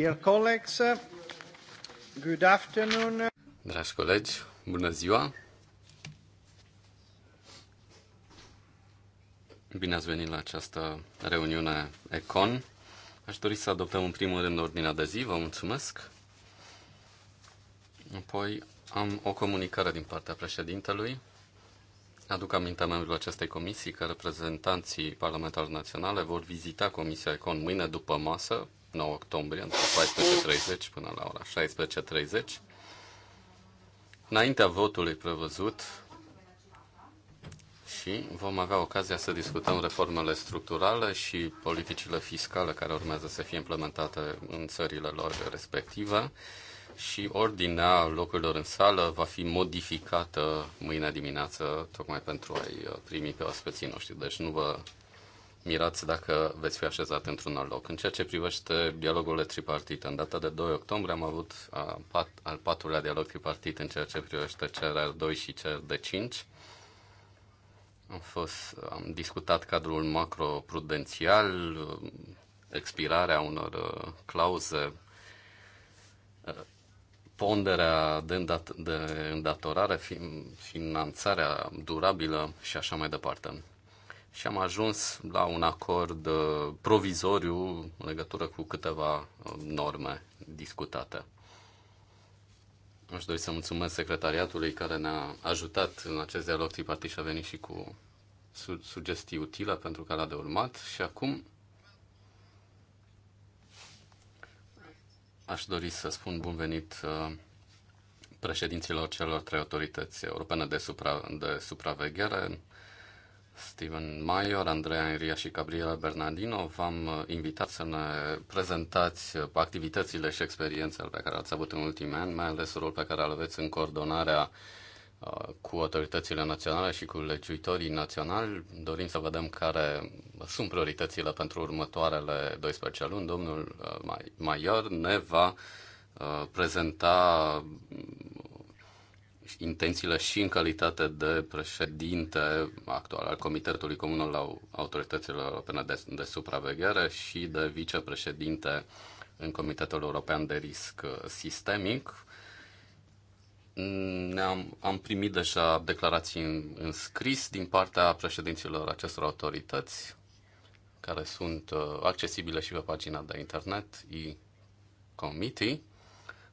Dear colleagues, good afternoon. Dragi colegi, bună ziua. Bine ați venit la această reuniune Econ. Aș dori să adoptăm în primul rând ordinea de zi, vă mulțumesc. Apoi am o comunicare din partea președintelui. Aduc amintea membrilor acestei comisii că reprezentanții parlamentari naționale vor vizita Comisia Econ mâine după masă 9 octombrie, între 14.30 până la ora 16.30. Înaintea votului prevăzut și vom avea ocazia să discutăm reformele structurale și politicile fiscale care urmează să fie implementate în țările lor respective și ordinea locurilor în sală va fi modificată mâine dimineață tocmai pentru a-i primi pe oaspeții noștri. Deci nu vă mirați dacă veți fi așezat într-un alt loc. În ceea ce privește dialogurile tripartite, în data de 2 octombrie am avut a, pat, al patrulea dialog tripartit în ceea ce privește CRR2 și CRD5. Am, fost, am discutat cadrul macroprudențial, expirarea unor clauze, ponderea de, îndat- de îndatorare, finanțarea durabilă și așa mai departe și am ajuns la un acord uh, provizoriu în legătură cu câteva uh, norme discutate. Aș dori să mulțumesc secretariatului care ne-a ajutat în acest dialog tripartit și a venit și cu su- sugestii utile pentru care a de urmat. Și acum aș dori să spun bun venit uh, președinților celor trei autorități europene de, supra- de supraveghere, Steven Maior, Andreea Enria și Gabriela Bernardino, v-am uh, invitat să ne prezentați uh, activitățile și experiențele pe care le-ați avut în ultimii ani, mai ales rolul pe care îl aveți în coordonarea uh, cu autoritățile naționale și cu legiuitorii naționali. Dorim să vedem care sunt prioritățile pentru următoarele 12 luni. Domnul Maior ne va prezenta intențiile și în calitate de președinte actual al Comitetului Comun al Autorităților Europene de, de Supraveghere și de vicepreședinte în Comitetul European de Risc Sistemic. Ne-am, am primit deja declarații în, în scris din partea președinților acestor autorități, care sunt uh, accesibile și pe pagina de internet e-committee.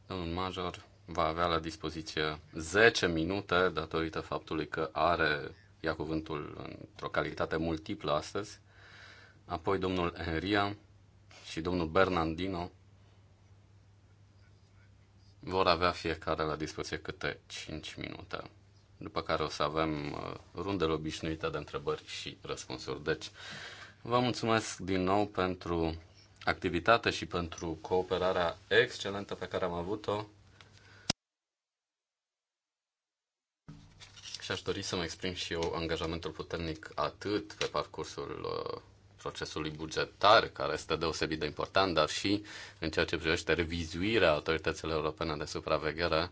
Domnul Major, va avea la dispoziție 10 minute datorită faptului că are, ia cuvântul într-o calitate multiplă astăzi, apoi domnul Enria și domnul Bernardino vor avea fiecare la dispoziție câte 5 minute. După care o să avem uh, rundele obișnuite de întrebări și răspunsuri. Deci, vă mulțumesc din nou pentru activitate și pentru cooperarea excelentă pe care am avut-o Și aș dori să-mi exprim și eu angajamentul puternic atât pe parcursul uh, procesului bugetar, care este deosebit de important, dar și în ceea ce privește revizuirea autorităților europene de supraveghere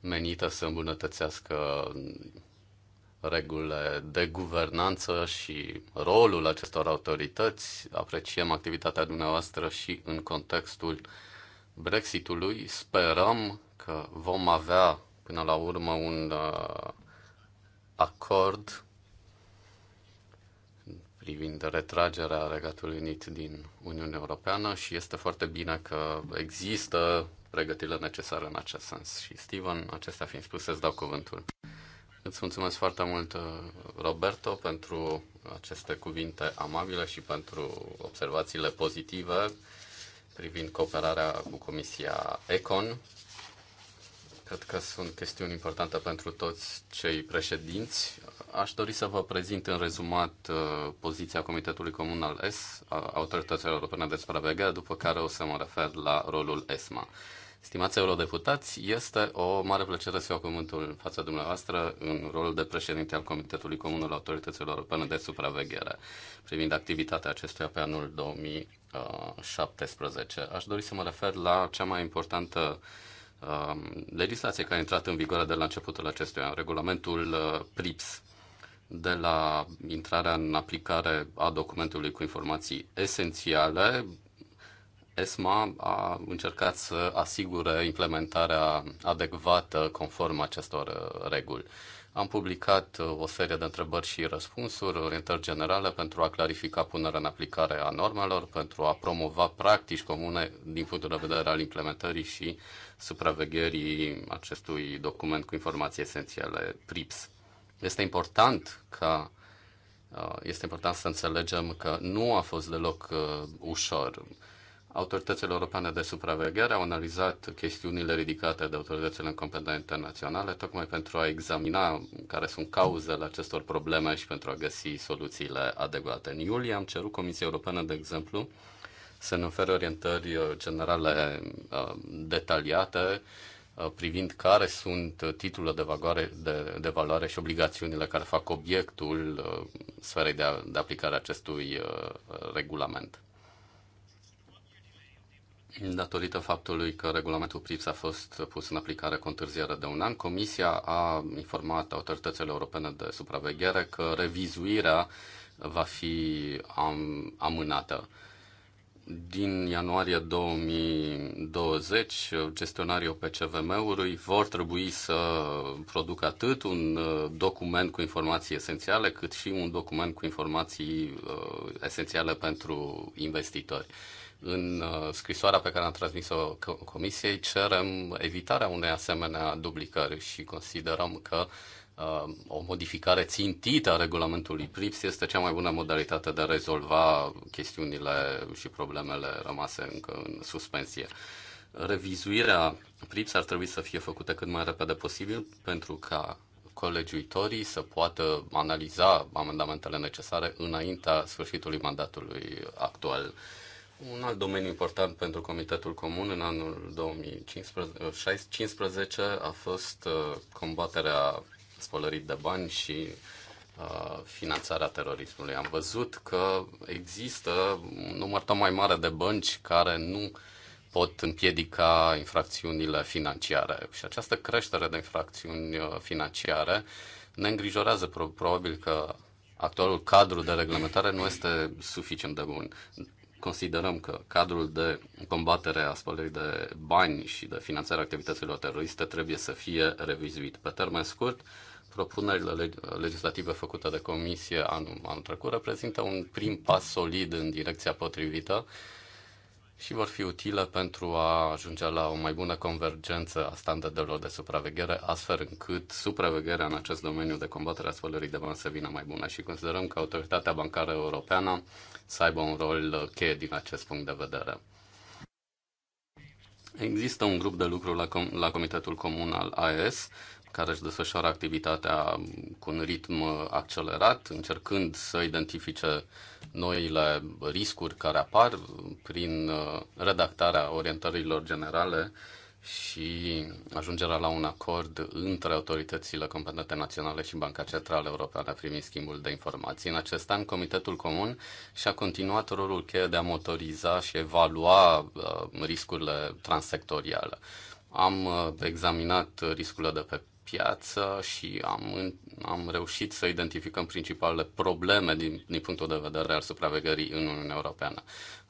menită să îmbunătățească regulile de guvernanță și rolul acestor autorități. Apreciem activitatea dumneavoastră și în contextul Brexitului. Sperăm că vom avea până la urmă un uh, acord privind retragerea Regatului Unit din Uniunea Europeană și este foarte bine că există pregătirile necesare în acest sens. Și, Steven, acestea fiind spuse, îți dau cuvântul. Îți mulțumesc foarte mult, uh, Roberto, pentru aceste cuvinte amabile și pentru observațiile pozitive privind cooperarea cu Comisia ECON Cred că sunt chestiuni importante pentru toți cei președinți. Aș dori să vă prezint în rezumat uh, poziția Comitetului Comunal S, Autorităților Europene de Supraveghere, după care o să mă refer la rolul ESMA. Stimați eurodeputați, este o mare plăcere să iau cuvântul în fața dumneavoastră în rolul de președinte al Comitetului Comun al Autorităților Europene de Supraveghere, privind activitatea acestuia pe anul 2017. Uh, Aș dori să mă refer la cea mai importantă Um, legislație care a intrat în vigoare de la începutul an, regulamentul uh, PRIPS, de la intrarea în aplicare a documentului cu informații esențiale, ESMA a încercat să asigure implementarea adecvată conform acestor uh, reguli. Am publicat uh, o serie de întrebări și răspunsuri, orientări generale pentru a clarifica punerea în aplicare a normelor, pentru a promova practici comune din punctul de vedere al implementării și supravegherii acestui document cu informații esențiale, PRIPS. Este important ca uh, este important să înțelegem că nu a fost deloc uh, ușor. Autoritățile europene de supraveghere au analizat chestiunile ridicate de autoritățile în competență internaționale, tocmai pentru a examina care sunt cauzele acestor probleme și pentru a găsi soluțiile adecvate. În iulie am cerut Comisiei Europene, de exemplu, să ne ofere orientări generale uh, detaliate uh, privind care sunt titlurile de valoare, de, de valoare și obligațiunile care fac obiectul uh, sferei de, de aplicare a acestui regulament. Datorită faptului că regulamentul PRIPS a fost pus în aplicare cu întârziere de un an, Comisia a informat autoritățile europene de supraveghere că revizuirea va fi am, amânată. Din ianuarie 2020, gestionarii OPCVM-ului vor trebui să producă atât un uh, document cu informații esențiale, cât și un document cu informații uh, esențiale pentru investitori. În uh, scrisoarea pe care am transmis-o Comisiei cerem evitarea unei asemenea duplicări și considerăm că uh, o modificare țintită a regulamentului PRIPS este cea mai bună modalitate de a rezolva chestiunile și problemele rămase încă în suspensie. Revizuirea PRIPS ar trebui să fie făcută cât mai repede posibil pentru ca colegiuitorii să poată analiza amendamentele necesare înaintea sfârșitului mandatului actual. Un alt domeniu important pentru Comitetul Comun în anul 2015 a fost uh, combaterea spălării de bani și uh, finanțarea terorismului. Am văzut că există un număr tot mai mare de bănci care nu pot împiedica infracțiunile financiare. Și această creștere de infracțiuni uh, financiare ne îngrijorează. Probabil că actualul cadru de reglementare nu este suficient de bun considerăm că cadrul de combatere a spălării de bani și de finanțarea activităților teroriste trebuie să fie revizuit. Pe termen scurt, propunerile legislative făcute de Comisie anul, anul trecut reprezintă un prim pas solid în direcția potrivită și vor fi utile pentru a ajunge la o mai bună convergență a standardelor de supraveghere, astfel încât supravegherea în acest domeniu de combatere a spălării de bani să vină mai bună. Și considerăm că Autoritatea Bancară Europeană să aibă un rol uh, cheie din acest punct de vedere. Există un grup de lucru la, com- la Comitetul Comun al AES care își desfășoară activitatea cu un ritm accelerat, încercând să identifice noile riscuri care apar prin uh, redactarea orientărilor generale și ajungerea la un acord între autoritățile competente naționale și Banca Centrală Europeană primit schimbul de informații. În acest an, Comitetul Comun și-a continuat rolul cheie de a motoriza și evalua uh, riscurile transsectoriale. Am uh, examinat riscurile de pe piață și am, am reușit să identificăm principalele probleme din, din punctul de vedere al supravegării în Uniunea Europeană.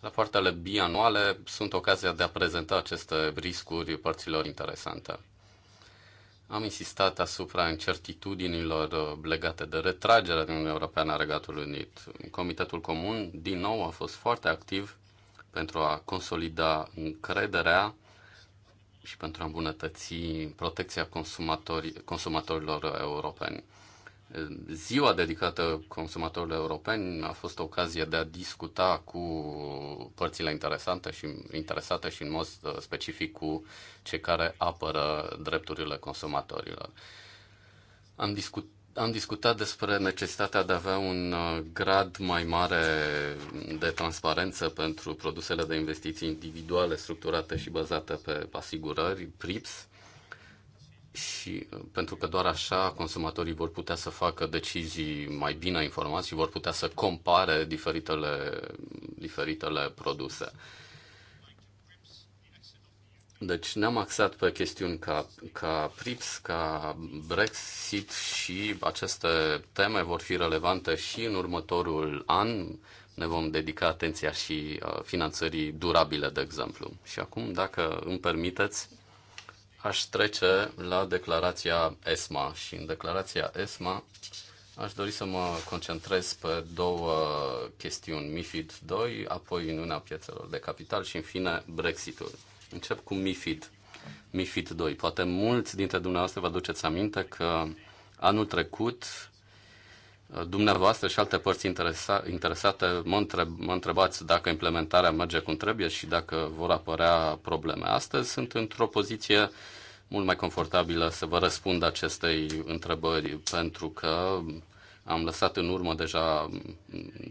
Rapoartele bianuale sunt ocazia de a prezenta aceste riscuri părților interesante. Am insistat asupra incertitudinilor uh, legate de retragerea din Uniunea Europeană a Regatului Unit. Comitetul Comun, din nou, a fost foarte activ pentru a consolida încrederea și pentru a îmbunătăți protecția consumatorilor europeni. Ziua dedicată consumatorilor europeni a fost o ocazie de a discuta cu părțile interesante și, interesate și în mod uh, specific cu cei care apără drepturile consumatorilor. Am, discut, am discutat despre necesitatea de a avea un uh, grad mai mare de transparență pentru produsele de investiții individuale, structurate și bazate pe asigurări, PRIPS, și uh, pentru că doar așa consumatorii vor putea să facă decizii mai bine informați și vor putea să compare diferitele, diferitele produse. Deci ne-am axat pe chestiuni ca, ca PRIPS, ca Brexit și aceste teme vor fi relevante și în următorul an. Ne vom dedica atenția și uh, finanțării durabile, de exemplu. Și acum, dacă îmi permiteți, aș trece la declarația ESMA și în declarația ESMA aș dori să mă concentrez pe două chestiuni, MIFID 2, apoi Uniunea Piețelor de Capital și în fine Brexitul. Încep cu MIFID. MIFID 2. Poate mulți dintre dumneavoastră vă aduceți aminte că anul trecut dumneavoastră și alte părți interesa, interesate mă, întreb, mă întrebați dacă implementarea merge cum trebuie și dacă vor apărea probleme. Astăzi sunt într-o poziție mult mai confortabilă să vă răspund acestei întrebări pentru că am lăsat în urmă deja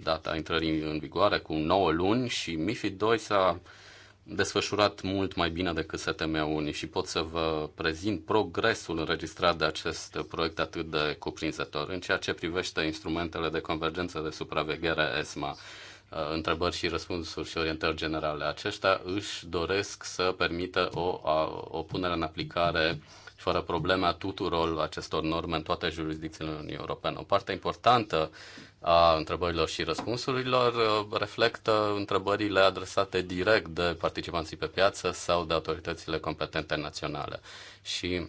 data intrării în vigoare cu 9 luni și MIFID 2 s-a uh, desfășurat mult mai bine decât stm Unii și pot să vă prezint progresul înregistrat de acest proiect atât de cuprinzător în ceea ce privește instrumentele de convergență de supraveghere ESMA uh, întrebări și răspunsuri și orientări generale. Aceștia își doresc să permită o, a, o punere în aplicare fără probleme a tuturor acestor norme în toate jurisdicțiile Uniunii Europene. O parte importantă a întrebărilor și răspunsurilor uh, reflectă întrebările adresate direct de participanții pe piață sau de autoritățile competente naționale. Și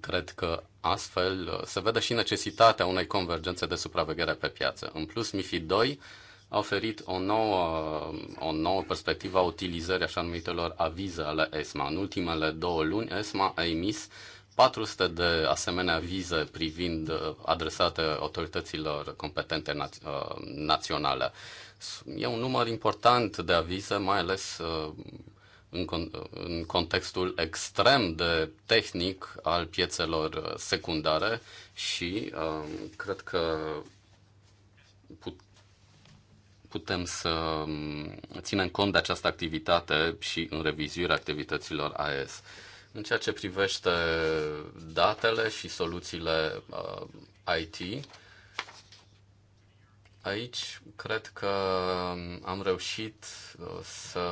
cred că astfel uh, se vede și necesitatea unei convergențe de supraveghere pe piață. În plus, MIFID 2 a oferit o nouă, uh, o nouă perspectivă a utilizării așa numitelor avize ale ESMA. În ultimele două luni, ESMA a emis 400 de asemenea vize privind uh, adresate autorităților competente uh, naționale. E un număr important de avize, mai ales uh, în, con- în contextul extrem de tehnic al piețelor secundare și cred că put- putem să um, ținem cont de această activitate și în revizuirea activităților AES. În ceea ce privește datele și soluțiile uh, IT, aici cred că am reușit uh, să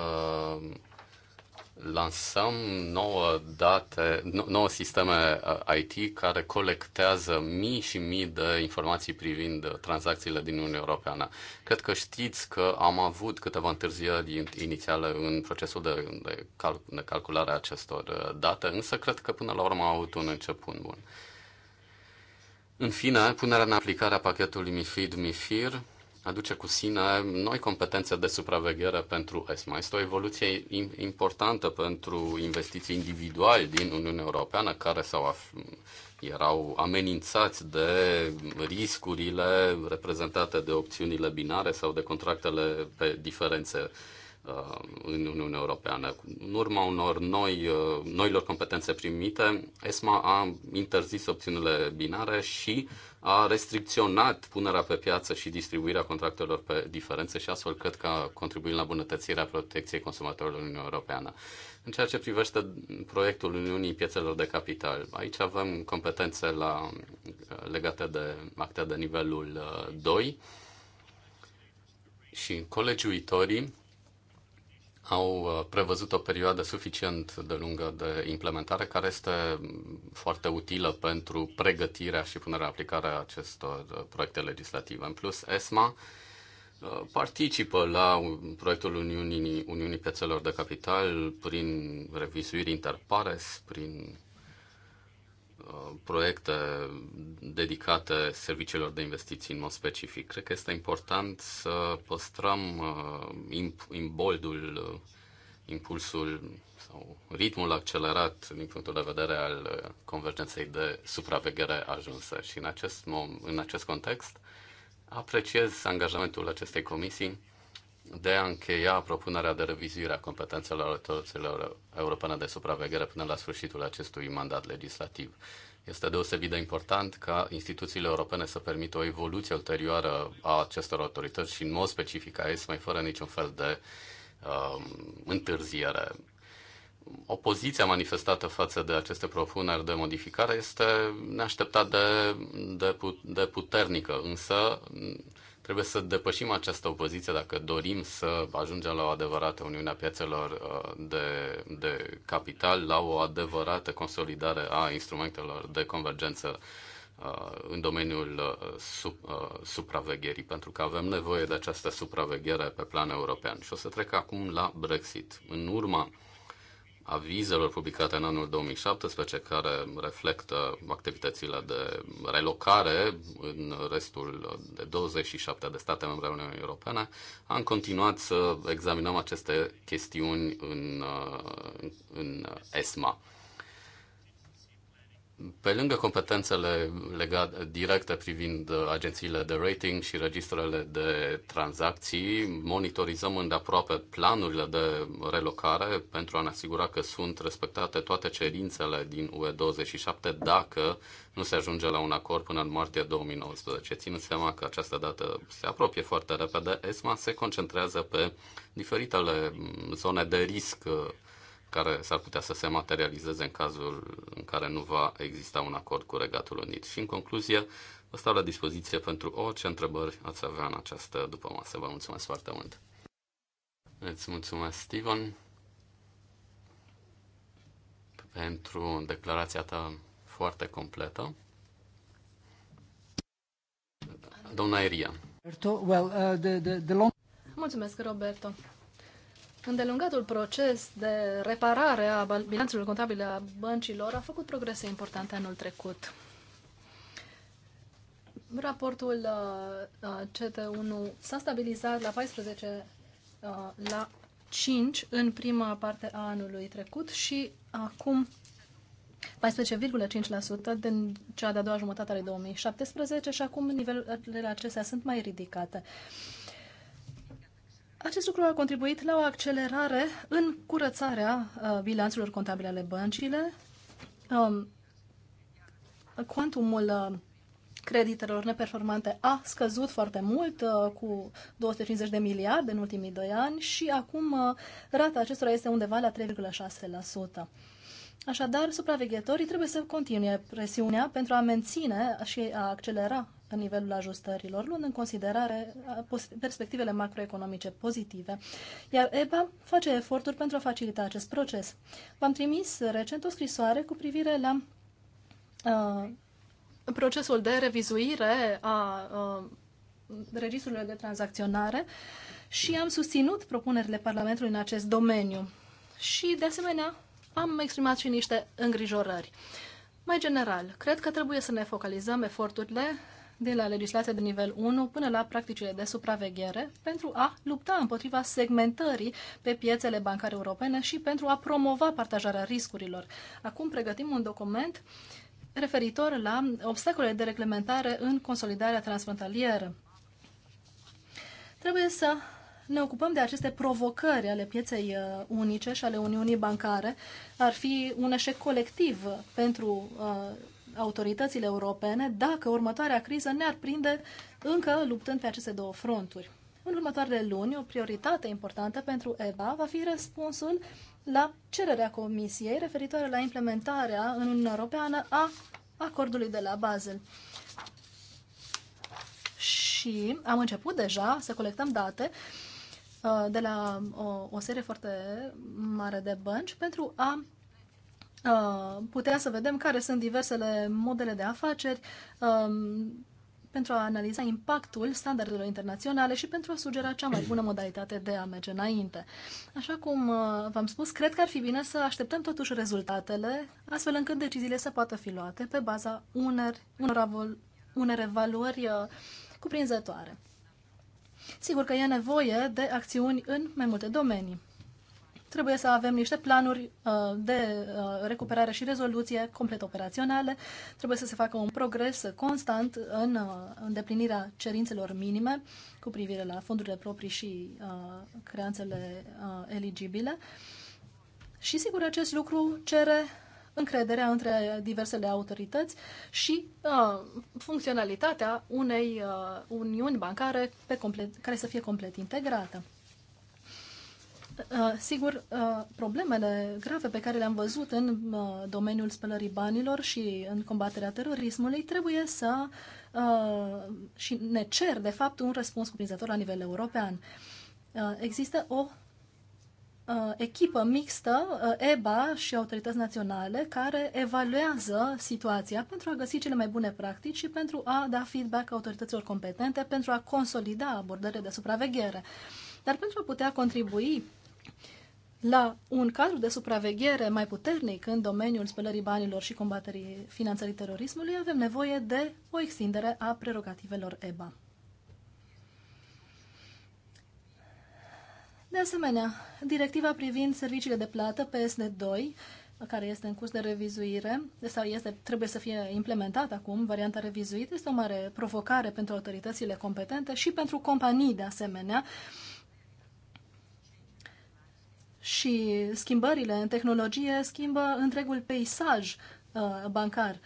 lansăm nouă date, nouă sisteme uh, IT care colectează mii și mii de informații privind uh, tranzacțiile din Uniunea Europeană. Cred că știți că am avut câteva întârzieri inițiale în procesul de, de, cal, de calculare a acestor uh, date, însă cred că până la urmă am avut un început bun. În fine, punerea în aplicare a pachetului MIFID-MIFIR aduce cu sine noi competențe de supraveghere pentru ESMA. Este o evoluție importantă pentru investiții individuali din Uniunea Europeană care s-au erau amenințați de riscurile reprezentate de opțiunile binare sau de contractele pe diferențe uh, în Uniunea Europeană. În urma unor noi, uh, noilor competențe primite, ESMA a interzis opțiunile binare și a restricționat punerea pe piață și distribuirea contractelor pe diferențe și astfel cred că a contribuit la bunătățirea protecției consumatorilor în Uniunea Europeană. În ceea ce privește proiectul Uniunii Piețelor de Capital, aici avem competențe la, legate de acte de nivelul 2 și colegiuitorii au uh, prevăzut o perioadă suficient de lungă de implementare, care este foarte utilă pentru pregătirea și punerea aplicare a acestor uh, proiecte legislative. În plus, ESMA uh, participă la proiectul Uniunii, Uniunii Piețelor de Capital prin revizuiri interpares, prin Uh, proiecte dedicate serviciilor de investiții în mod specific. Cred că este important să păstrăm uh, imboldul, uh, impulsul sau ritmul accelerat din punctul de vedere al convergenței de supraveghere ajunsă. Și în acest, în acest context apreciez angajamentul acestei comisii de a încheia propunerea de revizuire a competențelor autorităților europene de supraveghere până la sfârșitul acestui mandat legislativ. Este deosebit de important ca instituțiile europene să permită o evoluție ulterioară a acestor autorități și, în mod specific, a ESMA, fără niciun fel de uh, întârziere. Opoziția manifestată față de aceste propuneri de modificare este neașteptat de, de, de puternică, însă Trebuie să depășim această opoziție dacă dorim să ajungem la o adevărată Uniune a Piațelor uh, de, de Capital, la o adevărată consolidare a instrumentelor de convergență uh, în domeniul uh, sub, supravegherii, pentru că avem nevoie de această supraveghere pe plan european. Și o să trec acum la Brexit. În urma avizelor publicate în anul 2017, care reflectă activitățile de relocare în restul de 27 de state membre ale Uniunii Europene, am continuat să examinăm aceste chestiuni în, uh, în ESMA pe lângă competențele legate directe privind uh, agențiile de rating și registrele de tranzacții, monitorizăm îndeaproape planurile de relocare pentru a ne asigura că sunt respectate toate cerințele din UE27 dacă nu se ajunge la un acord până în martie 2019. Ținând seama că această dată se apropie foarte repede, ESMA se concentrează pe diferitele mm, zone de risc uh, care s-ar putea să se materializeze în cazul în care nu va exista un acord cu Regatul Unit. Și în concluzie, vă stau la dispoziție pentru orice întrebări ați avea în această după masă. Vă mulțumesc foarte mult! Îți mulțumesc, Steven, pentru declarația ta foarte completă. Doamna Roberto, Well, uh, the, the, the long... Mulțumesc, Roberto. Îndelungatul proces de reparare a bilanțului contabil a băncilor a făcut progrese importante anul trecut. Raportul uh, uh, CT1 s-a stabilizat la 14 uh, la 5 în prima parte a anului trecut și acum 14,5% din cea de-a doua jumătate a 2017 și acum nivelurile acestea sunt mai ridicate. Uh, acest lucru a contribuit la o accelerare în curățarea uh, bilanțelor contabile ale băncile. Quantumul um, uh, creditelor neperformante a scăzut foarte mult, uh, cu 250 de miliarde în ultimii doi ani și acum rata acestora este undeva la 3,6%. Așadar, supraveghetorii trebuie să continue presiunea pentru a menține și a accelera în nivelul ajustărilor, luând în considerare uh, perspectivele macroeconomice pozitive, iar EBA face eforturi pentru a facilita acest proces. V-am trimis recent o scrisoare cu privire la uh, procesul de revizuire a uh, registrurilor de tranzacționare și am susținut propunerile Parlamentului în acest domeniu. Și, de asemenea, am exprimat și niște îngrijorări. Mai general, cred că trebuie să ne focalizăm eforturile de la legislația de nivel 1 până la practicile de supraveghere, pentru a lupta împotriva segmentării pe piețele bancare europene și pentru a promova partajarea riscurilor. Acum pregătim un document referitor la obstacolele de reglementare în consolidarea transfrontalieră. Trebuie să ne ocupăm de aceste provocări ale pieței uh, unice și ale Uniunii Bancare. Ar fi un eșec colectiv pentru uh, autoritățile europene dacă următoarea criză ne-ar prinde încă luptând pe aceste două fronturi. În următoarele luni, o prioritate importantă pentru EBA va fi răspunsul la cererea Comisiei referitoare la implementarea în Uniunea Europeană a acordului de la Basel. Și am început deja să colectăm date uh, de la uh, o, o serie foarte mare de bănci pentru a Uh, putea să vedem care sunt diversele modele de afaceri um, pentru a analiza impactul standardelor internaționale și pentru a sugera cea mai bună modalitate de a merge înainte. Așa cum uh, v-am spus, cred că ar fi bine să așteptăm totuși rezultatele, astfel încât deciziile să poată fi luate pe baza uner, unor, unor evaluări uh, cuprinzătoare. Sigur că e nevoie de acțiuni în mai multe domenii trebuie să avem niște planuri uh, de uh, recuperare și rezoluție complet operaționale, trebuie să se facă un progres constant în uh, îndeplinirea cerințelor minime cu privire la fondurile proprii și creanțele eligibile. Și sigur, acest lucru cere încrederea între diversele autorități și uh, funcționalitatea unei uh, uniuni bancare pe complet, care să fie complet integrată. Uh, sigur, uh, problemele grave pe care le-am văzut în uh, domeniul spălării banilor și în combaterea terorismului trebuie să și ne cer, de fapt, un răspuns cuprinzător la nivel european. Există o echipă mixtă, EBA și autorități naționale, care evaluează situația pentru a găsi cele mai bune practici și pentru a da feedback autorităților competente pentru a consolida abordările de supraveghere. Dar pentru a putea contribui la un cadru de supraveghere mai puternic în domeniul spălării banilor și combaterii finanțării terorismului, avem nevoie de o extindere a prerogativelor EBA. De asemenea, directiva privind serviciile de plată PSD2, care este în curs de revizuire, sau este, trebuie să fie implementată acum, varianta revizuită, este o mare provocare pentru autoritățile competente și pentru companii de asemenea, uh, și schimbările în tehnologie schimbă întregul peisaj uh, bancar.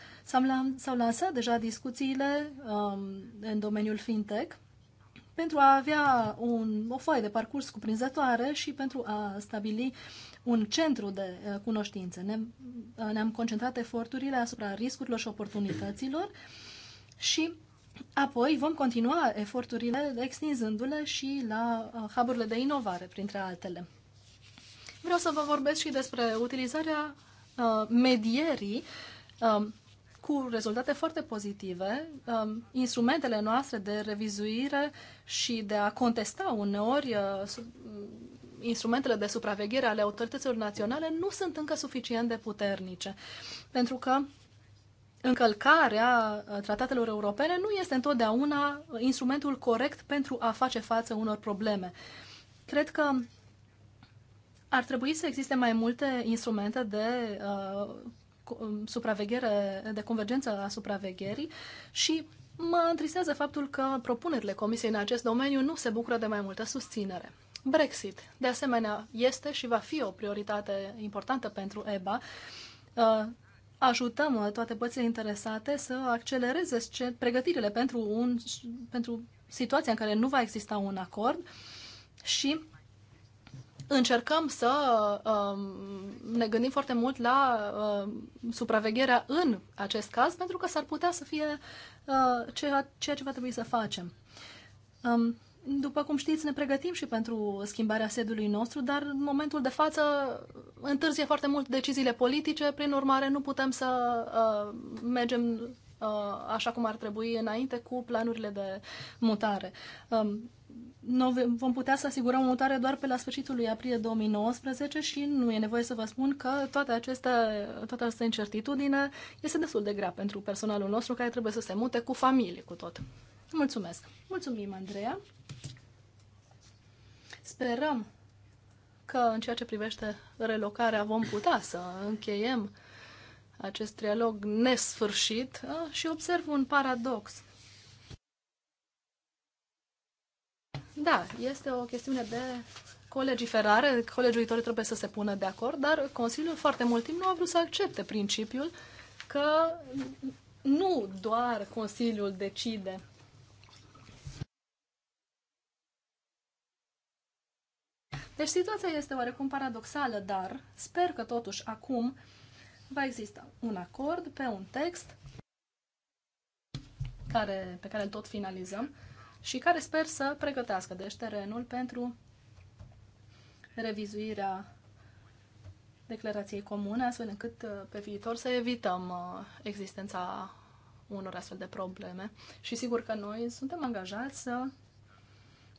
S-au lansat deja discuțiile um, în domeniul fintech pentru a avea un, o foaie de parcurs cuprinzătoare și pentru a stabili un centru de uh, cunoștințe. Ne-am, uh, ne-am concentrat eforturile asupra riscurilor și oportunităților și apoi vom continua eforturile extinzându-le și la hub de inovare, printre altele. Vreau să vă vorbesc și despre utilizarea uh, medierii um, cu rezultate foarte pozitive. Um, instrumentele noastre de revizuire și de a contesta uneori uh, sub, mm, instrumentele de supraveghere ale autorităților naționale nu sunt încă suficient de puternice. Pentru că încălcarea uh, tratatelor europene nu este întotdeauna instrumentul corect pentru a face față unor probleme. Cred că ar trebui să existe mai multe instrumente de uh, um, supraveghere, de convergență a supravegherii și mă întristează faptul că propunerile Comisiei în acest domeniu nu se bucură de mai multă susținere. Brexit, de asemenea, este și va fi o prioritate importantă pentru EBA. Uh, ajutăm toate părțile interesate să accelereze pregătirile pentru, un, pentru situația în care nu va exista un acord și încercăm să um, ne gândim foarte mult la um, supravegherea în acest caz, pentru că s-ar putea să fie uh, ceea, ceea ce va trebui să facem. Um, după cum știți, ne pregătim și pentru schimbarea sediului nostru, dar în momentul de față întârzie foarte mult deciziile politice, prin urmare nu putem să uh, mergem uh, așa cum ar trebui înainte cu planurile de mutare. Uh, noi vom putea să asigurăm o mutare doar pe la sfârșitul lui aprilie 2019 și nu e nevoie să vă spun că toate această, toată această incertitudine este destul de grea pentru personalul nostru care trebuie să se mute cu familie, cu tot. Mulțumesc! Mulțumim, Andreea! Sperăm că în ceea ce privește relocarea vom putea să încheiem acest trialog nesfârșit și observ un paradox Da, este o chestiune de colegiferare, colegiuitorii trebuie să se pună de acord, dar Consiliul foarte mult timp nu a vrut să accepte principiul că nu doar Consiliul decide Deci situația este oarecum paradoxală, dar sper că totuși acum va exista un acord pe un text care, pe care îl tot finalizăm și care sper să pregătească deci terenul pentru revizuirea declarației comune, astfel încât uh, pe viitor să evităm uh, existența unor astfel de probleme. Și sigur că noi suntem angajați să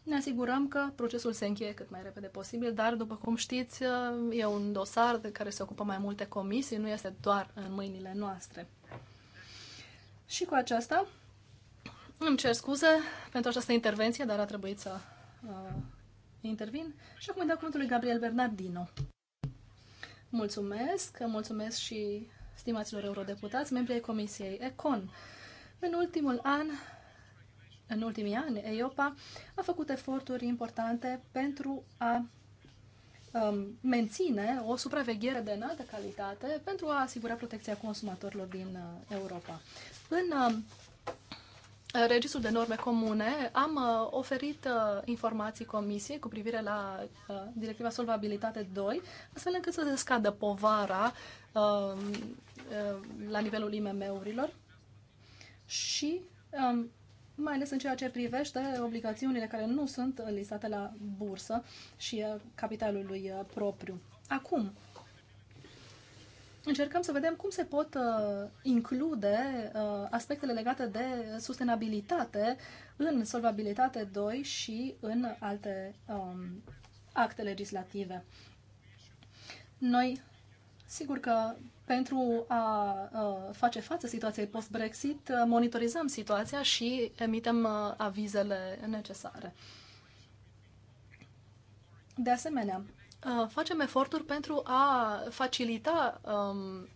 ne asigurăm că procesul se încheie cât mai repede posibil, dar, după cum știți, uh, e un dosar de care se ocupă mai multe comisii, nu este doar în mâinile noastre. Și cu aceasta îmi cer scuze pentru această intervenție, dar a trebuit să uh, intervin. Și acum îi dau cuvântul lui Gabriel Bernardino. Mulțumesc, mulțumesc și stimaților eurodeputați, membrii ai Comisiei ECON. În ultimul an, în ultimii ani, EIOPA a făcut eforturi importante pentru a um, menține o supraveghere de înaltă calitate pentru a asigura protecția consumatorilor din uh, Europa. În uh, registrul de norme comune, am uh, oferit uh, informații comisiei cu privire la uh, Directiva Solvabilitate 2, astfel încât să se scadă povara um, la nivelul IMM-urilor și um, mai ales în ceea ce privește obligațiunile care nu sunt listate la bursă și capitalului propriu. Acum, încercăm să vedem cum se pot uh, include uh, aspectele legate de sustenabilitate în solvabilitate 2 și în alte um, acte legislative. Noi, sigur că pentru a uh, face față situației post-Brexit, uh, monitorizăm situația și emitem uh, avizele necesare. De asemenea, Uh, facem eforturi pentru a facilita um,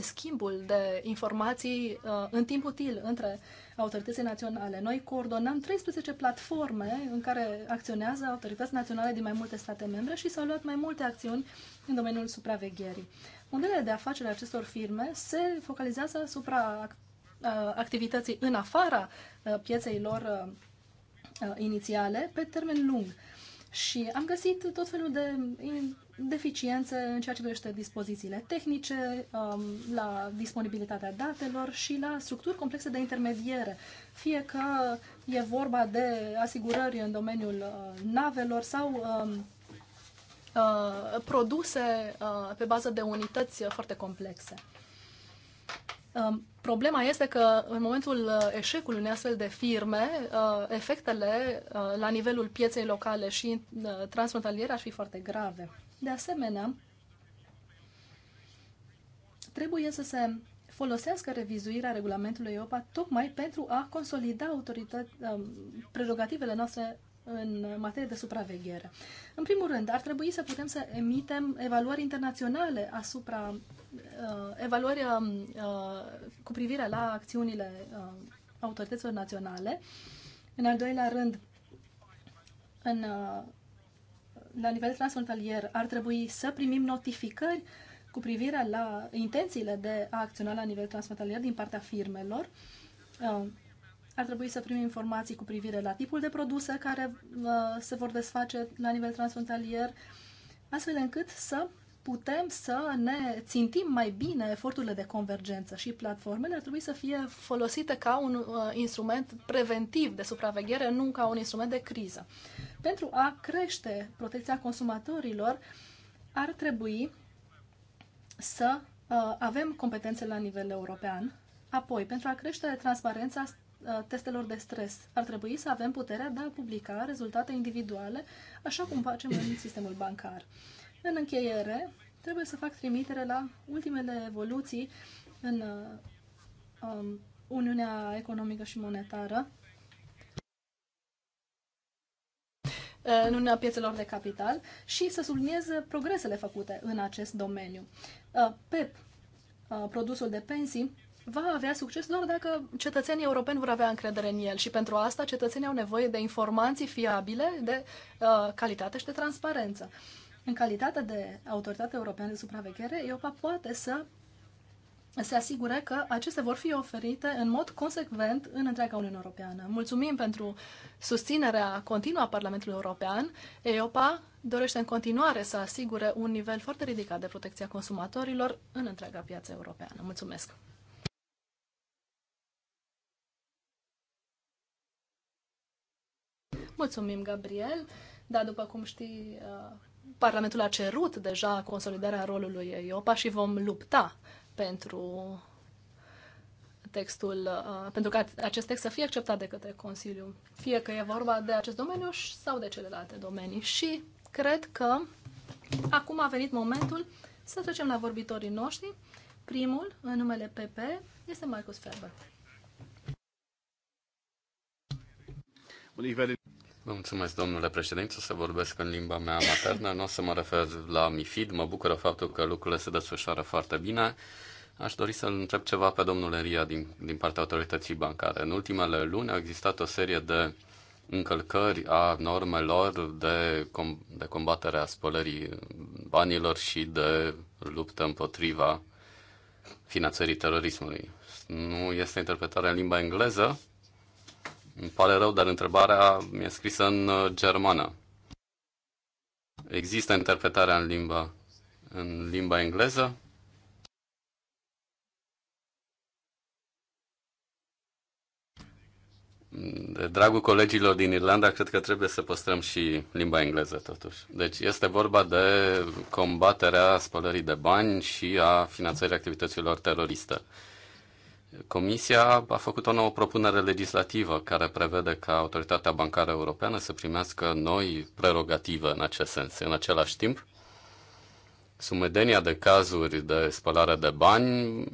schimbul de informații uh, în timp util între autoritățile naționale. Noi coordonăm 13 platforme în care acționează autorități naționale din mai multe state membre și s-au luat mai multe acțiuni în domeniul supravegherii. Modelele de afacere acestor firme se focalizează asupra uh, activității în afara uh, pieței lor inițiale pe termen lung. Și am găsit tot felul de deficiențe în ceea ce privește dispozițiile tehnice, um, la disponibilitatea datelor și la structuri complexe de intermediere, fie că e vorba de asigurări în domeniul uh, navelor sau um, uh, produse uh, pe bază de unități foarte complexe. Problema este că în momentul uh, eșecului unei astfel de firme, uh, efectele uh, la nivelul pieței locale și transfrontaliere ar fi foarte grave. De asemenea, trebuie să se folosească revizuirea regulamentului EOPA tocmai pentru a consolida autorități, um, prerogativele noastre în materie de supraveghere. În primul rând, ar trebui să putem să emitem evaluări internaționale asupra uh, evaluări um, uh, cu privire la acțiunile uh, autorităților naționale. În al doilea rând, în, uh, la nivel transfrontalier, ar trebui să primim notificări cu privire la intențiile de a acționa la nivel transfrontalier din partea firmelor. Uh, ar trebui să primim informații cu privire la tipul de produse care uh, se vor desface la nivel transfrontalier, astfel încât să putem să ne țintim mai bine eforturile de convergență și platformele ar trebui să fie folosite ca un uh, instrument preventiv de supraveghere, nu ca un instrument de criză. Pentru a crește protecția consumatorilor, ar trebui să uh, avem competențe la nivel european. Apoi, pentru a crește transparența Uh, testelor de stres. Ar trebui să avem puterea de a publica rezultate individuale, așa cum facem în sistemul bancar. În încheiere, trebuie să fac trimitere la ultimele evoluții în uh, um, Uniunea Economică și Monetară, uh, în Uniunea Piețelor de Capital și să subliniez progresele făcute în acest domeniu. PEP, produsul de pensii, va avea succes doar dacă cetățenii europeni vor avea încredere în el și pentru asta cetățenii au nevoie de informații fiabile, de uh, calitate și de transparență. În calitate de autoritate europeană de supraveghere, EOPA poate să se asigure că acestea vor fi oferite în mod consecvent în întreaga Uniune Europeană. Mulțumim pentru susținerea continuă a Parlamentului European. EOPA dorește în continuare să asigure un nivel foarte ridicat de protecția consumatorilor în întreaga piață europeană. Mulțumesc! Mulțumim, Gabriel. Da, după cum știi, uh, Parlamentul a cerut deja consolidarea rolului EIOPA și vom lupta pentru textul, uh, pentru ca acest text să fie acceptat de către Consiliu, fie că e vorba de acest domeniu sau de celelalte domenii. Și cred că acum a venit momentul să trecem la vorbitorii noștri. Primul, în numele PP, este Marcus Ferber. Vă mulțumesc, domnule președinte, să vorbesc în limba mea maternă. Nu o să mă refer la MIFID, mă bucură faptul că lucrurile se desfășoară foarte bine. Aș dori să-l întreb ceva pe domnul Enria din, din partea autorității bancare. În ultimele luni a existat o serie de încălcări a normelor de, com- de combatere a spălării banilor și de luptă împotriva finanțării terorismului. Nu este interpretarea în limba engleză, îmi pare rău, dar întrebarea mi-e scrisă în uh, germană. Există interpretarea în limba, în limba engleză? De dragul colegilor din Irlanda, cred că trebuie să păstrăm și limba engleză, totuși. Deci este vorba de combaterea spălării de bani și a finanțării activităților teroriste. Comisia a făcut o nouă propunere legislativă care prevede ca Autoritatea Bancară Europeană să primească noi prerogative în acest sens. În același timp, sumedenia de cazuri de spălare de bani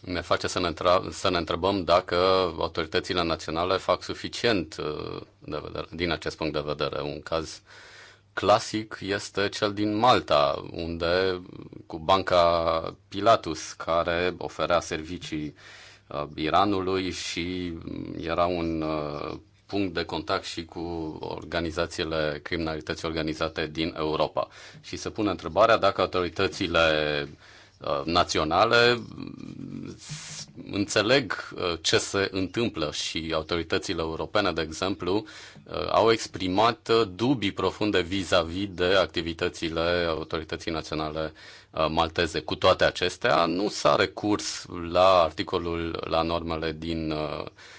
ne face să ne, să ne întrebăm dacă autoritățile naționale fac suficient uh, de vedere, din acest punct de vedere. Un caz uh, clasic este cel din Malta, unde cu banca Pilatus, care oferea servicii uh, Iranului și mm, era un uh, punct de contact și cu organizațiile criminalității organizate din Europa. Și se pune întrebarea dacă autoritățile uh, naționale înțeleg uh, ce se întâmplă și autoritățile europene, de exemplu, uh, au exprimat uh, dubii profunde vis-a-vis -vis de activitățile autorității naționale malteze. Cu toate acestea, nu s-a recurs la articolul, la normele din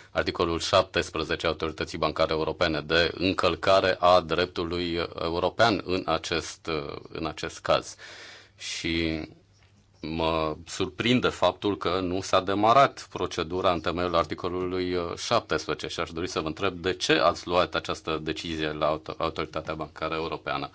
articolul 17 autorității bancare europene de încălcare a dreptului european în acest, în acest caz. Și mă surprinde faptul că nu s-a demarat procedura în temeiul articolului 17 uh, și aș dori să vă întreb de ce ați luat această decizie la Autoritatea Bancară Europeană.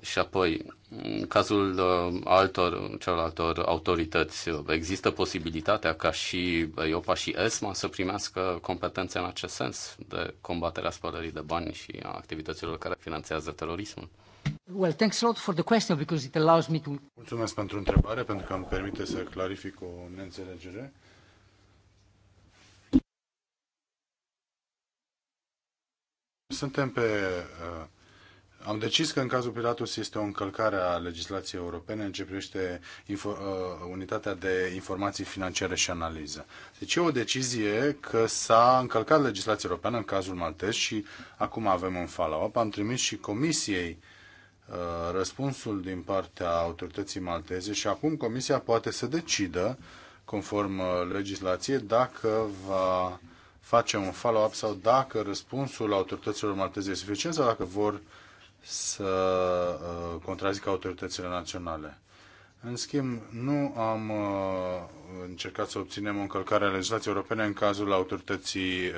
Și apoi, în cazul uh, altor, celorlaltor autorități, există posibilitatea ca și EIOPA și ESMA să primească competențe în acest sens de combaterea spălării de bani și a activităților care finanțează terorismul? Well, thanks a lot for the question because it allows me to... Mulțumesc pentru întrebare, pentru că îmi permite să clarific o neînțelegere. Suntem pe... Uh, am decis că în cazul Pilatus este o încălcare a legislației europene în ce privește info, uh, unitatea de informații financiare și analiză. Deci e o decizie că s-a încălcat legislația europeană în cazul Maltes și acum avem un follow-up. Am trimis și Comisiei uh, Uh, răspunsul din partea autorității malteze și acum Comisia poate să decidă, conform uh, legislației, dacă va face un follow-up sau dacă răspunsul autorităților malteze este suficient sau dacă vor să uh, contrazică autoritățile naționale. În schimb, nu am încercat să obținem o încălcare a legislației europene în cazul autorității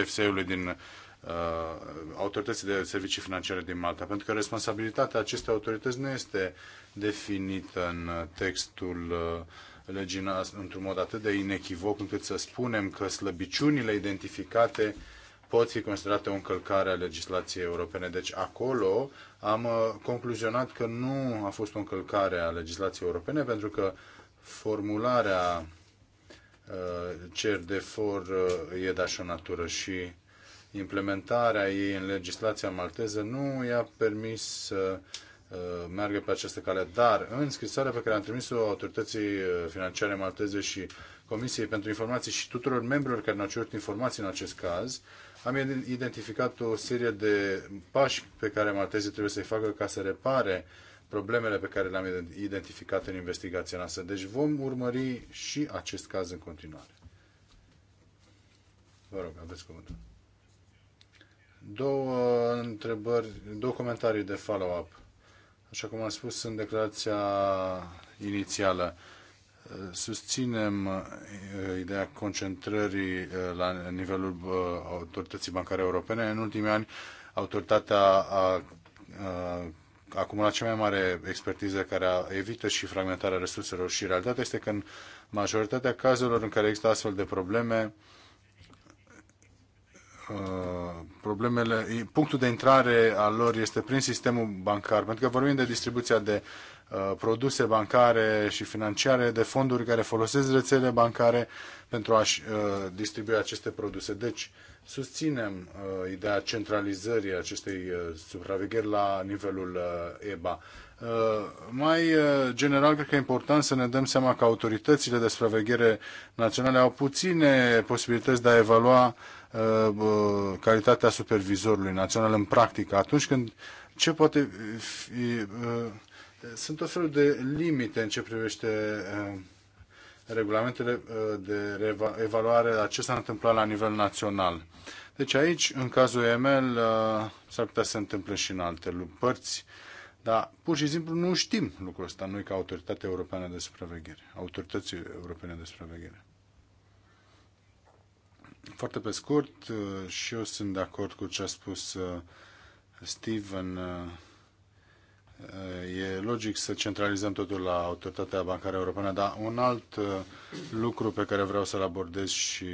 efse ului din Uh, autorității de servicii financiare din Malta, pentru că responsabilitatea acestei autorități nu este definită în textul uh, legii într-un mod atât de inechivoc încât să spunem că slăbiciunile identificate pot fi considerate o încălcare a legislației europene. Deci acolo am uh, concluzionat că nu a fost o încălcare a legislației europene pentru că formularea cer for uh, e de așa natură și implementarea ei în legislația malteză nu i-a permis să uh, meargă pe această cale. Dar în scrisoarea pe care am trimis-o autorității uh, financiare malteze și Comisiei pentru Informații și tuturor membrilor care ne-au cerut informații în acest caz, am identificat o serie de pași pe care maltezii trebuie să-i facă ca să repare problemele pe care le-am identificat în investigația noastră. Deci vom urmări și acest caz în continuare. Vă rog, aveți cuvântul. Două întrebări, două comentarii de follow-up. Așa cum am spus în declarația inițială, susținem uh, ideea concentrării uh, la nivelul uh, autorității bancare europene. În ultimii ani, autoritatea a, acumulat cea mai mare expertiză care a evită și fragmentarea resurselor și realitatea este că în majoritatea cazurilor în care există astfel de probleme, uh, Uh, problemele, punctul de intrare al lor este prin sistemul bancar, pentru că vorbim de distribuția de uh, produse bancare și financiare, de fonduri care folosesc rețele bancare pentru a-și uh, distribui aceste produse. Deci, susținem uh, ideea centralizării acestei uh, supravegheri la nivelul uh, EBA. Mai general, cred că e important să ne dăm seama că autoritățile de supraveghere naționale au puține posibilități de a evalua uh, Uh, uh, calitatea supervizorului național în practică atunci când ce poate fi... Uh, sunt o felul de limite în ce privește regulamentele de evaluare a ce s-a întâmplat la nivel național. Deci aici, în cazul EML, s-ar putea să se întâmple și în alte părți, dar pur și simplu nu știm lucrul ăsta, noi ca Autoritatea Europeană de Supraveghere, Autorității Europene de Supraveghere. Foarte pe scurt, uh, și eu sunt de acord cu ce a spus uh, Steven. Uh, e logic să centralizăm totul la Autoritatea Bancară Europeană, dar un alt lucru pe care vreau să-l abordez și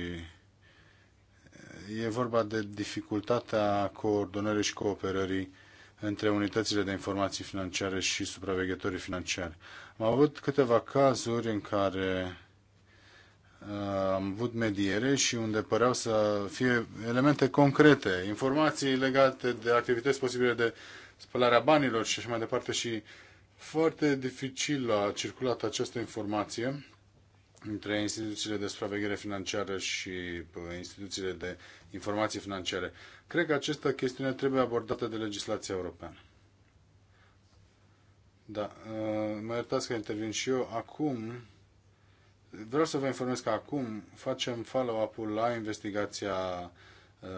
e vorba de dificultatea coordonării și cooperării între unitățile de informații financiare și supraveghetorii financiari. Am avut câteva cazuri în care am avut mediere și unde păreau să fie elemente concrete, informații legate de activități posibile de spălarea banilor și așa mai departe și foarte dificil a circulat această informație între instituțiile de supraveghere financiară și instituțiile de informații financiare. Cred că această chestiune trebuie abordată de legislația europeană. Da, mă iertați că intervin și eu acum. Vreau să vă informez că acum facem follow-up-ul la investigația uh,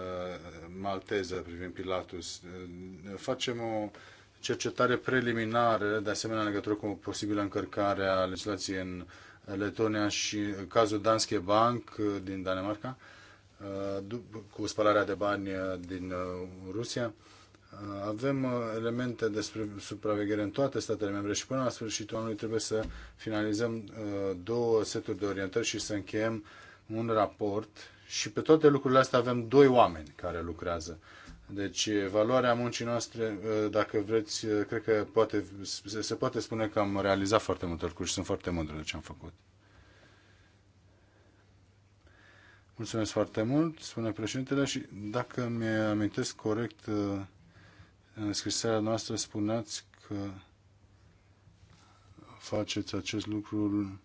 malteză privind Pilatus. Uh, facem o cercetare preliminară, de asemenea, în legătură cu o posibilă încărcare a legislației în Letonia și cazul Danske Bank uh, din Danemarca, uh, cu spălarea de bani uh, din Rusia. Avem uh, elemente despre supraveghere în toate statele membre și până la sfârșitul anului trebuie să finalizăm uh, două seturi de orientări și să încheiem un raport și pe toate lucrurile astea avem doi oameni care lucrează. Deci valoarea muncii noastre, uh, dacă vreți, cred că poate, se poate spune că am realizat foarte multe lucruri și sunt foarte mândru de ce am făcut. Mulțumesc foarte mult, spune președintele și dacă mi amintesc corect, în scrisarea noastră spuneați că faceți acest lucru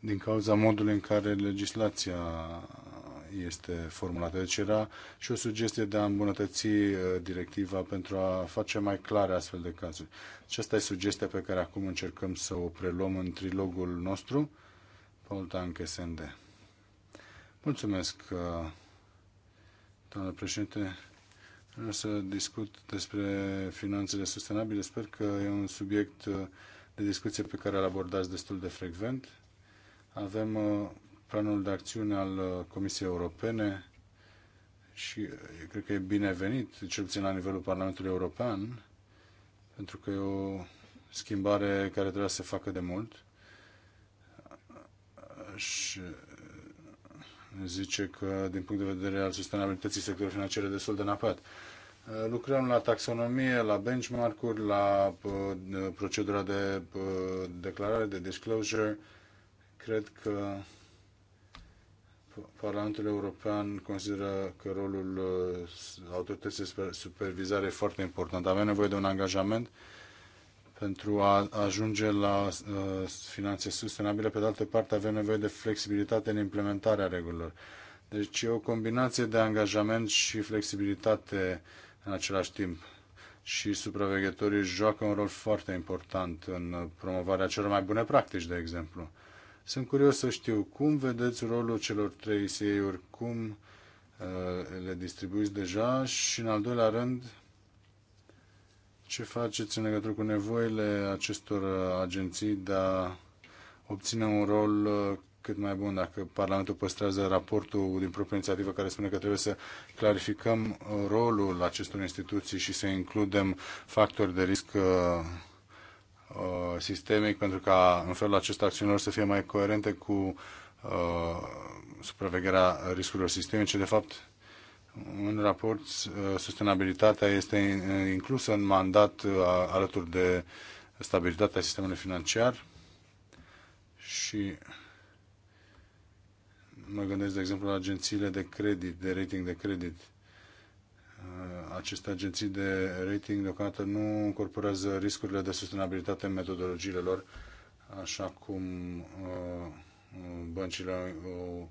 din cauza modului în care legislația este formulată. Deci era și o sugestie de a îmbunătăți uh, directiva pentru a face mai clare astfel de cazuri. Și asta e sugestia pe care acum încercăm să o preluăm în trilogul nostru, Paul Tanke SND. Mulțumesc, uh, doamnă președinte. Vreau să discut despre finanțele sustenabile. Sper că e un subiect uh, de discuție pe care îl abordați destul de frecvent. Avem uh, planul de acțiune al uh, Comisiei Europene și cred că e binevenit, cel puțin la nivelul Parlamentului European, pentru că e o schimbare care trebuie să se facă de mult. Și zice că, din punct de vedere al sustenabilității sectorului financiar, e destul de napat. Uh, lucrăm la taxonomie, la benchmark-uri, la uh, procedura de uh, declarare, de disclosure. Cred că Parlamentul European consideră că rolul autorității de supervizare e foarte important. Avem nevoie de un angajament pentru a ajunge la uh, finanțe sustenabile. Pe de altă parte, avem nevoie de flexibilitate în implementarea regulilor. Deci e o combinație de angajament și flexibilitate în același timp. Și supraveghetorii joacă un rol foarte important în promovarea celor mai bune practici, de exemplu. Sunt curios să știu cum vedeți rolul celor trei CA-uri, cum uh, le distribuiți deja și, în al doilea rând, ce faceți în legătură cu nevoile acestor agenții de a obține un rol uh, cât mai bun dacă Parlamentul păstrează raportul din propria inițiativă care spune că trebuie să clarificăm uh, rolul acestor instituții și să includem factori de risc uh, sistemic pentru ca în felul acesta acțiunilor să fie mai coerente cu supravegherea riscurilor sistemice. De fapt, în raport, uh, sustenabilitatea este uh, inclusă în mandat uh, alături de stabilitatea sistemului financiar și mă gândesc, de exemplu, la agențiile de credit, de rating de credit. Aceste agenții de rating deocamdată nu incorporează riscurile de sustenabilitate în metodologiile lor, așa cum băncile au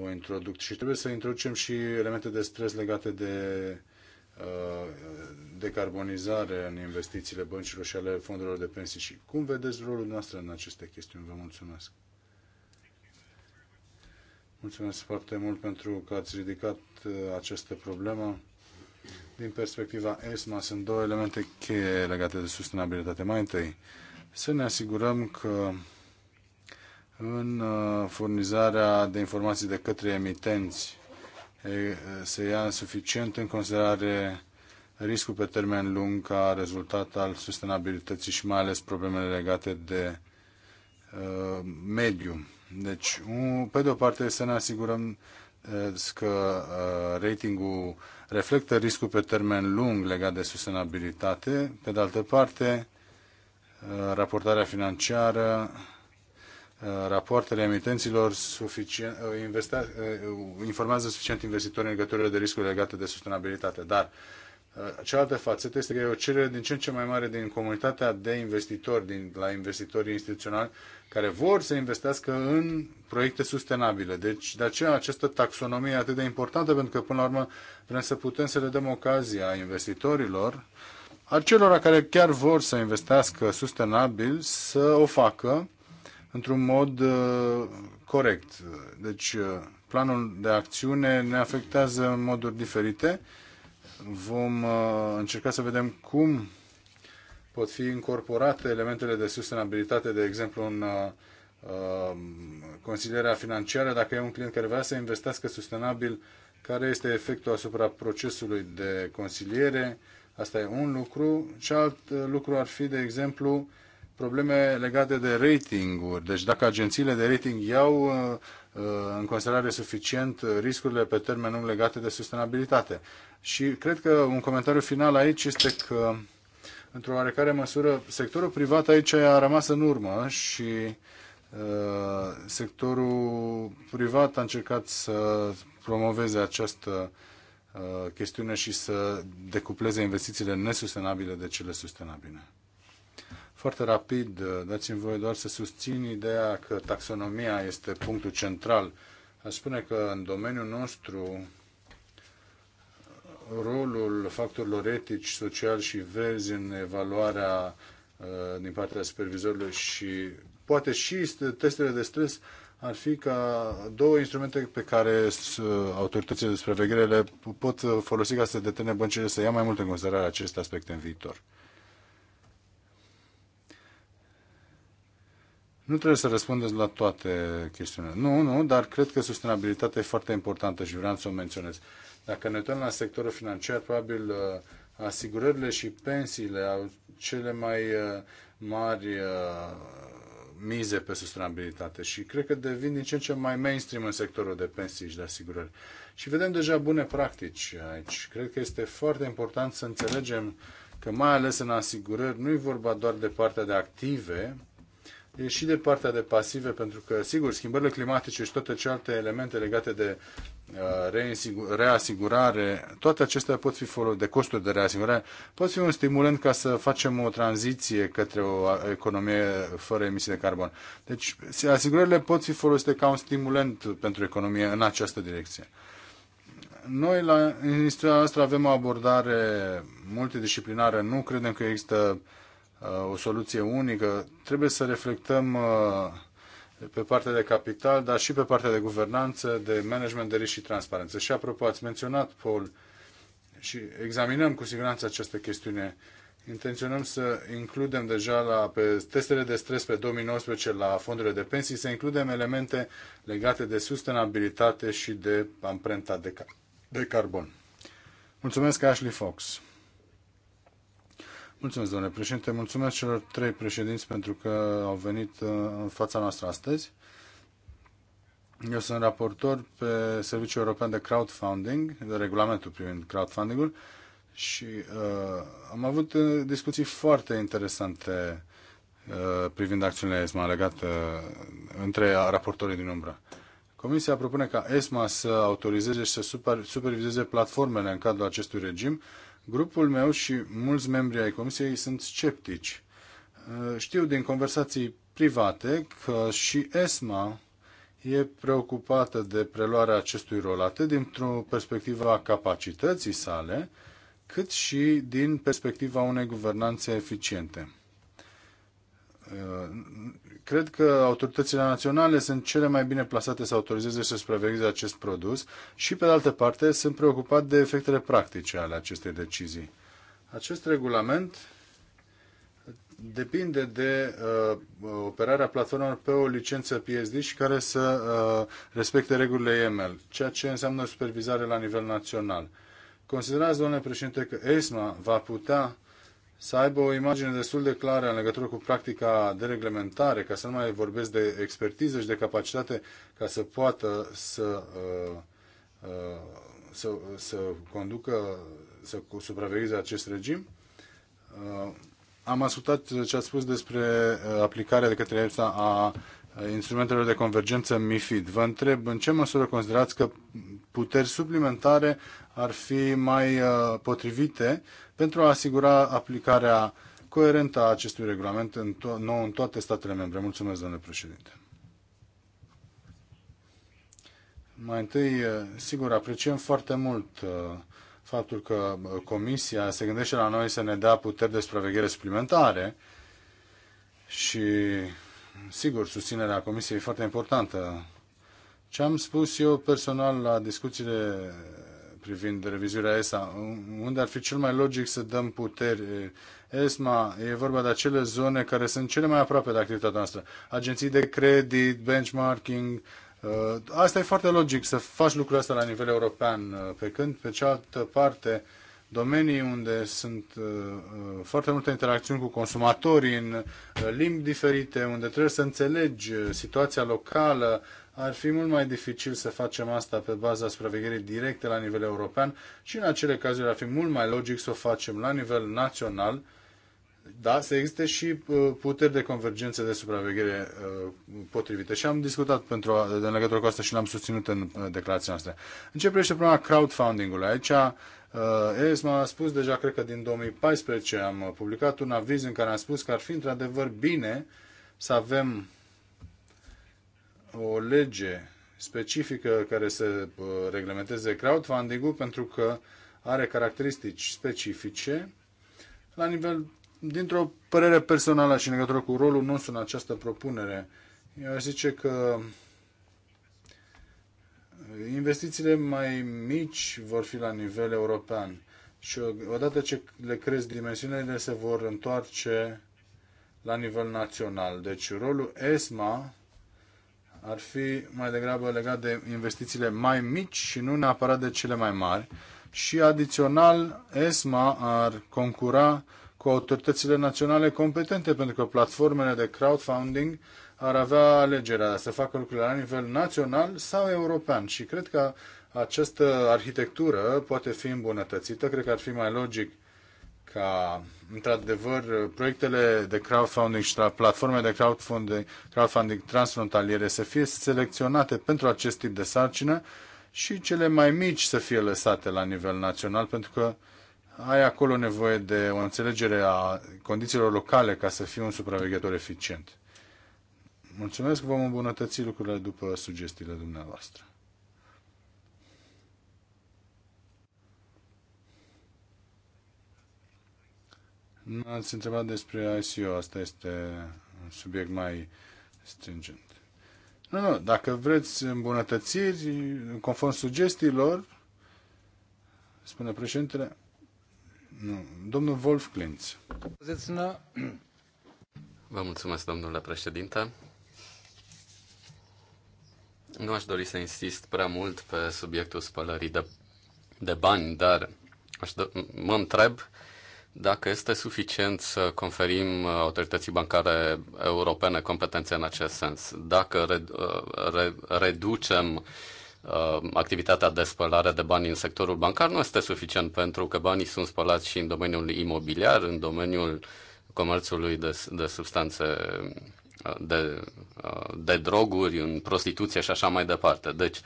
o introduc. Și trebuie să introducem și elemente de stres legate de uh, decarbonizare în investițiile băncilor și ale fondurilor de pensii și cum vedeți rolul noastră în aceste chestiuni. Vă mulțumesc! Mulțumesc foarte mult pentru că ați ridicat uh, această problemă. Din perspectiva ESMA sunt două elemente cheie legate de sustenabilitate. Mai întâi, să ne asigurăm că în uh, furnizarea de informații de către emitenți se ia suficient în considerare riscul pe termen lung ca rezultat al sustenabilității și mai ales problemele legate de uh, mediu. Deci, pe de o parte, să ne asigurăm uh, că uh, ratingul reflectă riscul pe termen lung legat de sustenabilitate, pe de altă parte, raportarea financiară rapoartele emitenților suficient, uh, investe, uh, informează suficient investitorii în legătură de riscuri legate de sustenabilitate. Dar uh, cealaltă fațetă este că e o cerere din ce în ce mai mare din comunitatea de investitori, din, la investitorii instituționali, care vor să investească în proiecte sustenabile. Deci, de aceea, această taxonomie e atât de importantă, pentru că, până la urmă, vrem să putem să le dăm ocazia investitorilor, acelora care chiar vor să investească sustenabil, să o facă într-un mod uh, corect. Deci, uh, planul de acțiune ne afectează în moduri diferite. Vom uh, încerca să vedem cum pot fi incorporate elementele de sustenabilitate, de exemplu, în uh, uh, consilierea financiară, dacă e un client care vrea să investească sustenabil, care este efectul asupra procesului de consiliere, asta e un lucru. Și uh, lucru ar fi, de exemplu, probleme legate de ratinguri. Deci dacă agențiile de rating iau uh, uh, în considerare suficient riscurile pe termen lung legate de sustenabilitate. Și cred că un comentariu final aici este că, într-o oarecare măsură, sectorul privat aici a rămas în urmă și uh, sectorul privat a încercat să promoveze această uh, chestiune și să decupleze investițiile nesustenabile de cele sustenabile. Foarte rapid, uh, dați-mi voi doar să susțin ideea că taxonomia este punctul central. Aș spune că în domeniul nostru rolul factorilor etici, social și verzi în evaluarea uh, din partea supervizorului și poate și testele de stres ar fi ca două instrumente pe care uh, autoritățile de supraveghere le pot folosi ca să determine băncile să ia mai mult în considerare aceste aspecte în viitor. Nu trebuie să răspundeți la toate chestiunile. Nu, nu, dar cred că sustenabilitatea e foarte importantă și vreau să o menționez. Dacă ne uităm la sectorul financiar, probabil uh, asigurările și pensiile au cele mai uh, mari uh, mize pe sustenabilitate și cred că devin din ce în ce mai mainstream în sectorul de pensii și de asigurări. Și vedem deja bune practici aici. Cred că este foarte important să înțelegem că mai ales în asigurări nu e vorba doar de partea de active, și de partea de pasive, pentru că, sigur, schimbările climatice și toate celelalte elemente legate de uh, reasigurare, toate acestea pot fi folosite, de costuri de reasigurare, pot fi un stimulant ca să facem o tranziție către o economie fără emisii de carbon. Deci, asigurările pot fi folosite ca un stimulant pentru economie în această direcție. Noi la instituția noastră avem o abordare multidisciplinară, nu credem că există uh, Uh, o soluție unică. Trebuie să reflectăm uh, pe partea de capital, dar și pe partea de guvernanță, de management de risc și transparență. Și apropo, ați menționat, Paul, și examinăm cu siguranță această chestiune. Intenționăm să includem deja la, pe testele de stres pe 2019 la fondurile de pensii, să includem elemente legate de sustenabilitate și de amprenta de, ca- de carbon. Mulțumesc, Ashley Fox. Mulțumesc, domnule președinte. Mulțumesc celor trei președinți pentru că au venit uh, în fața noastră astăzi. Eu sunt raportor pe Serviciul European de Crowdfunding, de regulamentul privind crowdfunding-ul și uh, am avut uh, discuții foarte interesante uh, privind acțiunile ESMA legate uh, între raportorii din umbră. Comisia propune ca ESMA să autorizeze și să super, supervizeze platformele în cadrul acestui regim Grupul meu și mulți membri ai Comisiei sunt sceptici. Uh, știu din conversații private că și ESMA e preocupată de preluarea acestui rol, atât dintr-o perspectivă a capacității sale, cât și din perspectiva unei guvernanțe eficiente. Uh, cred că autoritățile naționale sunt cele mai bine plasate să autorizeze și să supravegheze acest produs și, pe de altă parte, sunt preocupat de efectele practice ale acestei decizii. Acest regulament depinde de uh, operarea platformelor pe o licență PSD și care să uh, respecte regulile EML, ceea ce înseamnă supervizare la nivel național. Considerați, domnule președinte, că ESMA va putea uh, să aibă o imagine destul de clară în legătură cu practica de reglementare, ca să nu mai vorbesc de expertiză și de capacitate ca să poată să, uh, uh, să, să conducă, să supravegheze acest regim. Uh, am ascultat ce ați spus despre aplicarea de către EFSA a instrumentelor de convergență MIFID. Vă întreb în ce măsură considerați că puteri suplimentare ar fi mai potrivite pentru a asigura aplicarea coerentă a acestui regulament în, to- nou în toate statele membre. Mulțumesc, domnule președinte. Mai întâi, eh, sigur, apreciem foarte mult eh, faptul că eh, Comisia se gândește la noi să ne dea puteri de supraveghere suplimentare și, sigur, susținerea Comisiei e foarte importantă. Ce am spus eu personal la discuțiile privind revizuirea ESA, unde ar fi cel mai logic să dăm puteri ESMA, e vorba de acele zone care sunt cele mai aproape de activitatea noastră. Agenții de credit, benchmarking, uh, asta e foarte logic să faci lucrul ăsta la nivel european, uh, pe când pe cealaltă parte domenii unde sunt uh, foarte multe interacțiuni cu consumatorii în limbi diferite, unde trebuie să înțelegi situația locală, ar fi mult mai dificil să facem asta pe baza supravegherii directe la nivel european și în acele cazuri ar fi mult mai logic să o facem la nivel național, da, să existe și uh, puteri de convergență de supraveghere uh, potrivite. Și am discutat pentru, în legătură cu asta și l-am susținut în uh, declarația noastră. În ce privește problema crowdfunding-ului, aici ESMA a spus deja, cred că din 2014 am publicat un aviz în care am spus că ar fi într-adevăr bine să avem o lege specifică care să uh, reglementeze crowdfunding-ul pentru că are caracteristici specifice la nivel, dintr-o părere personală și în legătură cu rolul nostru în această propunere, eu aș zice că investițiile mai mici vor fi la nivel european și odată ce le cresc dimensiunile, se vor întoarce la nivel național. Deci rolul ESMA ar fi mai degrabă legat de investițiile mai mici și nu neapărat de cele mai mari. Și adițional, ESMA ar concura cu autoritățile naționale competente, pentru că platformele de crowdfunding ar avea alegerea să facă lucrurile la nivel național sau european. Și cred că această arhitectură poate fi îmbunătățită. Cred că ar fi mai logic ca, într-adevăr, proiectele de crowdfunding și platforme de crowdfunding, crowdfunding transfrontaliere să fie selecționate pentru acest tip de sarcină și cele mai mici să fie lăsate la nivel național, pentru că ai acolo nevoie de o înțelegere a condițiilor locale ca să fii un supraveghetor eficient. Mulțumesc, vom îmbunătăți lucrurile după sugestiile dumneavoastră. Ați întrebat despre ICO, asta este un subiect mai stringent. Nu, nu, dacă vreți îmbunătățiri, conform sugestiilor, spune președintele, nu, domnul Wolf Klintz. Vă mulțumesc, domnule președinte. Nu aș dori să insist prea mult pe subiectul spălării de, de bani, dar aș do- mă întreb dacă este suficient să conferim uh, autorității bancare europene competențe în acest sens, dacă re, uh, re, reducem uh, activitatea de spălare de bani în sectorul bancar, nu este suficient pentru că banii sunt spălați și în domeniul imobiliar, în domeniul comerțului de, de substanțe de, de droguri, în prostituție și așa mai departe. Deci, uh,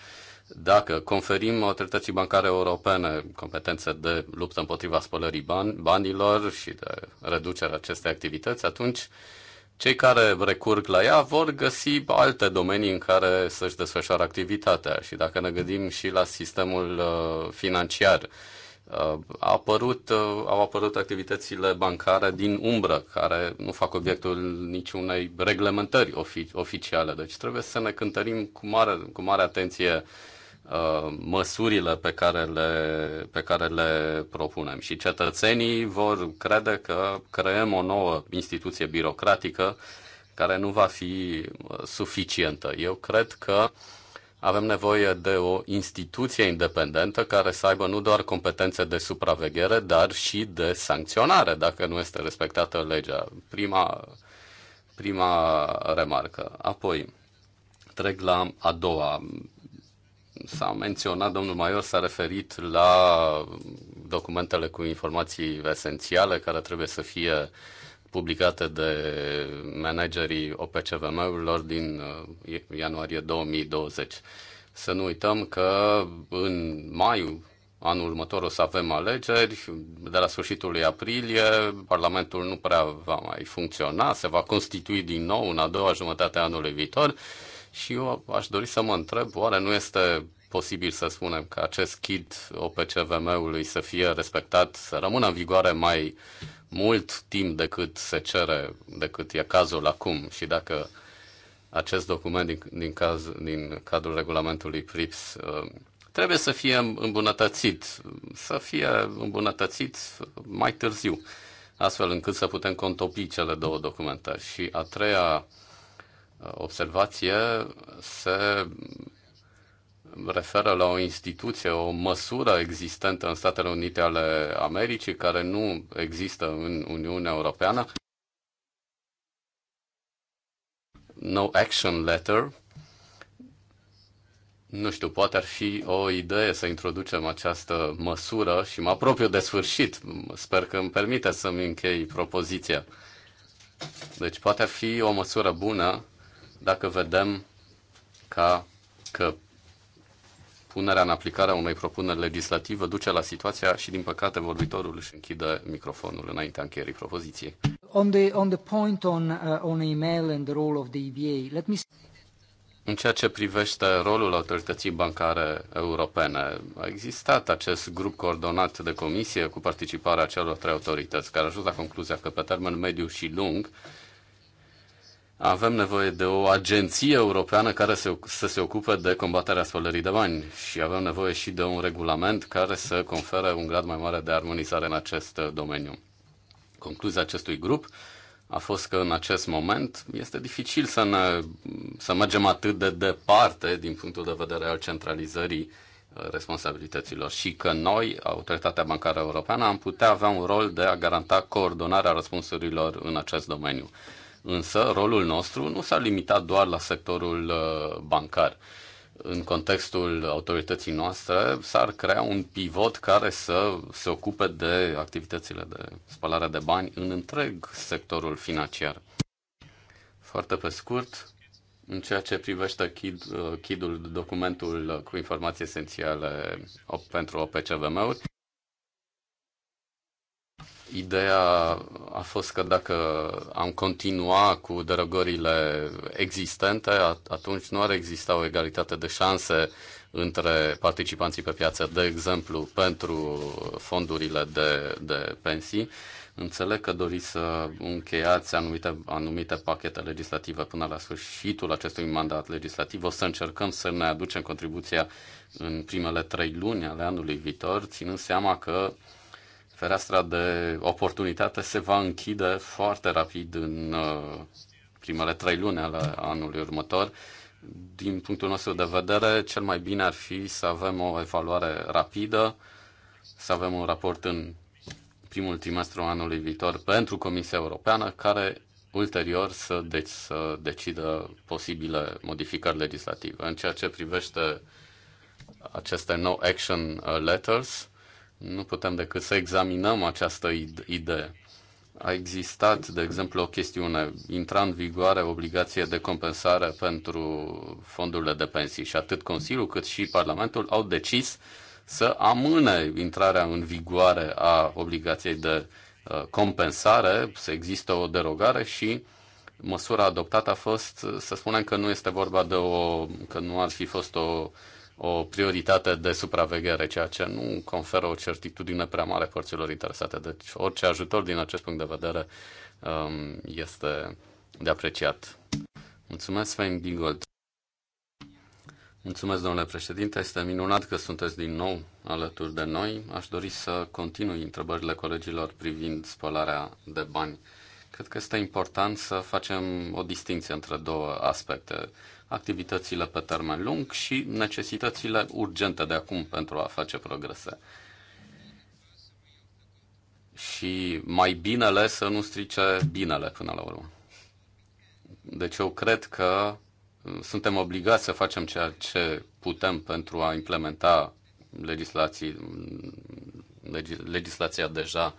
dacă conferim autorității bancare europene competențe de luptă împotriva spălării ban- banilor și de reducerea acestei activități, atunci cei care recurg la ea vor găsi alte domenii în care să-și desfășoare activitatea. Și dacă ne gândim și la sistemul uh, financiar, uh, a apărut, uh, au apărut activitățile bancare din umbră, care nu fac obiectul niciunei reglementări ofi- oficiale. Deci trebuie să ne cântărim cu mare, cu mare atenție Uh, măsurile pe care le, pe care le propunem. Și cetățenii vor crede că creăm o nouă instituție birocratică care nu va fi uh, suficientă. Eu cred că avem nevoie de o instituție independentă care să aibă nu doar competențe de supraveghere, dar și de sancționare dacă nu este respectată legea. Prima, prima remarcă. Apoi, trec la a doua s-a menționat, domnul Maior s-a referit la documentele cu informații esențiale care trebuie să fie publicate de managerii OPCVM-urilor din uh, ianuarie 2020. Să nu uităm că în mai anul următor o să avem alegeri, de la sfârșitul lui aprilie Parlamentul nu prea va mai funcționa, se va constitui din nou în a doua jumătate a anului viitor și eu aș dori să mă întreb, oare nu este posibil să spunem că acest kit OPCVM-ului să fie respectat, să rămână în vigoare mai mult timp decât se cere, decât e cazul acum și dacă acest document din, din, caz, din cadrul regulamentului PRIPS uh, trebuie să fie îmbunătățit, să fie îmbunătățit mai târziu, astfel încât să putem contopi cele două documente. Și a treia observație se referă la o instituție, o măsură existentă în Statele Unite ale Americii, care nu există în Uniunea Europeană. No action letter. Nu știu, poate ar fi o idee să introducem această măsură și mă apropiu de sfârșit. Sper că îmi permite să-mi închei propoziția. Deci poate ar fi o măsură bună dacă vedem ca că punerea în aplicare a unei propuneri legislative duce la situația și, din păcate, vorbitorul își închide microfonul înaintea încheierii propoziției. On the, on the point on, uh, on email and the role of the EBA, let me... În ceea ce privește rolul autorității bancare europene, a existat acest grup coordonat de comisie cu participarea celor trei autorități, care a ajuns la concluzia că pe termen mediu și lung, avem nevoie de o agenție europeană care se, să se ocupe de combaterea spălării de bani și avem nevoie și de un regulament care să confere un grad mai mare de armonizare în acest uh, domeniu. Concluzia acestui grup a fost că în acest moment este dificil să, ne, să mergem atât de departe din punctul de vedere al centralizării uh, responsabilităților și că noi, Autoritatea Bancară Europeană, am putea avea un rol de a garanta coordonarea răspunsurilor în acest domeniu. Însă, rolul nostru nu s-a limitat doar la sectorul uh, bancar. În contextul autorității noastre, s-ar crea un pivot care să se ocupe de activitățile de spălare de bani în întreg sectorul financiar. Foarte pe scurt, în ceea ce privește KID, uh, kid documentul cu informații esențiale pentru OPCVM-uri, Ideea a fost că dacă am continua cu derogările existente, atunci nu ar exista o egalitate de șanse între participanții pe piață, de exemplu, pentru fondurile de, de pensii. Înțeleg că doriți să încheiați anumite, anumite pachete legislative până la sfârșitul acestui mandat legislativ. O să încercăm să ne aducem contribuția în primele trei luni ale anului viitor, ținând seama că fereastra de oportunitate se va închide foarte rapid în uh, primele trei luni ale anului următor. Din punctul nostru de vedere, cel mai bine ar fi să avem o evaluare rapidă, să avem un raport în primul trimestru anului viitor pentru Comisia Europeană, care ulterior să, deci, să decidă posibile modificări legislative. În ceea ce privește aceste no action uh, letters, nu putem decât să examinăm această idee. A existat, de exemplu, o chestiune. Intra în vigoare obligație de compensare pentru fondurile de pensii și atât Consiliul cât și Parlamentul au decis să amâne intrarea în vigoare a obligației de uh, compensare, să există o derogare și măsura adoptată a fost, să spunem că nu este vorba de o, că nu ar fi fost o o prioritate de supraveghere, ceea ce nu conferă o certitudine prea mare părților interesate. Deci orice ajutor din acest punct de vedere um, este de apreciat. Mulțumesc, Sven Bigold. Mulțumesc, domnule președinte. Este minunat că sunteți din nou alături de noi. Aș dori să continui întrebările colegilor privind spălarea de bani. Cred că este important să facem o distinție între două aspecte activitățile pe termen lung și necesitățile urgente de acum pentru a face progrese. Și mai binele să nu strice binele până la urmă. Deci eu cred că uh, suntem obligați să facem ceea ce putem pentru a implementa legislații, mm, legislația deja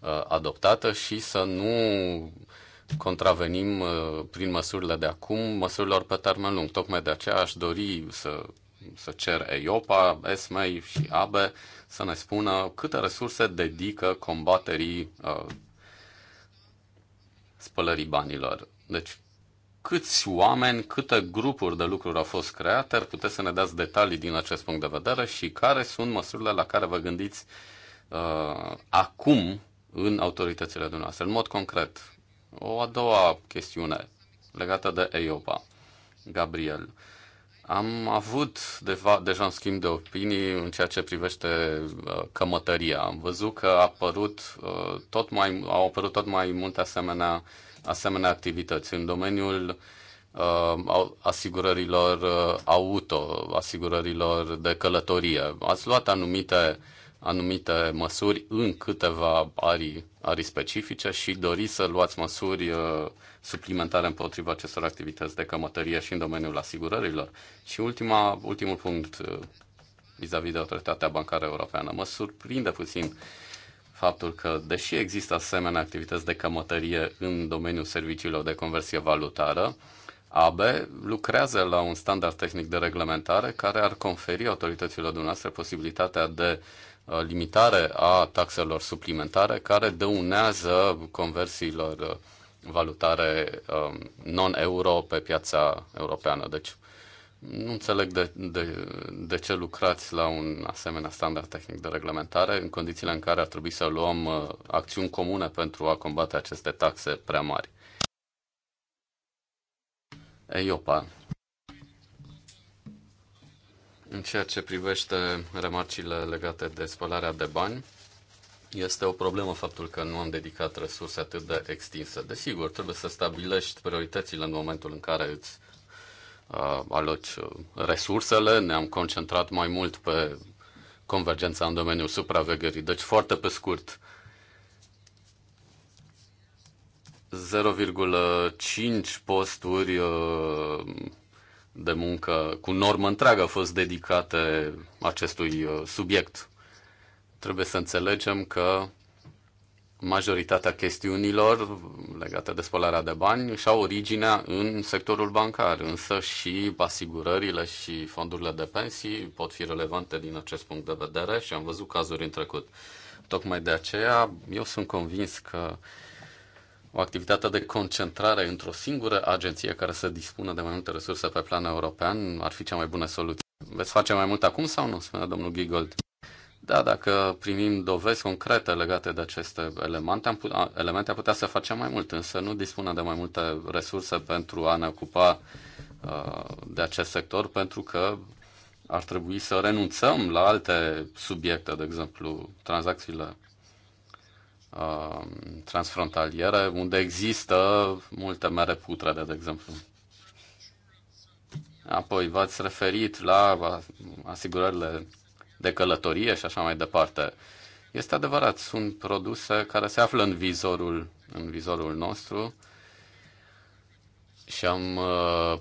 uh, adoptată și să nu contravenim uh, prin măsurile de acum măsurilor pe termen lung. Tocmai de aceea aș dori să, să cer EIOPA, ESMEI și ABE să ne spună câte resurse dedică combaterii uh, spălării banilor. Deci, câți oameni, câte grupuri de lucruri au fost create, ar puteți să ne dați detalii din acest punct de vedere și care sunt măsurile la care vă gândiți uh, acum în autoritățile dumneavoastră. În mod concret, o a doua chestiune legată de EIOPA. Gabriel, am avut deva, deja un schimb de opinii în ceea ce privește uh, cămătăria. Am văzut că a apărut, uh, tot mai, au apărut tot mai multe asemenea, asemenea activități în domeniul uh, asigurărilor uh, auto, asigurărilor de călătorie. Ați luat anumite uh, anumite măsuri în câteva arii, arii specifice și doriți să luați măsuri uh, suplimentare împotriva acestor activități de cămătărie și în domeniul asigurărilor. Și ultima, ultimul punct uh, vis-a-vis -vis de Autoritatea Bancară Europeană. Mă surprinde puțin faptul că, deși există asemenea activități de cămătărie în domeniul serviciilor de conversie valutară, AB lucrează la un standard tehnic de reglementare care ar conferi autorităților dumneavoastră posibilitatea de uh, Uh, limitare a taxelor suplimentare care dăunează conversiilor uh, valutare um, non-euro pe piața europeană. Deci nu înțeleg de, de, de ce lucrați la un asemenea standard tehnic de reglementare în condițiile în care ar trebui să luăm uh, acțiuni comune pentru a combate aceste taxe prea mari. EIOPA în ceea ce privește remarcile legate de spălarea de bani, este o problemă faptul că nu am dedicat resurse atât de extinse. Desigur, trebuie să stabilești prioritățile în momentul în care îți uh, aloci uh, resursele. Ne-am concentrat mai mult pe convergența în domeniul supravegării. Deci, foarte pe scurt, 0,5 posturi uh, de muncă cu normă întreagă a fost dedicate acestui uh, subiect. Trebuie să înțelegem că majoritatea chestiunilor legate de spălarea de bani și-au originea în sectorul bancar, însă și asigurările și fondurile de pensii pot fi relevante din acest punct de vedere și am văzut cazuri în trecut. Tocmai de aceea eu sunt convins că uh, o activitate de concentrare într-o singură agenție care să dispună de mai multe resurse pe plan european ar fi cea mai bună soluție. Veți face mai mult acum sau nu? Spunea domnul Gigold. Da, dacă primim dovezi concrete legate de aceste elemente, am put- elemente am putea să facem mai mult, însă nu dispunem de mai multe resurse pentru a ne ocupa uh, de acest sector, pentru că ar trebui să renunțăm la alte subiecte, de exemplu, tranzacțiile Uh, transfrontaliere, unde există multe mere putrede, de exemplu. Apoi v-ați referit la asigurările de călătorie și așa mai departe. Este adevărat, sunt produse care se află în vizorul, în vizorul nostru și am uh,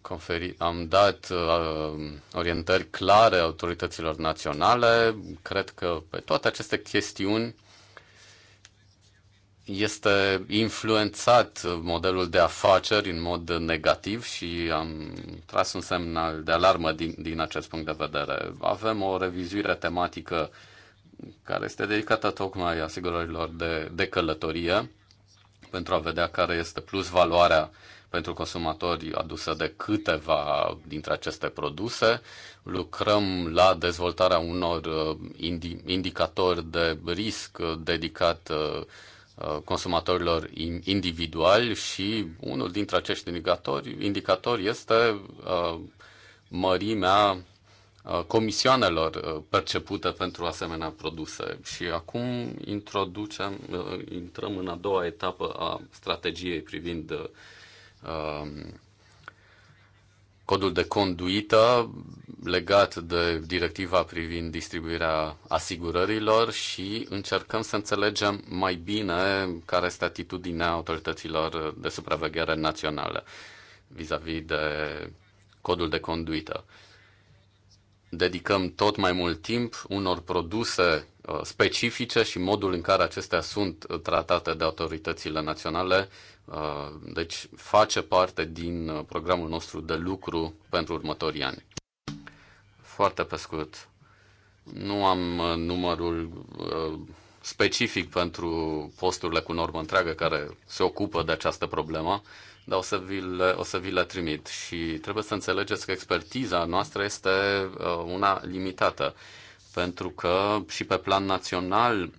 conferit, am dat uh, orientări clare autorităților naționale. Cred că pe toate aceste chestiuni este influențat modelul de afaceri în mod negativ și am tras un semnal de alarmă din, din acest punct de vedere. Avem o revizuire tematică care este dedicată tocmai asigurărilor de, de călătorie pentru a vedea care este plus valoarea pentru consumatori adusă de câteva dintre aceste produse. Lucrăm la dezvoltarea unor uh, indi- indicatori de risc dedicat uh, Uh, consumatorilor individuali și unul dintre acești indicatori, indicatori este uh, mărimea uh, comisioanelor percepute pentru asemenea produse. Și acum introducem, intrăm în a doua etapă a strategiei privind um, codul de conduită legat de directiva privind distribuirea asigurărilor și încercăm să înțelegem mai bine care este atitudinea autorităților de supraveghere naționale vis-a-vis -vis de codul de conduită. Dedicăm tot mai mult timp unor produse uh, specifice și modul în care acestea sunt uh, tratate de autoritățile naționale Uh, deci face parte din uh, programul nostru de lucru pentru următorii ani. Foarte pe scurt, nu am uh, numărul specific pentru posturile cu normă întreagă care se ocupă de această problemă, dar o să vi le, o să vi le trimit și trebuie să înțelegeți că expertiza noastră este una limitată, pentru că și pe plan național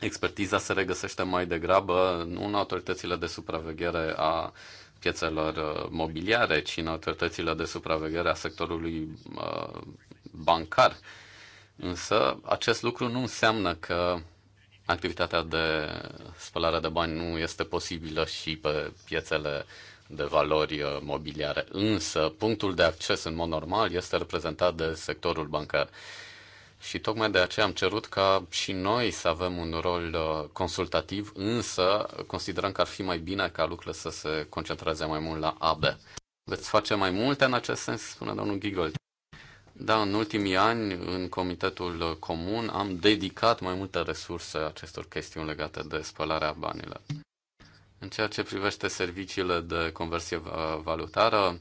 expertiza se regăsește mai degrabă nu în autoritățile de supraveghere a piețelor uh, mobiliare, ci în autoritățile de supraveghere a sectorului uh, bancar. Însă acest lucru nu înseamnă că activitatea de spălare de bani nu este posibilă și pe piețele de valori uh, mobiliare. Însă punctul de acces în mod normal este reprezentat de sectorul bancar. Și tocmai de aceea am cerut ca și noi să avem un rol uh, consultativ, însă considerăm că ar fi mai bine ca lucrurile să se concentreze mai mult la AB. Veți face mai multe în acest sens, spune domnul Gigol. Da, în ultimii ani, în Comitetul Comun, am dedicat mai multe resurse acestor chestiuni legate de spălarea banilor. În ceea ce privește serviciile de conversie uh, valutară,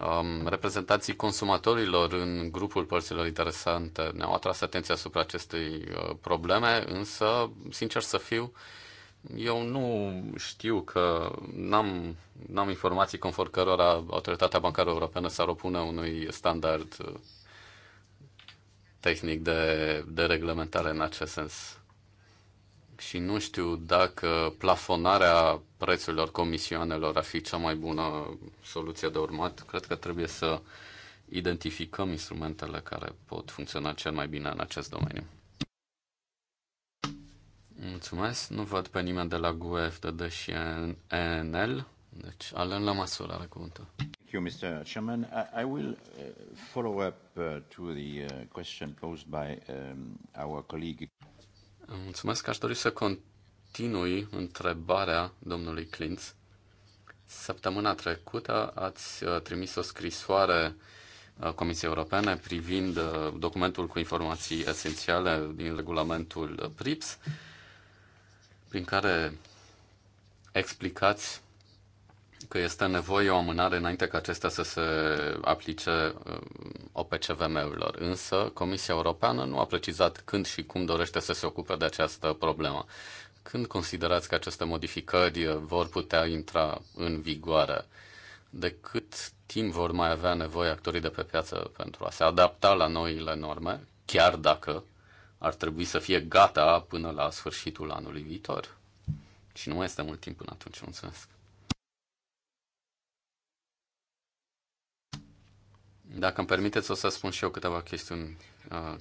um, reprezentanții consumatorilor în grupul părților interesante ne-au atras atenția asupra acestei uh, probleme, însă, sincer să fiu, eu nu știu că n-am, n-am informații conform cărora Autoritatea Bancară Europeană s-ar opune unui standard uh, tehnic de, de reglementare în acest sens și nu știu dacă plafonarea prețurilor comisioanelor ar fi cea mai bună soluție de urmat. Cred că trebuie să identificăm instrumentele care pot funcționa cel mai bine în acest domeniu. Mulțumesc. Nu văd pe nimeni de la GUE, FDD și ENL. Deci, Alan la măsură are cuvântul. Thank you, Mr. Chairman. I, I will uh, follow up uh, to the uh, question posed by um, our colleague. Mulțumesc că aș dori să continui întrebarea domnului Clintz. Săptămâna trecută ați uh, trimis o scrisoare uh, Comisiei Europene privind uh, documentul cu informații esențiale din regulamentul PRIPS, prin care explicați că este nevoie o amânare înainte ca acestea să se aplice um, OPCVM-urilor. Însă Comisia Europeană nu a precizat când și cum dorește să se ocupe de această problemă. Când considerați că aceste modificări vor putea intra în vigoare? De cât timp vor mai avea nevoie actorii de pe piață pentru a se adapta la noile norme, chiar dacă ar trebui să fie gata până la sfârșitul anului viitor? Și nu mai este mult timp până atunci, mulțumesc. Dacă îmi permiteți, o să spun și eu câteva chestiuni uh,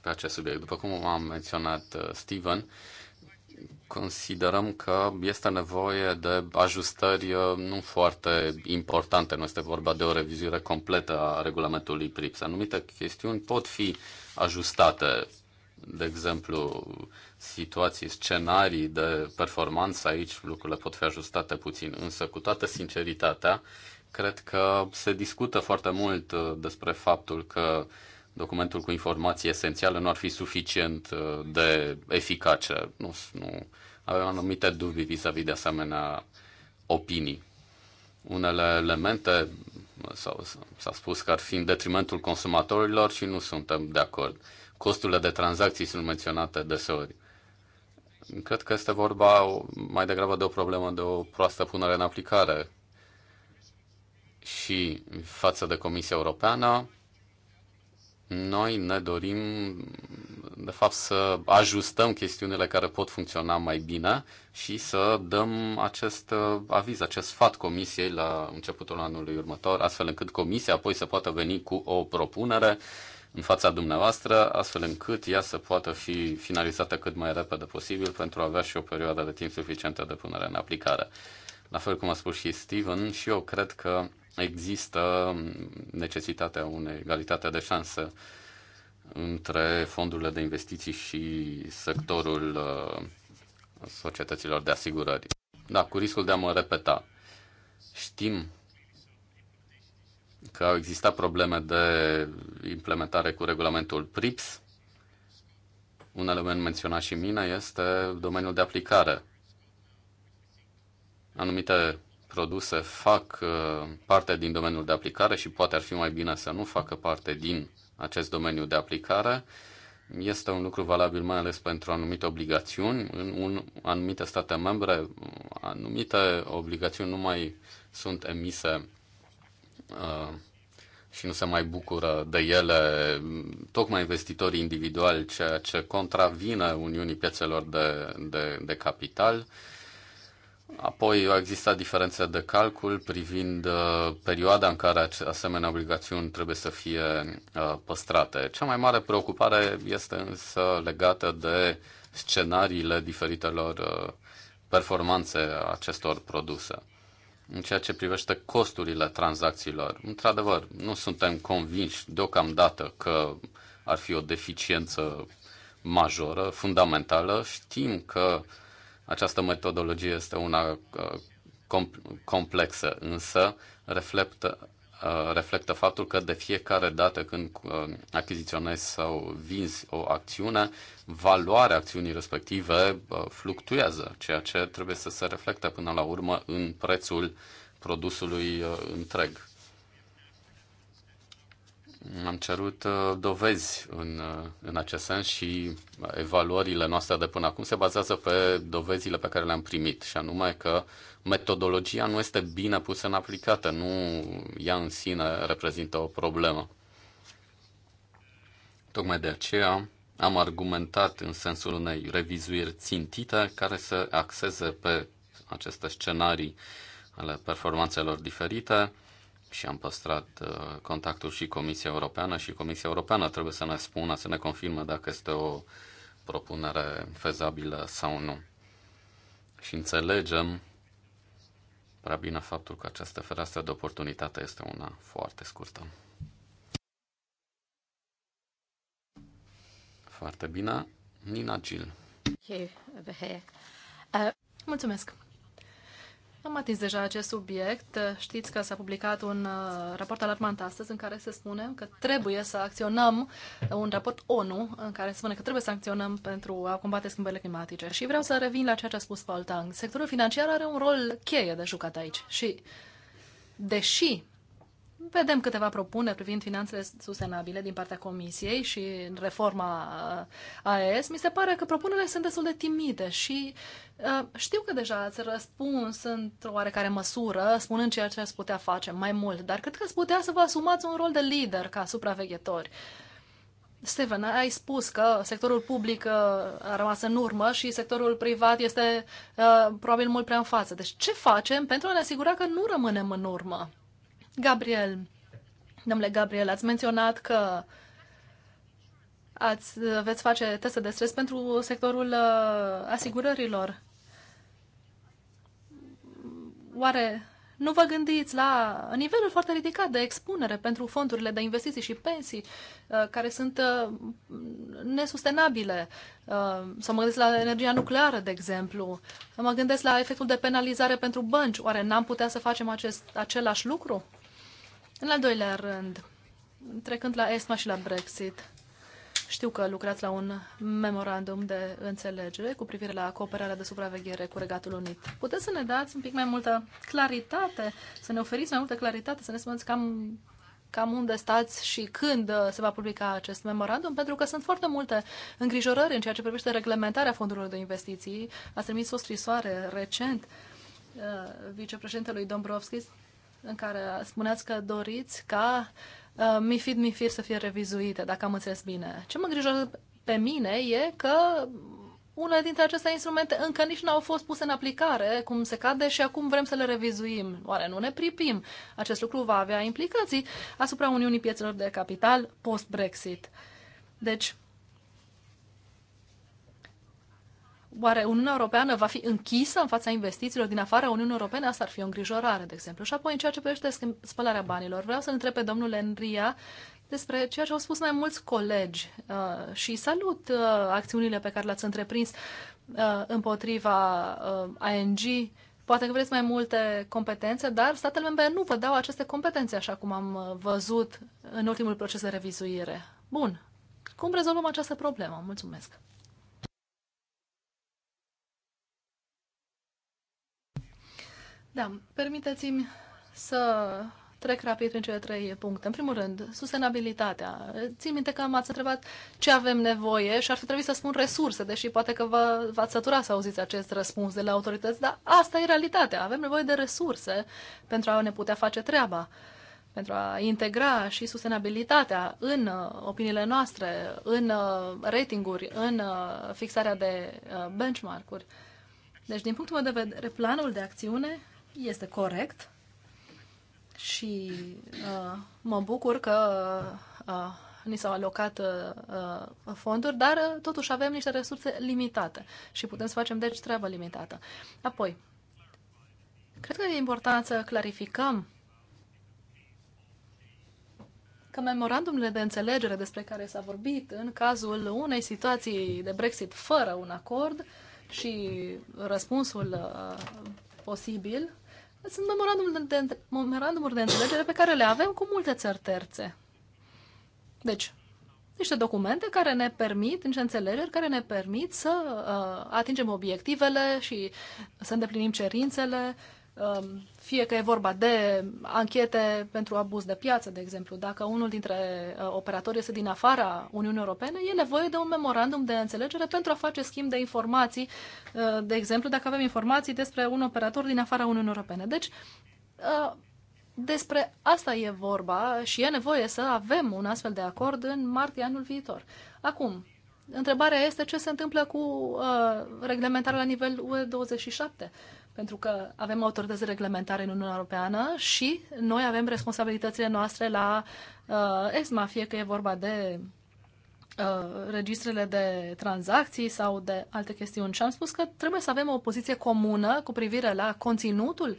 pe acest subiect. După cum am menționat uh, Steven, considerăm că este nevoie de ajustări uh, nu foarte importante. Nu este vorba de o revizuire completă a regulamentului PRIPS. Anumite chestiuni pot fi ajustate, de exemplu, situații, scenarii de performanță aici, lucrurile pot fi ajustate puțin, însă cu toată sinceritatea, Cred că se discută foarte mult uh, despre faptul că documentul cu informații esențiale nu ar fi suficient uh, de eficace. Nu, nu avem anumite dubii vis-a-vis de asemenea opinii. Unele elemente sau, s-a spus că ar fi în detrimentul consumatorilor și nu suntem de acord. Costurile de tranzacții sunt menționate deseori. Cred că este vorba mai degrabă de o problemă de o proastă punere în aplicare și față de Comisia Europeană, noi ne dorim, de fapt, să ajustăm chestiunile care pot funcționa mai bine și să dăm acest uh, aviz, acest sfat Comisiei la începutul anului următor, astfel încât Comisia apoi să poată veni cu o propunere în fața dumneavoastră, astfel încât ea să poată fi finalizată cât mai repede posibil pentru a avea și o perioadă de timp suficientă de punere în aplicare. La fel cum a spus și Steven, și eu cred că există necesitatea unei egalitate de șanse între fondurile de investiții și sectorul uh, societăților de asigurări. Da, cu riscul de a mă repeta. Știm că au existat probleme de implementare cu regulamentul PRIPS. Un element menționat și mine este domeniul de aplicare. Anumite produse fac uh, parte din domeniul de aplicare și poate ar fi mai bine să nu facă parte din acest domeniu de aplicare, este un lucru valabil mai ales pentru anumite obligațiuni. În un, anumite state membre, anumite obligațiuni nu mai sunt emise uh, și nu se mai bucură de ele tocmai investitorii individuali, ceea ce contravine Uniunii Piețelor de, de, de Capital. Uh, Apoi au existat diferențe de calcul privind uh, perioada în care asemenea obligațiuni trebuie să fie uh, păstrate. Cea mai mare preocupare este însă legată de scenariile diferitelor uh, performanțe acestor produse. În ceea ce privește costurile tranzacțiilor, într-adevăr, nu suntem convinși deocamdată că ar fi o deficiență majoră, fundamentală. Știm că uh, această metodologie este una uh, complexă, însă reflectă, uh, reflectă faptul că de fiecare dată când uh, achiziționezi sau vinzi o acțiune, valoarea acțiunii respective fluctuează, ceea ce trebuie să se reflecte până la urmă în prețul produsului întreg. Am cerut uh, dovezi în, uh, în acest sens și evaluările noastre de până acum se bazează pe dovezile pe care le-am primit, și anume că metodologia nu este bine pusă în aplicată, nu ea în sine reprezintă o problemă. Tocmai de aceea am argumentat în sensul unei revizuiri țintite care să axeze pe aceste scenarii ale performanțelor diferite, și am păstrat uh, contactul și Comisia Europeană și Comisia Europeană trebuie să ne spună, să ne confirme dacă este o propunere fezabilă sau nu. Și înțelegem prea bine faptul că această fereastră de oportunitate este una foarte scurtă. Foarte bine. Nina Gil. Uh, mulțumesc. Am atins deja acest subiect. Știți că s-a publicat un uh, raport alarmant astăzi în care se spune că trebuie să acționăm, uh, un raport ONU în care se spune că trebuie să acționăm pentru a combate schimbările climatice. Și vreau să revin la ceea ce a spus Paul Tang. Sectorul financiar are un rol cheie de jucat aici și deși Vedem câteva propuneri privind finanțele sustenabile din partea Comisiei și reforma uh, AES. Mi se pare că propunerile sunt destul de timide și uh, știu că deja ați răspuns într-o oarecare măsură, spunând ceea ce ați putea face mai mult, dar cred că ați putea să vă asumați un rol de lider ca supraveghetori. Steven, ai spus că sectorul public uh, a rămas în urmă și sectorul privat este uh, probabil mult prea în față. Deci ce facem pentru a ne asigura că nu rămânem în urmă? Gabriel, domnule Gabriel, ați menționat că ați, veți face teste de stres pentru sectorul uh, asigurărilor. Oare nu vă gândiți la nivelul foarte ridicat de expunere pentru fondurile de investiții și pensii uh, care sunt uh, nesustenabile. Să mă gândesc la energia nucleară, de exemplu. Să mă gândesc la efectul de penalizare pentru bănci. Oare n-am putea să facem acest, același lucru? În al doilea rând, trecând la ESMA și la Brexit, știu că lucrați la un memorandum de înțelegere cu privire la cooperarea de supraveghere cu Regatul Unit. Puteți să ne dați un pic mai multă claritate, să ne oferiți mai multă claritate, să ne spuneți cam, cam unde stați și când se va publica acest memorandum, pentru că sunt foarte multe îngrijorări în ceea ce privește reglementarea fondurilor de investiții. Ați trimis o scrisoare recent uh, vicepreședintelui Dombrovskis în care spuneați că doriți ca uh, MIFID, MIFIR să fie revizuite, dacă am înțeles bine. Ce mă îngrijorează pe mine e că unele dintre aceste instrumente încă nici nu au fost puse în aplicare, cum se cade, și acum vrem să le revizuim. Oare nu ne pripim? Acest lucru va avea implicații asupra Uniunii Piețelor de Capital post-Brexit. Deci, oare Uniunea Europeană va fi închisă în fața investițiilor din afara Uniunii Europene? Asta ar fi o îngrijorare, de exemplu. Și apoi, în ceea ce privește spălarea banilor, vreau să întreb pe domnul Enria despre ceea ce au spus mai mulți colegi uh, și salut uh, acțiunile pe care le-ați întreprins uh, împotriva uh, ANG. Poate că vreți mai multe competențe, dar statele membre nu vă dau aceste competențe, așa cum am uh, văzut în ultimul proces de revizuire. Bun. Cum rezolvăm această problemă? Mulțumesc. Da, permiteți-mi să trec rapid prin cele trei puncte. În primul rând, sustenabilitatea. Țin minte că m-ați întrebat ce avem nevoie și ar fi trebuit să spun resurse, deși poate că vă, v-ați sătura să auziți acest răspuns de la autorități, dar asta e realitatea. Avem nevoie de resurse pentru a ne putea face treaba, pentru a integra și sustenabilitatea în uh, opiniile noastre, în uh, ratinguri, în uh, fixarea de benchmark-uri. Deci, din punctul meu de vedere, planul de acțiune este corect și uh, mă bucur că uh, ni s-au alocat uh, uh, fonduri, dar uh, totuși avem niște resurse limitate și putem să facem deci treabă limitată. Apoi, cred că e important să clarificăm că memorandumurile de înțelegere despre care s-a vorbit în cazul unei situații de Brexit fără un acord și răspunsul uh, posibil sunt memorandumuri de înțelegere pe care le avem cu multe țări terțe. Deci, niște documente care ne permit, niște înțelegeri care ne permit să uh, atingem obiectivele și să îndeplinim cerințele uh, Um, fie că e vorba de anchete pentru abuz de piață, de exemplu, dacă unul dintre uh, operatori este din afara Uniunii Europene, e nevoie de un memorandum de înțelegere pentru a face schimb de informații, uh, de exemplu, dacă avem informații despre un operator din afara Uniunii Europene. Deci, uh, despre asta e vorba și e nevoie să avem un astfel de acord în martie anul viitor. Acum, întrebarea este ce se întâmplă cu reglementarea la nivel UE 27 pentru că avem autorități reglementare în Uniunea Europeană și noi avem responsabilitățile noastre la uh, ESMA, fie că e vorba de uh, registrele de tranzacții sau de alte chestiuni. Și am spus că trebuie să avem o poziție comună cu privire la conținutul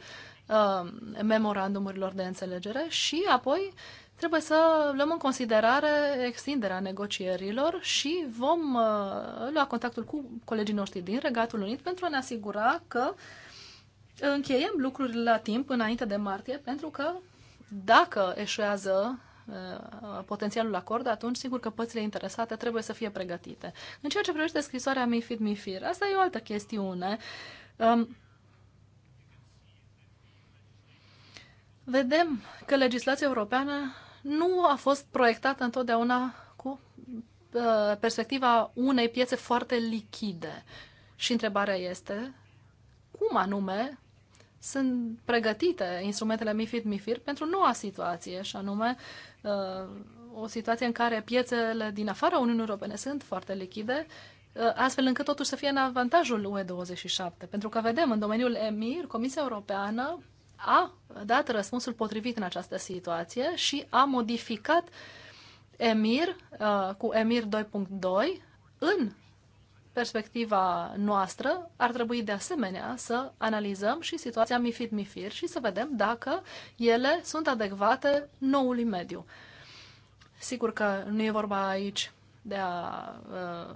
uh, memorandumurilor de înțelegere și apoi trebuie să luăm în considerare extinderea negocierilor și vom uh, lua contactul cu colegii noștri din Regatul Unit pentru a ne asigura că uh, încheiem lucrurile la timp, înainte de martie, pentru că dacă eșuează uh, potențialul acord, atunci sigur că părțile interesate trebuie să fie pregătite. În ceea ce privește scrisoarea mi fir, asta e o altă chestiune. Um, vedem că legislația europeană nu a fost proiectată întotdeauna cu uh, perspectiva unei piețe foarte lichide. Și întrebarea este cum anume sunt pregătite instrumentele MIFID MIFIR pentru noua situație, și anume uh, o situație în care piețele din afara Uniunii Europene sunt foarte lichide, uh, astfel încât totuși să fie în avantajul UE27. Pentru că vedem în domeniul EMIR, Comisia Europeană a dat răspunsul potrivit în această situație și a modificat EMIR uh, cu EMIR 2.2 în perspectiva noastră, ar trebui de asemenea să analizăm și situația MIFID-MIFIR și să vedem dacă ele sunt adecvate noului mediu. Sigur că nu e vorba aici de a uh,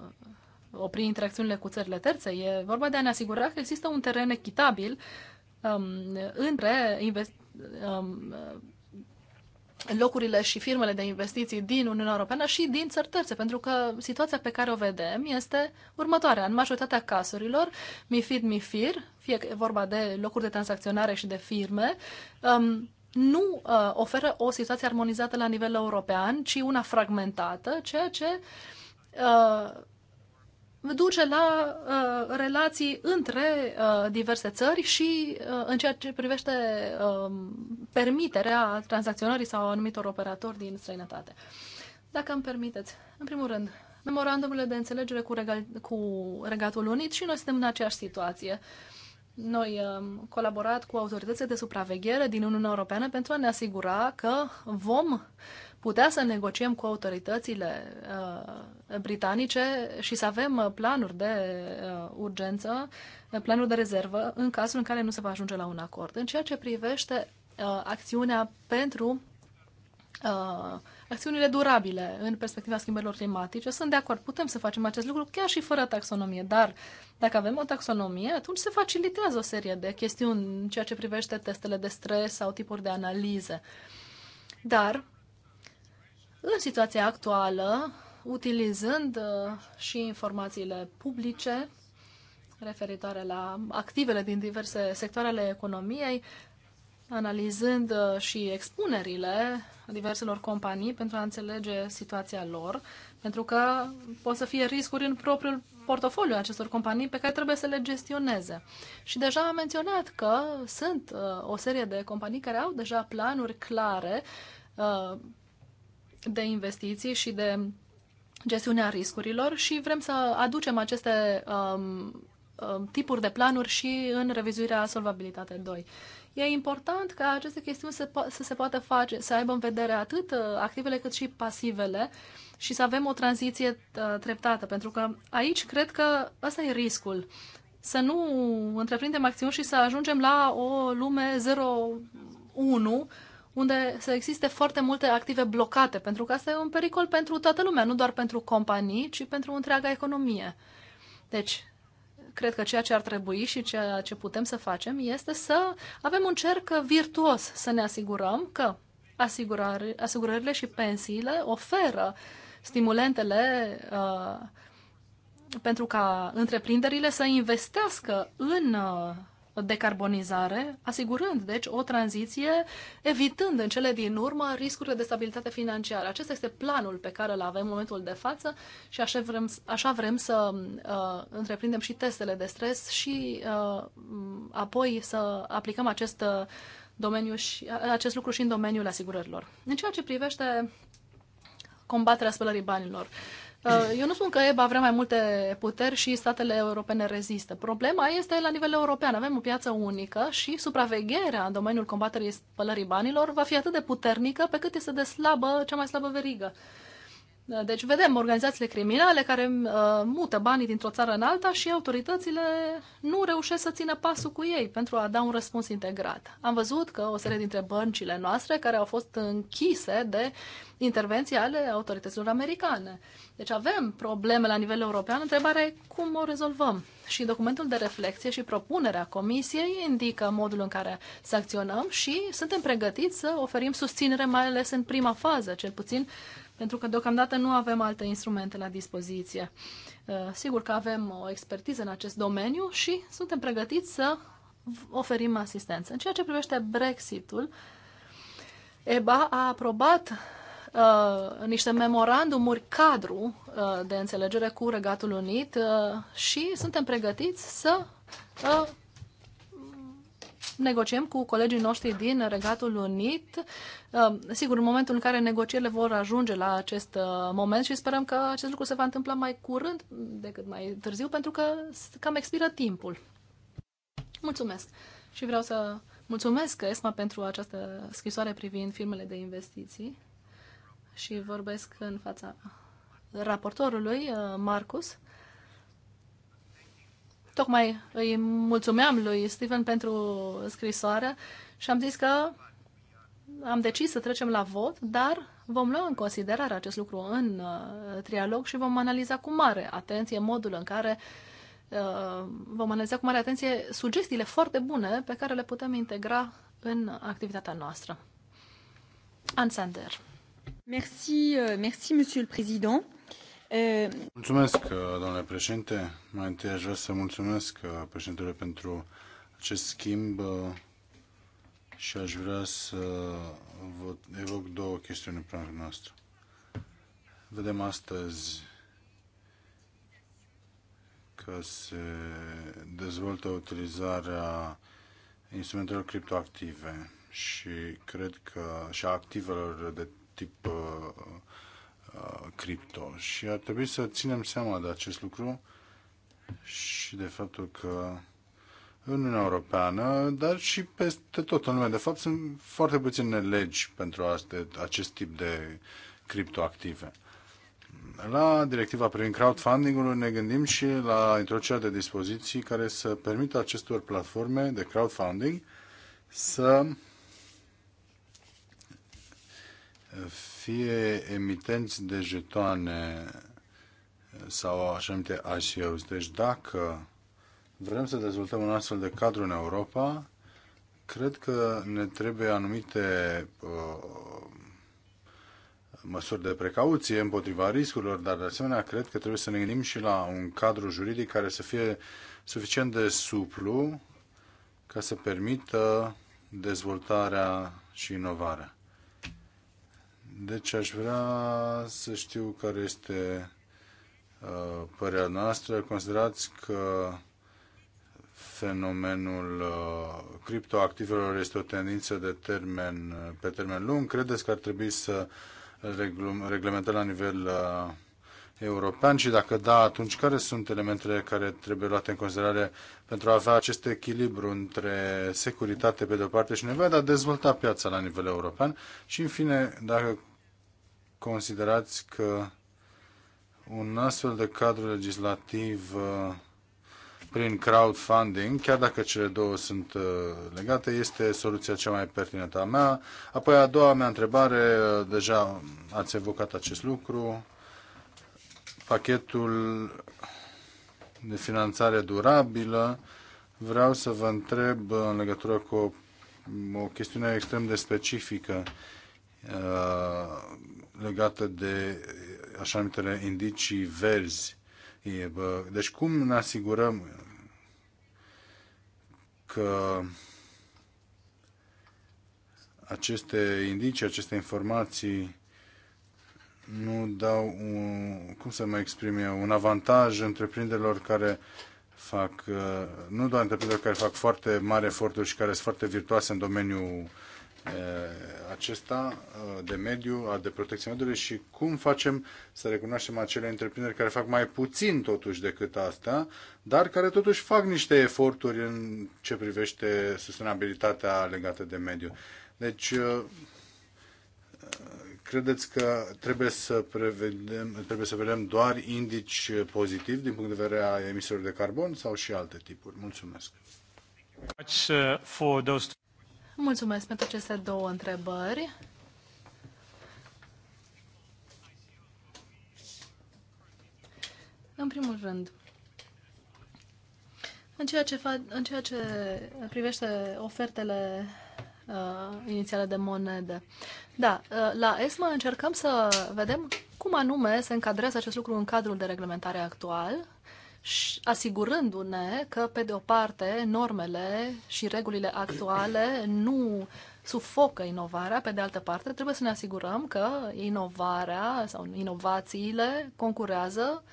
opri interacțiunile cu țările terțe, e vorba de a ne asigura că există un teren echitabil um, între um, locurile și firmele de investiții din Uniunea Europeană și din țări terțe, pentru că situația pe care o vedem este următoarea. În majoritatea casurilor, MIFID, MIFIR, fie că e vorba de locuri de tranzacționare și de firme, um, nu uh, oferă o situație armonizată la nivel european, ci una fragmentată, ceea ce uh, duce la uh, relații între uh, diverse țări și uh, în ceea ce privește uh, permiterea tranzacționării sau anumitor operatori din străinătate. Dacă îmi permiteți, în primul rând, memorandumurile de înțelegere cu, regal, cu Regatul Unit și noi suntem în aceeași situație. Noi am colaborat cu autoritățile de supraveghere din Uniunea Europeană pentru a ne asigura că vom uh, putea să negociem cu autoritățile uh, britanice și să avem uh, planuri de uh, urgență, uh, planuri de rezervă, în cazul în care nu se va ajunge la un acord. În ceea ce privește uh, acțiunea pentru uh, acțiunile durabile în perspectiva schimbărilor climatice, sunt de acord, putem să facem acest lucru chiar și fără taxonomie, dar dacă avem o taxonomie, atunci se facilitează o serie de chestiuni în ceea ce privește testele de stres sau tipuri de analize. Dar în situația actuală, utilizând uh, și informațiile publice referitoare la activele din diverse sectoare ale economiei, analizând uh, și expunerile diverselor companii pentru a înțelege situația lor, pentru că pot să fie riscuri în propriul portofoliu acestor companii pe care trebuie să le gestioneze. Și deja am menționat că sunt uh, o serie de companii care au deja planuri clare de investiții și de gestiunea riscurilor și vrem să aducem aceste um, um tipuri de planuri și în revizuirea solvabilitate 2. E important ca aceste chestiuni să, să se poată face, să aibă în vedere atât uh, activele cât și pasivele și să avem o tranziție uh, treptată, pentru că aici cred că ăsta e riscul. Să nu întreprindem acțiuni și să ajungem la o lume 0-1 unde să existe foarte multe active blocate, pentru că asta e un pericol pentru toată lumea, nu doar pentru companii, ci pentru întreaga economie. Deci, cred că ceea ce ar trebui și ceea ce putem să facem este să avem un cerc virtuos, să ne asigurăm că asigurările și pensiile oferă stimulentele uh, pentru ca întreprinderile să investească în uh, decarbonizare, asigurând, deci, o tranziție, evitând în cele din urmă riscurile de stabilitate financiară. Acesta este planul pe care îl avem în momentul de față și așa vrem, așa vrem să uh, întreprindem și testele de stres și uh, apoi să aplicăm acest uh, domeniu și uh, acest lucru și în domeniul asigurărilor. În ceea ce privește combaterea spălării banilor. Uh, Uh, eu nu spun că EBA vrea mai multe puteri și statele europene rezistă. Problema este la nivel european. Avem o piață unică și supravegherea în domeniul combaterii spălării banilor va fi atât de puternică pe cât este de slabă cea mai slabă verigă. Uh, deci vedem organizațiile criminale care uh, mută banii dintr-o țară în alta și autoritățile nu reușesc să țină pasul cu ei pentru a da un răspuns integrat. Am văzut că o serie dintre băncile noastre care au fost închise de intervenții ale autorităților americane. Deci avem probleme la nivel european, întrebarea e cum o rezolvăm. Și documentul de reflexie și propunerea comisiei indică modul în care să acționăm și suntem pregătiți să oferim susținere, mai ales în prima fază, cel puțin uh, pentru că deocamdată nu avem alte instrumente la dispoziție. Uh, sigur că avem o expertiză în acest domeniu și suntem pregătiți să oferim asistență. În ceea ce privește Brexitul, EBA a aprobat uh, niște memorandumuri cadru uh, de înțelegere cu Regatul Unit uh, și suntem pregătiți să uh, negociem cu colegii noștri din Regatul Unit. Um, sigur, în momentul în care negocierile vor ajunge la acest uh, moment și sperăm că acest lucru se va întâmpla mai curând decât mai târziu, pentru că cam expiră timpul. Mulțumesc! Și vreau să mulțumesc ESMA pentru această scrisoare privind firmele de investiții și vorbesc în fața raportorului, uh, Marcus. Tocmai îi mulțumeam lui Steven pentru scrisoare și am zis că am decis să trecem la vot, dar vom lua în considerare acest lucru în uh, trialog și vom analiza cu mare atenție modul în care uh, vom analiza cu mare atenție sugestiile foarte bune pe care le putem integra în activitatea noastră. Anne Sander. Merci, euh, merci, monsieur le président. Mulțumesc, uh, domnule președinte. Mai întâi aș vrea să mulțumesc uh, președintele pentru acest schimb uh, și aș vrea să vă evoc două chestiuni în planul nostru. Vedem astăzi că se dezvoltă utilizarea instrumentelor criptoactive și cred că și a activelor de tip Uh, cripto și ar trebui să ținem seama de acest lucru și de faptul că în Uniunea Europeană, dar și peste tot în lume. De fapt, sunt foarte puține legi pentru acest tip de criptoactive. La directiva privind crowdfunding-ul ne gândim și la introducerea de dispoziții care să permită acestor platforme de crowdfunding să fie emitenți de jetoane sau așa numite ICOs. Deci dacă vrem să dezvoltăm un astfel de cadru în Europa, cred că ne trebuie anumite uh, măsuri de precauție împotriva riscurilor, dar de asemenea cred că trebuie să ne gândim și la un cadru juridic care să fie suficient de suplu ca să permită dezvoltarea și inovarea. Deci aș vrea să știu care este uh, părerea noastră. Considerați că fenomenul uh, criptoactivelor este o tendință de termen, pe termen lung. Credeți că ar trebui să reglementăm la nivel uh, european și dacă da, atunci care sunt elementele care trebuie luate în considerare pentru a avea acest echilibru între securitate pe de-o parte și nevoia de a dezvolta piața la nivel european și, în fine, dacă considerați că un astfel de cadru legislativ uh, prin crowdfunding, chiar dacă cele două sunt uh, legate, este soluția cea mai pertinentă a mea. Apoi a doua mea întrebare, uh, deja ați evocat acest lucru, pachetul de finanțare durabilă, vreau să vă întreb în legătură cu o, o chestiune extrem de specifică uh, legată de așa numitele indicii verzi. Deci cum ne asigurăm că aceste indicii, aceste informații nu dau, un, cum să mă exprim eu, un avantaj întreprinderilor care fac, uh, nu doar întreprinderi care fac foarte mari eforturi și care sunt foarte virtuoase în domeniul uh, acesta uh, de mediu, de protecție mediului și cum facem să recunoaștem acele întreprinderi care fac mai puțin totuși decât asta, dar care totuși fac niște eforturi în ce privește sustenabilitatea legată de mediu. Deci Credeți că trebuie să, prevedem, trebuie să vedem doar indici pozitivi din punct de vedere a emisiilor de carbon sau și alte tipuri? Mulțumesc! Mulțumesc pentru aceste două întrebări. În primul rând, în ceea ce, fa- în ceea ce privește ofertele uh, inițiale de monede. Da, uh, la ESMA încercăm să vedem cum anume se încadrează acest lucru în cadrul de reglementare actual, asigurându-ne că, pe de o parte, normele și regulile actuale nu sufocă inovarea, pe de altă parte, trebuie să ne asigurăm că inovarea sau inovațiile concurează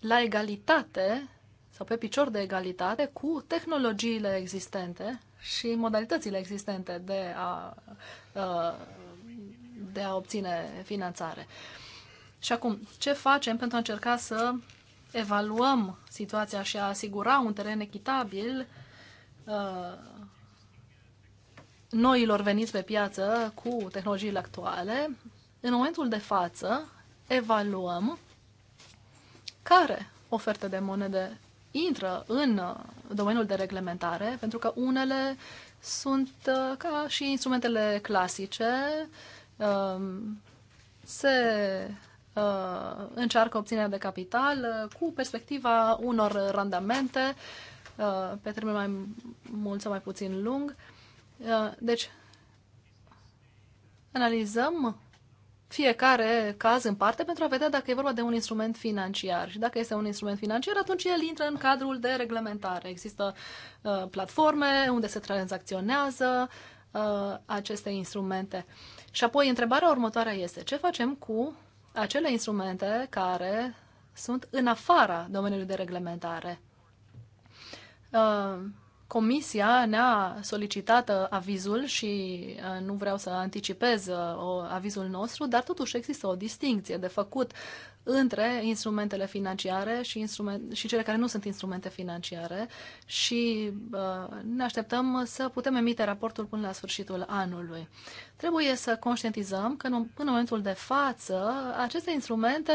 la egalitate sau pe picior de egalitate cu tehnologiile existente și modalitățile existente de a, de a obține finanțare. Și acum, ce facem pentru a încerca să evaluăm situația și a asigura un teren echitabil noilor veniți pe piață cu tehnologiile actuale, în momentul de față evaluăm care oferte de monede intră în uh, domeniul de reglementare, pentru că unele sunt uh, ca și instrumentele clasice, um, se uh, încearcă obținerea de capital cu perspectiva unor randamente pe termen mai mult sau mai puțin lung. Deci, analizăm fiecare caz în parte pentru a vedea dacă e vorba de un instrument financiar. Și dacă este un instrument financiar, atunci el intră în cadrul de reglementare. Există uh, platforme unde se tranzacționează uh, aceste instrumente. Și apoi întrebarea următoare este ce facem cu acele instrumente care sunt în afara domeniului de reglementare? Uh, Comisia ne-a solicitat uh, avizul și uh, nu vreau să anticipez uh, avizul nostru, dar totuși există o distinție de făcut între instrumentele financiare și, instrument, și cele care nu sunt instrumente financiare și uh, ne așteptăm să putem emite raportul până la sfârșitul anului. Trebuie să conștientizăm că în, până în momentul de față aceste instrumente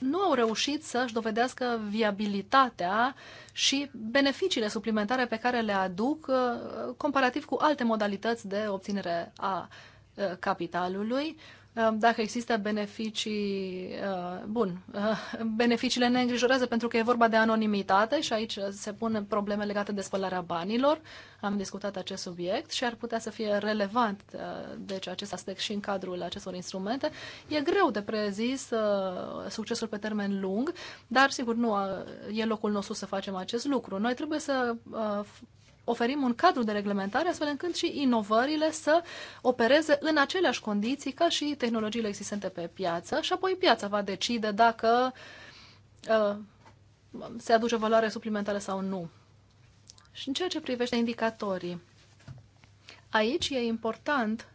nu au reușit să-și dovedească viabilitatea și beneficiile suplimentare pe care le aduc uh, comparativ cu alte modalități de obținere a uh, capitalului Um, dacă există beneficii, uh, bun, uh, beneficiile ne îngrijorează pentru că e vorba de anonimitate și aici se pun probleme legate de spălarea banilor. Am discutat acest subiect și ar putea să fie relevant, uh, deci, acest aspect și în cadrul acestor instrumente. E greu de prezis succesul pe termen lung, dar, sigur, nu e locul nostru să facem acest lucru. Noi trebuie să oferim un cadru de reglementare astfel încât și inovările să opereze în aceleași condiții ca și tehnologiile existente pe piață și apoi piața va decide dacă uh, se aduce valoare suplimentară sau nu. Și în ceea ce privește indicatorii, aici e important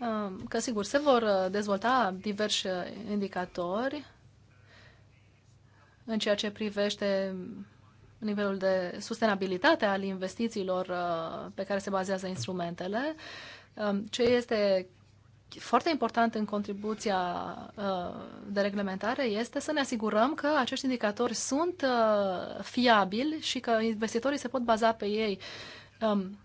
uh, că, sigur, se vor uh, dezvolta diversi uh, indicatori în ceea ce privește nivelul de sustenabilitate al investițiilor uh, pe care se bazează instrumentele. Um, ce este foarte important în contribuția uh, de reglementare este să ne asigurăm că acești indicatori sunt uh, fiabili și că investitorii se pot baza pe ei. Um,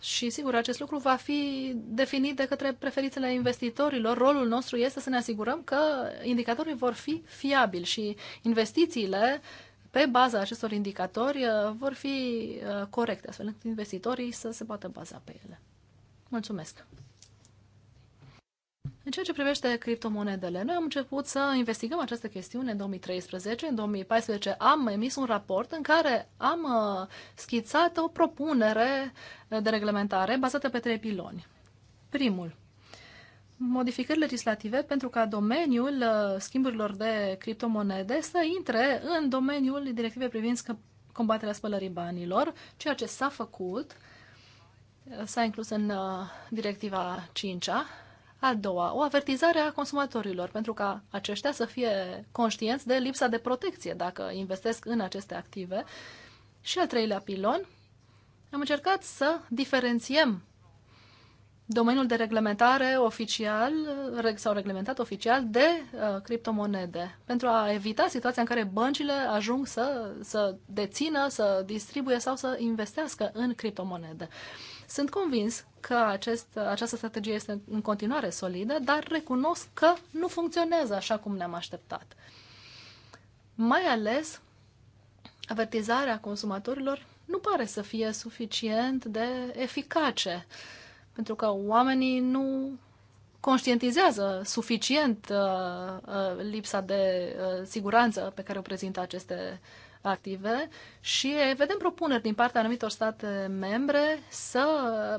și sigur, acest lucru va fi definit de către preferințele investitorilor. Rolul nostru este să ne asigurăm că indicatorii vor fi fiabili și investițiile pe baza acestor indicatori uh, vor fi uh, corecte, astfel încât investitorii să se poată baza pe ele. Mulțumesc! În ceea ce privește criptomonedele, noi am început să investigăm această chestiune în 2013. În 2014 am emis un raport în care am uh, schițat o propunere de reglementare bazată pe trei piloni. Primul, modificări legislative pentru ca domeniul uh, schimburilor de criptomonede să intre în domeniul directivei privind combaterea spălării banilor, ceea ce s-a făcut, uh, s-a inclus în directiva 5-a a doua, o avertizare a consumatorilor, pentru ca aceștia să fie conștienți de lipsa de protecție dacă investesc în aceste active. Și al treilea pilon, am încercat să diferențiem domeniul de reglementare oficial sau reglementat oficial de uh, criptomonede pentru a evita situația în care băncile ajung să, să dețină, să distribuie sau să investească în criptomonede. Sunt convins că acest, această strategie este în continuare solidă, dar recunosc că nu funcționează așa cum ne-am așteptat. Mai ales, avertizarea consumatorilor nu pare să fie suficient de eficace, pentru că oamenii nu conștientizează suficient uh, uh, lipsa de uh, siguranță pe care o prezintă aceste active și vedem propuneri din partea anumitor state membre să,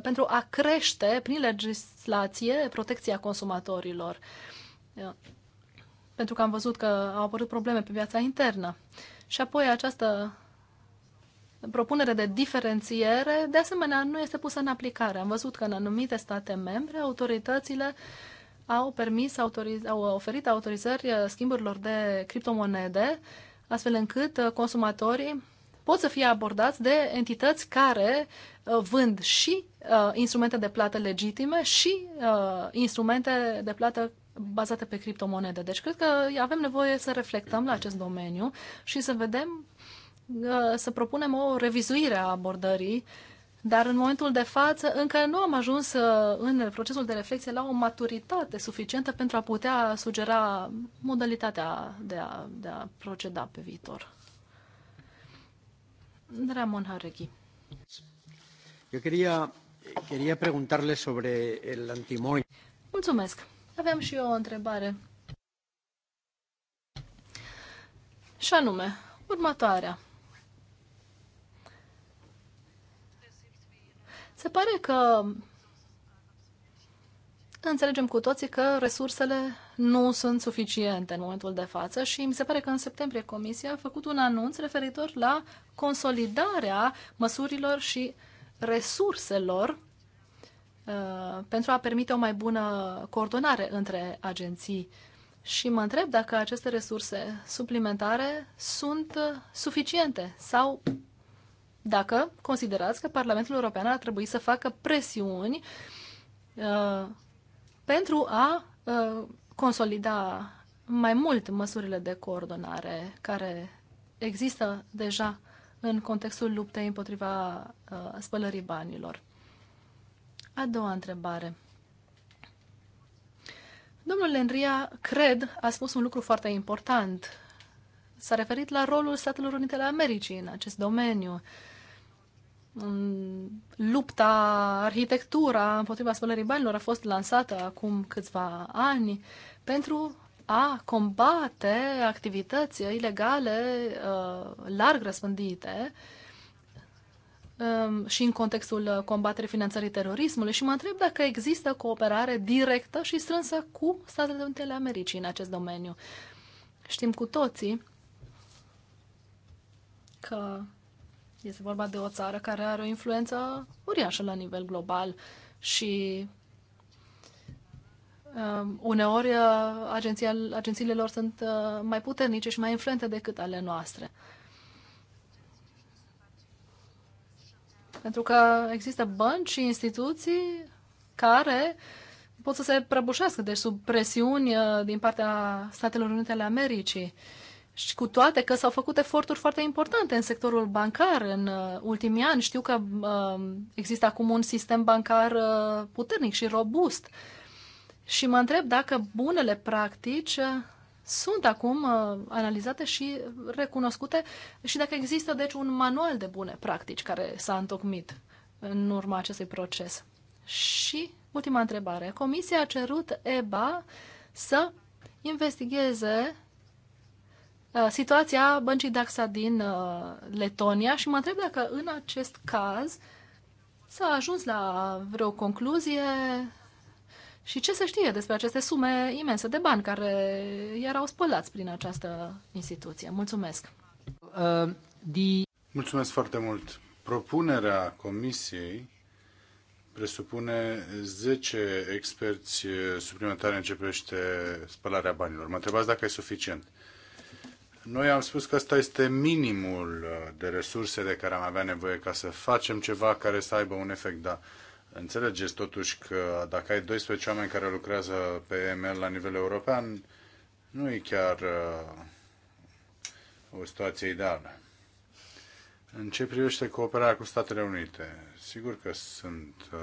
pentru a crește prin legislație protecția consumatorilor. Pentru că am văzut că au apărut probleme pe piața internă. Și apoi această propunere de diferențiere, de asemenea, nu este pusă în aplicare. Am văzut că în anumite state membre, autoritățile au permis, au oferit autorizări schimburilor de criptomonede uh, astfel încât uh, consumatorii pot să fie abordați de entități care uh, vând și uh, instrumente de plată legitime și instrumente de plată bazate pe criptomonede. Deci cred că avem nevoie să reflectăm la acest domeniu și să vedem, să propunem o revizuire a abordării dar în momentul de față încă nu am ajuns uh, în procesul de reflexie la o maturitate suficientă pentru a putea sugera modalitatea de a, de a proceda pe viitor. Ramon Hareghi. Eu queria, queria preguntarle sobre el antimonio. Mulțumesc. Aveam și eu o întrebare. Și anume, următoarea. Se pare că înțelegem cu toții că resursele nu sunt suficiente în momentul de față și mi se pare că în septembrie Comisia a făcut un anunț referitor la consolidarea măsurilor și resurselor uh, pentru a permite o mai bună coordonare între agenții. Și mă întreb dacă aceste resurse suplimentare sunt suficiente sau dacă considerați că Parlamentul European ar trebui să facă presiuni uh, pentru a uh, consolida mai mult măsurile de coordonare care există deja în contextul luptei împotriva uh, spălării banilor. A doua întrebare. Domnul Lenria, cred, a spus un lucru foarte important S-a referit la rolul Statelor Unite ale Americii în acest domeniu, în lupta, arhitectura împotriva spălării banilor a fost lansată acum câțiva ani pentru a combate activități ilegale uh, larg răspândite um, și în contextul combaterii finanțării terorismului și mă întreb dacă există cooperare directă și strânsă cu Statele Unite ale Americii în acest domeniu. Știm cu toții că este vorba de o țară care are o influență uriașă la nivel global și um, uneori uh, agențiile lor sunt uh, mai puternice și mai influente decât ale noastre. Pentru că există bănci și instituții care pot să se prăbușească, deci sub presiuni uh, din partea Statelor Unite ale Americii. Uh, și cu toate că s-au făcut eforturi foarte importante în sectorul bancar în uh, ultimii ani, știu că uh, există acum un sistem bancar uh, puternic și robust. Și mă întreb dacă bunele practici sunt acum analizate și recunoscute și dacă există, deci, un manual de bune practici care s-a întocmit în urma acestui proces. Și ultima întrebare. Comisia a cerut EBA să investigheze Uh, situația băncii DAXA din uh, Letonia și mă întreb dacă în acest caz s-a ajuns la vreo concluzie și ce se știe despre aceste sume imense de bani care erau spălați prin această instituție. Mulțumesc! Uh, Mulțumesc foarte mult! Propunerea Comisiei presupune 10 experți suplimentari în ce privește spălarea banilor. Mă întrebați dacă e suficient. Noi am spus că ăsta este minimul uh, de resurse de care am avea nevoie ca să facem ceva care să aibă un efect, dar înțelegeți totuși că dacă ai 12 oameni care lucrează pe ML la nivel european, nu e chiar uh, o situație ideală. În ce privește cooperarea cu Statele Unite, sigur că sunt uh,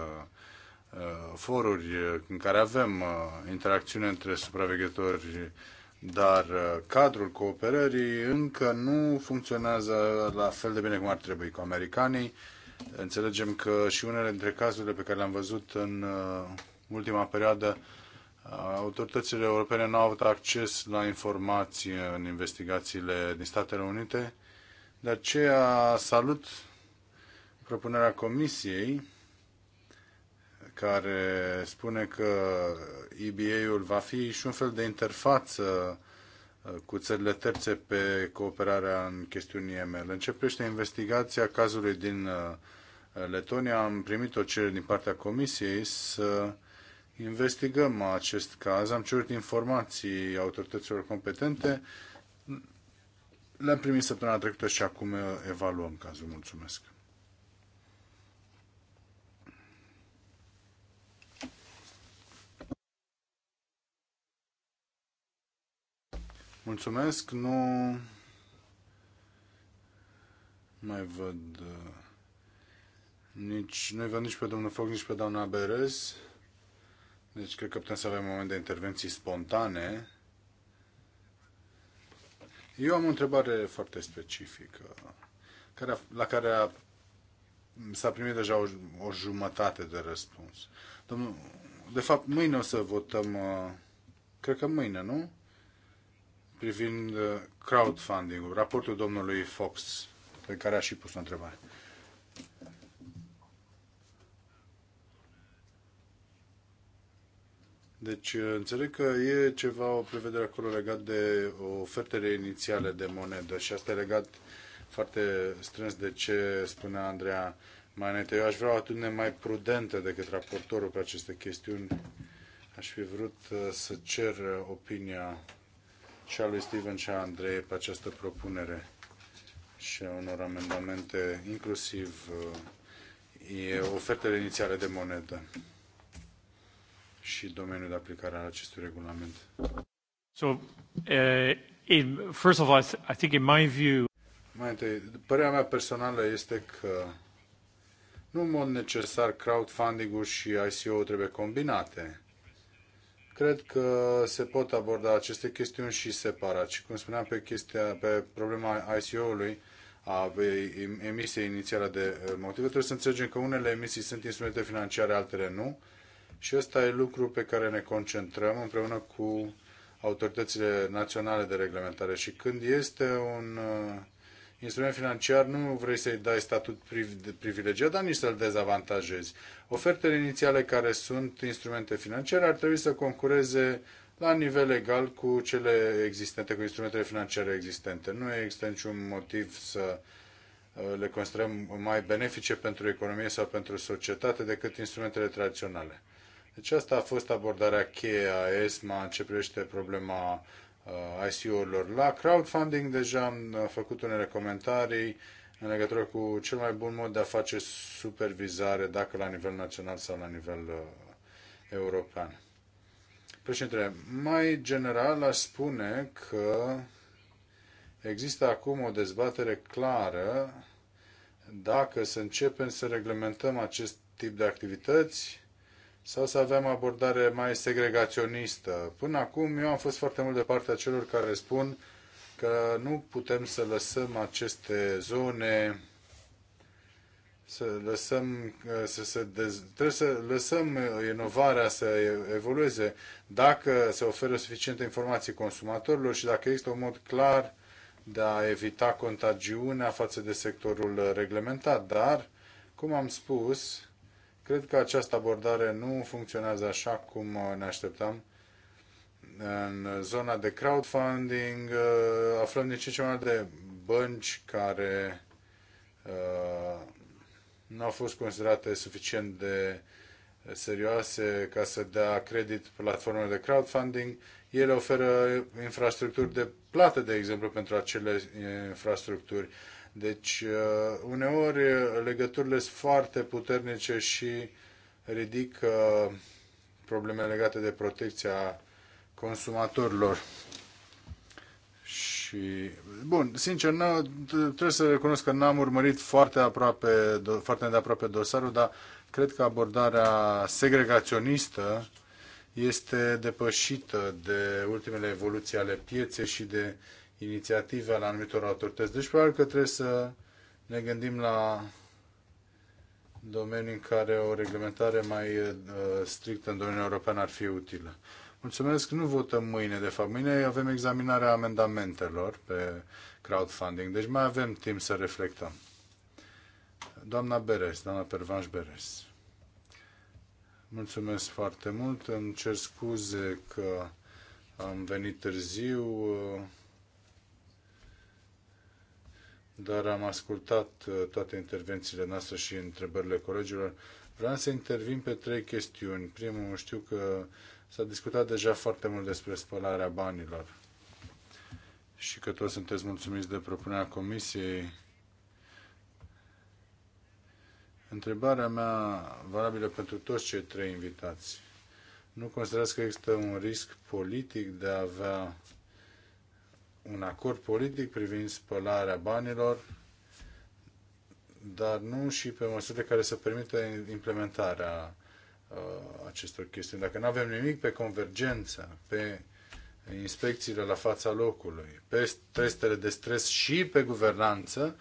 uh, foruri în care avem uh, interacțiune între supraveghetori dar uh, cadrul cooperării încă nu funcționează la fel de bine cum ar trebui cu americanii. Înțelegem că și unele dintre cazurile pe care le-am văzut în uh, ultima perioadă, uh, autoritățile europene nu au avut acces la informații în investigațiile din Statele Unite. De aceea salut propunerea Comisiei care spune că EBA-ul va fi și un fel de interfață uh, cu țările terțe pe cooperarea în chestiuni ML. Începește investigația cazului din uh, Letonia. Am primit o cerere din partea Comisiei să investigăm acest caz. Am cerut informații autorităților competente. Le-am primit săptămâna trecută și acum evaluăm cazul. Mulțumesc! Mulțumesc, nu mai văd uh, nici, nu văd nici pe domnul Foc, nici pe doamna Berez. Deci cred că putem să avem moment de intervenții spontane. Eu am o întrebare foarte specifică, care, la care s-a primit deja o, o jumătate de răspuns. Domnul, de fapt, mâine o să votăm, uh, cred că mâine, nu? privind uh, crowdfunding-ul, raportul domnului Fox, pe care a și pus o întrebare. Deci uh, înțeleg că e ceva, o prevedere acolo legat de ofertele inițiale de monedă și asta e legat foarte strâns de ce spunea Andreea mai înainte. Eu aș vrea o atitudine mai prudentă decât raportorul pe aceste chestiuni. Aș fi vrut uh, să cer opinia și a lui Steven și a Andrei pe această propunere și a unor amendamente, inclusiv uh, ofertele inițiale de monedă și domeniul de aplicare al acestui regulament. So, uh, in, first of all, I think in my view... Mai întâi, părerea mea personală este că nu în mod necesar crowdfunding-ul și ICO trebuie combinate. Cred că se pot aborda aceste chestiuni și separat. Și cum spuneam pe, chestia, pe problema ICO-ului, a emisiei inițiale de motive, trebuie să înțelegem că unele emisii sunt instrumente financiare, altele nu. Și ăsta e lucru pe care ne concentrăm împreună cu autoritățile naționale de reglementare. Și când este un uh, instrument financiar nu vrei să-i dai statut privilegiat, dar nici să-l dezavantajezi. Ofertele inițiale care sunt instrumente financiare ar trebui să concureze la nivel egal cu cele existente, cu instrumentele financiare existente. Nu există niciun motiv să uh, le considerăm mai benefice pentru economie sau pentru societate decât instrumentele tradiționale. Deci asta a fost abordarea cheie a ESMA în ce privește problema Uh, ICO-urilor. La crowdfunding deja am uh, făcut unele comentarii în legătură cu cel mai bun mod de a face supervizare, dacă la nivel național sau la nivel uh, european. Președinte, mai general aș spune că există acum o dezbatere clară dacă să începem să reglementăm acest tip de activități sau să avem abordare mai segregaționistă. Până acum eu am fost foarte mult de partea celor care spun că nu putem să lăsăm aceste zone să lăsăm să se dez... trebuie să lăsăm inovarea să evolueze dacă se oferă suficiente informații consumatorilor și dacă există un mod clar de a evita contagiunea față de sectorul reglementat, dar cum am spus, Cred că această abordare nu funcționează așa cum uh, ne așteptam. În zona de crowdfunding uh, aflăm din ce mai de bănci care uh, nu au fost considerate suficient de serioase ca să dea credit platformelor de crowdfunding. Ele oferă infrastructuri de plată, de exemplu, pentru acele eh, infrastructuri. Deci, uh, uneori, uh, legăturile sunt foarte puternice și ridică uh, probleme legate de protecția consumatorilor. Și, bun, sincer, trebuie să recunosc că n-am urmărit foarte aproape, foarte de aproape dosarul, dar cred că abordarea segregaționistă este depășită de ultimele evoluții ale pieței și de inițiative ale anumitor autorități. Deci probabil că trebuie să ne gândim la domenii în care o reglementare mai uh, strictă în domeniul european ar fi utilă. Mulțumesc, nu votăm mâine, de fapt. Mâine avem examinarea amendamentelor pe crowdfunding, deci mai avem timp să reflectăm. Doamna Beres, doamna Pervanș Beres. Mulțumesc foarte mult, îmi cer scuze că am venit târziu dar am ascultat uh, toate intervențiile noastre și întrebările colegilor. Vreau să intervin pe trei chestiuni. Primul, știu că s-a discutat deja foarte mult despre spălarea banilor și că toți sunteți mulțumiți de propunerea Comisiei. Întrebarea mea valabilă pentru toți cei trei invitați. Nu considerați că există un risc politic de a avea un acord politic privind spălarea banilor, dar nu și pe măsurile care să permită implementarea uh, acestor chestiuni. Dacă nu avem nimic pe convergență, pe inspecțiile la fața locului, pe testele de stres și pe guvernanță,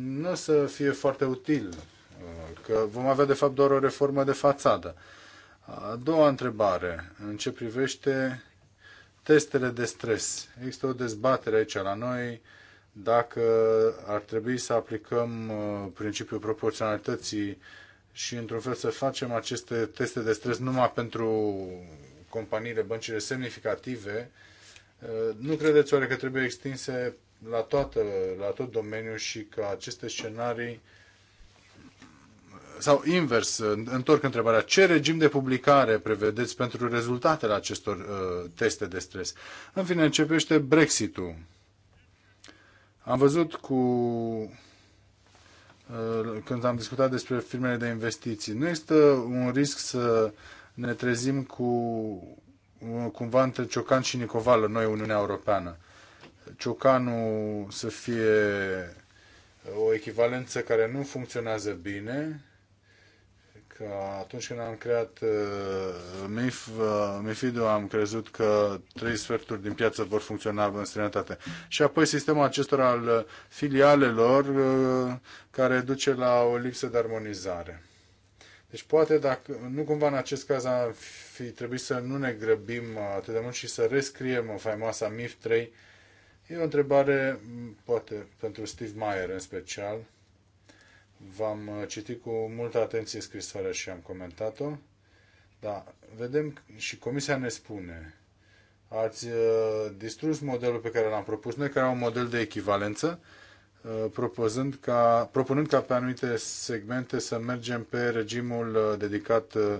nu o să fie foarte util, uh, că vom avea de fapt doar o reformă de fațadă. A doua întrebare, în ce privește testele de stres. Există o dezbatere aici la noi dacă ar trebui să aplicăm uh, principiul proporționalității și într-un fel să facem aceste teste de stres numai pentru companiile, băncile semnificative, uh, nu credeți oare că trebuie extinse la, toată, la tot domeniul și că aceste scenarii sau invers, uh, întorc întrebarea, ce regim de publicare prevedeți pentru rezultatele acestor uh, teste de stres? În fine, începește Brexit-ul. Am văzut cu uh, când am discutat despre firmele de investiții. Nu există un risc să ne trezim cu uh, cumva între ciocan și nicovală, noi, Uniunea Europeană. Ciocanul să fie o echivalență care nu funcționează bine că atunci când am creat uh, MIF, uh, MIFID-ul, am crezut că trei sferturi din piață vor funcționa în străinătate. Și apoi sistemul acestor al uh, filialelor care duce la o lipsă de armonizare. Deci poate dacă, nu cumva în acest caz am fi trebuit să nu ne grăbim atât de mult și să rescriem faimoasa MIF 3. E o întrebare, poate, pentru Steve Mayer în special V-am uh, citit cu multă atenție scrisoarea și am comentat-o. Da, vedem și Comisia ne spune ați uh, distrus modelul pe care l-am propus noi, care era un model de echivalență, uh, propunând ca, propunând ca pe anumite segmente să mergem pe regimul dedicat uh,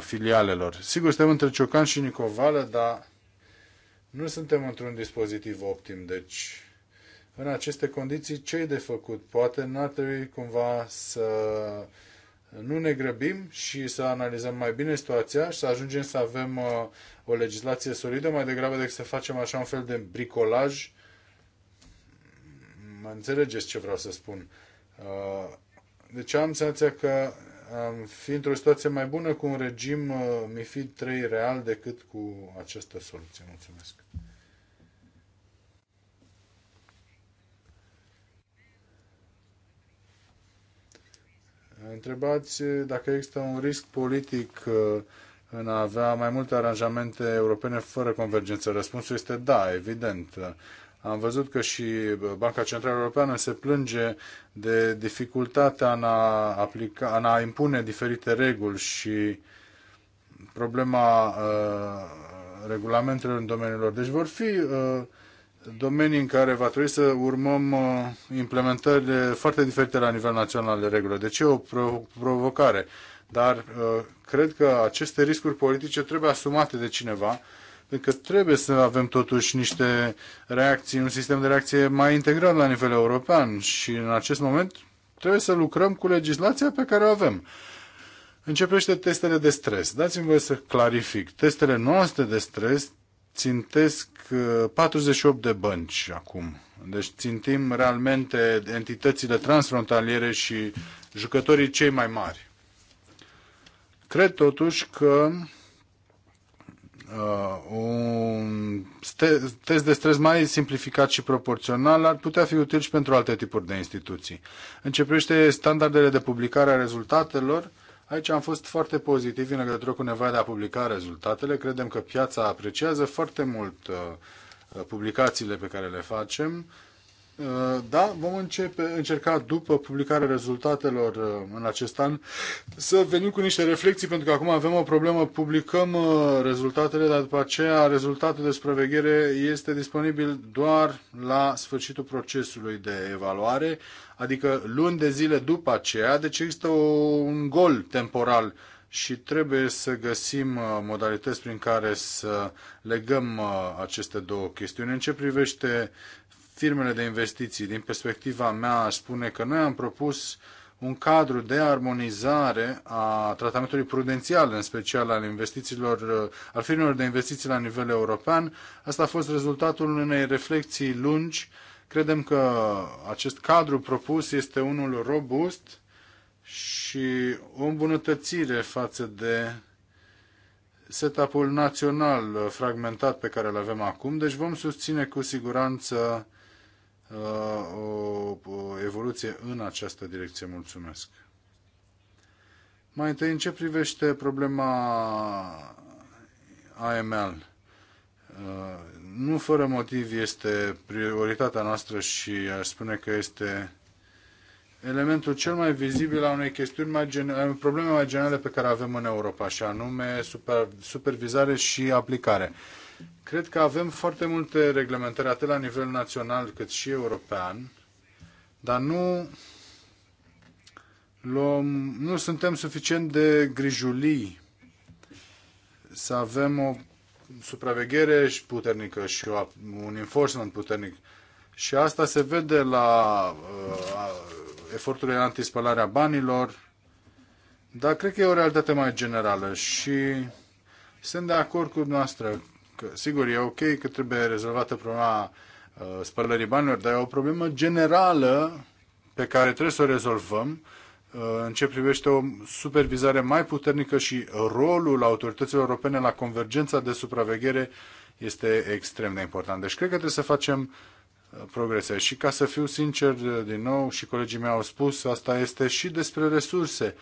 filialelor. Sigur, suntem între Ciocan și Nicovală, dar nu suntem într-un dispozitiv optim, deci în aceste condiții, ce e de făcut? Poate nu ar trebui cumva să nu ne grăbim și să analizăm mai bine situația și să ajungem să avem uh, o legislație solidă mai degrabă decât să facem așa un fel de bricolaj. Mă înțelegeți ce vreau să spun. Uh, deci am senzația că am fi într-o situație mai bună cu un regim uh, MIFID 3 real decât cu această soluție. Mulțumesc! Întrebați eh, dacă există un risc politic eh, în a avea mai multe aranjamente europene fără convergență. Răspunsul este da, evident. Am văzut că și Banca Centrală Europeană se plânge de dificultatea în a, aplica, în a impune diferite reguli și problema uh, regulamentelor în domeniul lor. Deci vor fi uh, domenii în care va trebui să urmăm uh, implementări foarte diferite la nivel național de regulă. Deci e o provocare. Dar uh, cred că aceste riscuri politice trebuie asumate de cineva, pentru că trebuie să avem totuși niște reacții, un sistem de reacție mai integrat la nivel european și în acest moment trebuie să lucrăm cu legislația pe care o avem. Începește testele de stres. Dați-mi voie să clarific. Testele noastre de stres țintesc 48 uh, de bănci acum. Deci țintim realmente entitățile transfrontaliere și jucătorii cei mai mari. Cred totuși că uh, un test de stres mai simplificat și proporțional ar putea fi util și pentru alte tipuri de instituții. Începește standardele de publicare a rezultatelor. Uh, Aici am fost foarte pozitivi în legătură cu nevoia de a publica rezultatele. Credem că piața apreciază foarte mult uh, publicațiile pe care le facem. Uh, da, vom începe, încerca după publicarea rezultatelor uh, în acest an să venim cu niște reflexii, pentru că acum avem o problemă, publicăm rezultatele, dar după aceea rezultatul de supraveghere este disponibil doar la sfârșitul procesului de evaluare adică luni de zile după aceea, deci există o, un gol temporal și trebuie să găsim uh, modalități prin care să legăm uh, aceste două chestiuni. În ce privește firmele de investiții, din perspectiva mea, aș spune că noi am propus un cadru de armonizare a tratamentului prudențial, în special al investițiilor, uh, al firmelor de investiții la nivel european. Asta a fost rezultatul unei reflexii lungi Credem că acest cadru propus este unul robust și o îmbunătățire față de setup-ul național fragmentat pe care îl avem acum, deci vom susține cu siguranță uh, o, o evoluție în această direcție. Mulțumesc! Mai întâi, în ce privește problema AML? Uh, nu fără motiv este prioritatea noastră și aș spune că este elementul cel mai vizibil a unei chestiuni mai gen- probleme mai generale pe care avem în Europa, și anume super, supervizare și aplicare. Cred că avem foarte multe reglementări, atât la nivel național cât și european, dar nu, luăm, nu suntem suficient de grijulii să avem o supraveghere și puternică și un enforcement puternic. Și asta se vede la uh, eforturile antispălarea banilor, dar cred că e o realitate mai generală și sunt de acord cu noastră că, sigur, e ok că trebuie rezolvată problema uh, spălării banilor, dar e o problemă generală pe care trebuie să o rezolvăm Uh, în ce privește o supervizare mai puternică și rolul autorităților europene la convergența de supraveghere este extrem de important. Deci cred că trebuie să facem uh, progrese. Și ca să fiu sincer, uh, din nou, și colegii mei au spus, asta este și despre resurse.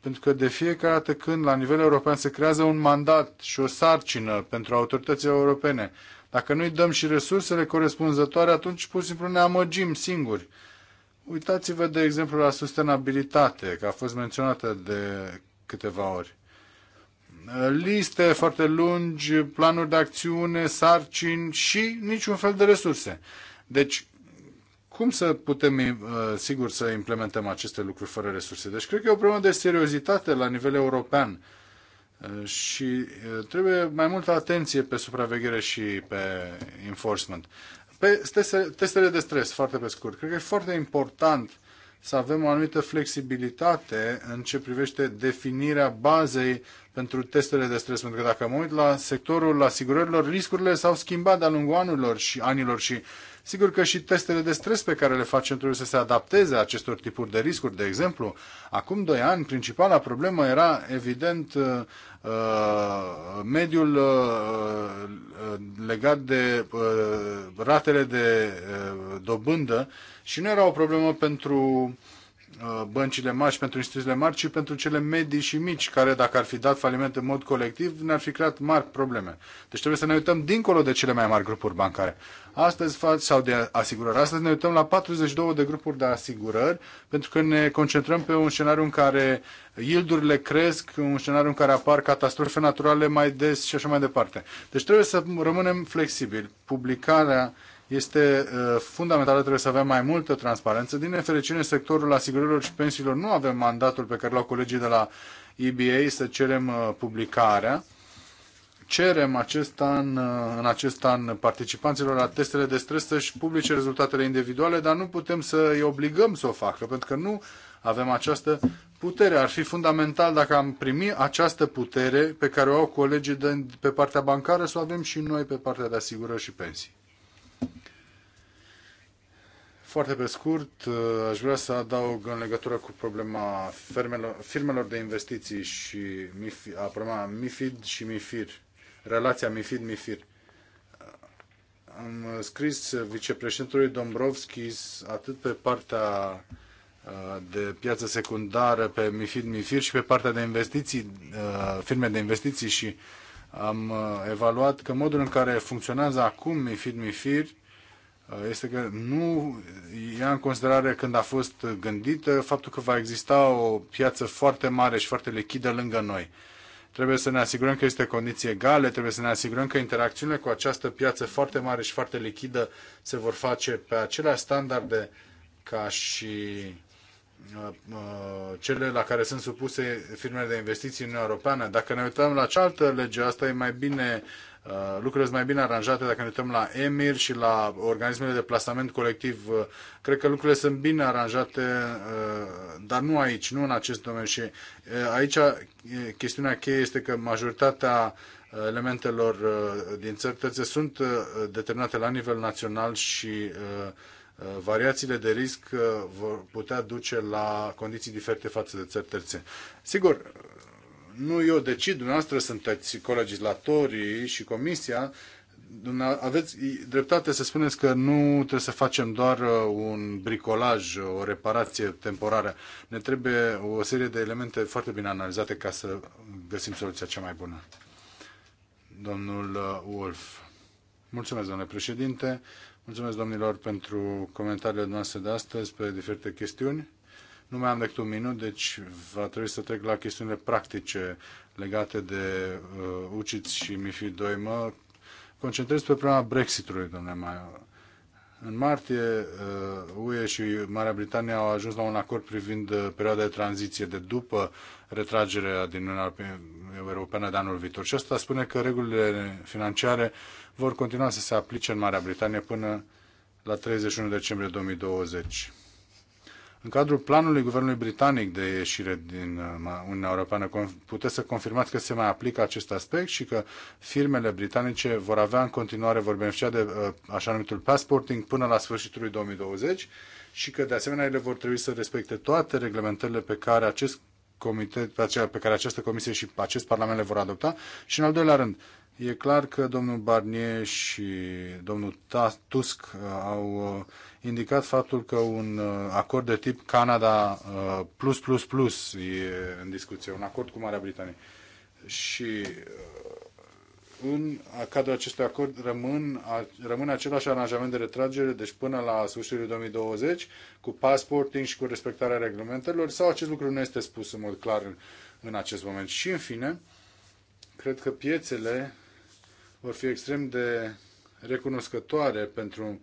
Pentru că de fiecare dată când la nivel european se creează un mandat și o sarcină pentru autoritățile europene, dacă nu-i dăm și resursele corespunzătoare, atunci pur și simplu ne amăgim singuri. Uitați-vă, de exemplu, la sustenabilitate, că a fost menționată de câteva ori. Liste foarte lungi, planuri de acțiune, sarcini și niciun fel de resurse. Deci, cum să putem, uh, sigur, să implementăm aceste lucruri fără resurse? Deci, cred că e o problemă de seriozitate la nivel european uh, și uh, trebuie mai multă atenție pe supraveghere și pe enforcement. Pe testele de stres, foarte pe scurt. Cred că e foarte important să avem o anumită flexibilitate în ce privește definirea bazei pentru testele de stres. Pentru că dacă mă uit la sectorul asigurărilor, riscurile s-au schimbat de-a lungul anilor și anilor și Sigur că și testele de stres pe care le facem trebuie să se adapteze acestor tipuri de riscuri. De exemplu, acum doi ani, principala problemă era, evident, uh, uh, mediul uh, legat de ratele de dobândă și nu era o problemă pentru Uh, băncile mari, pentru instituțiile mari, ci pentru cele medii și mici, care dacă ar fi dat faliment în mod colectiv, ne-ar fi creat mari probleme. Deci trebuie să ne uităm dincolo de cele mai mari grupuri bancare. Astăzi sau de asigurări. Astăzi ne uităm la 42 de grupuri de asigurări, pentru că ne concentrăm pe un scenariu în care yieldurile cresc, un scenariu în care apar catastrofe naturale mai des și așa mai departe. Deci trebuie să rămânem flexibili. Publicarea este uh, fundamentală, trebuie să avem mai multă transparență. Din nefericire, sectorul asigurărilor și pensiilor nu avem mandatul pe care l-au colegii de la EBA să cerem uh, publicarea. Cerem acest an, uh, în acest an participanților la testele de stres să-și publice rezultatele individuale, dar nu putem să îi obligăm să o facă, pentru că nu avem această putere. Ar fi fundamental dacă am primi această putere pe care o au colegii de, pe partea bancară, să o avem și noi pe partea de asigurări și pensii. Foarte pe scurt, uh, aș vrea să adaug în legătură cu problema firmelor, firmelor de investiții și MIFID, a problema MIFID și MIFIR, relația MIFID-MIFIR. Uh, am scris vicepreședintului Dombrovskis atât pe partea uh, de piață secundară pe MIFID, MIFIR și pe partea de investiții, firme de investiții și am evaluat că modul în care funcționează acum MIFID, MIFIR Uh, este că nu ia în considerare când a fost gândită faptul că va exista o piață foarte mare și foarte lichidă lângă noi. Trebuie să ne asigurăm că este condiții egale, trebuie să ne asigurăm că interacțiunile cu această piață foarte mare și foarte lichidă se vor face pe aceleași standarde ca și uh, uh, cele la care sunt supuse firmele de investiții în Uniunea Europeană. Dacă ne uităm la cealaltă lege, asta e mai bine Uh, lucrurile sunt mai bine aranjate dacă ne uităm la EMIR și la organismele de plasament colectiv. Uh, cred că lucrurile sunt bine aranjate, uh, dar nu aici, nu în acest domeniu. Și aici chestiunea cheie este că majoritatea elementelor din țări sunt determinate la nivel național și variațiile de risc vor putea duce la condiții diferite față de țări terțe. Sigur, nu eu decid, dumneavoastră sunteți colegislatorii și comisia, aveți dreptate să spuneți că nu trebuie să facem doar uh, un bricolaj, uh, o reparație temporară. Ne trebuie o serie de elemente foarte bine analizate ca să găsim soluția cea mai bună. Domnul uh, Wolf. Mulțumesc, domnule președinte. Mulțumesc, domnilor, pentru comentariile noastre de astăzi pe diferite chestiuni. Nu mai am decât un minut, deci va trebui să trec la chestiunile practice legate de uh, Uciți și mifi 2. Mă concentrez pe problema Brexitului, domnule Maia. În martie, UE uh, și Marea Britanie au ajuns la un acord privind uh, perioada de tranziție de după retragerea din Uniunea Europeană de anul viitor. Și asta spune că regulile financiare vor continua să se aplice în Marea Britanie până la 31 decembrie 2020. În cadrul planului Guvernului Britanic de ieșire din uh, Uniunea Europeană, puteți să confirmați că se mai aplică acest aspect și că firmele britanice vor avea în continuare, vor beneficia de uh, așa numitul passporting până la sfârșitul lui 2020 și că de asemenea ele vor trebui să respecte toate reglementările pe care acest comitet, pe care această comisie și acest parlament le vor adopta. Și în al doilea rând, E clar că domnul Barnier și domnul Tusk uh, au uh, indicat faptul că un uh, acord de tip Canada plus plus plus e în discuție, un acord cu Marea Britanie. Și în cadrul acestui acord rămân, rămâne același aranjament de retragere, deci până la sfârșitul 2020, cu passporting și cu respectarea reglementărilor, sau acest lucru nu este spus în mod clar în, în acest moment. Și, în fine, cred că piețele vor fi extrem de recunoscătoare pentru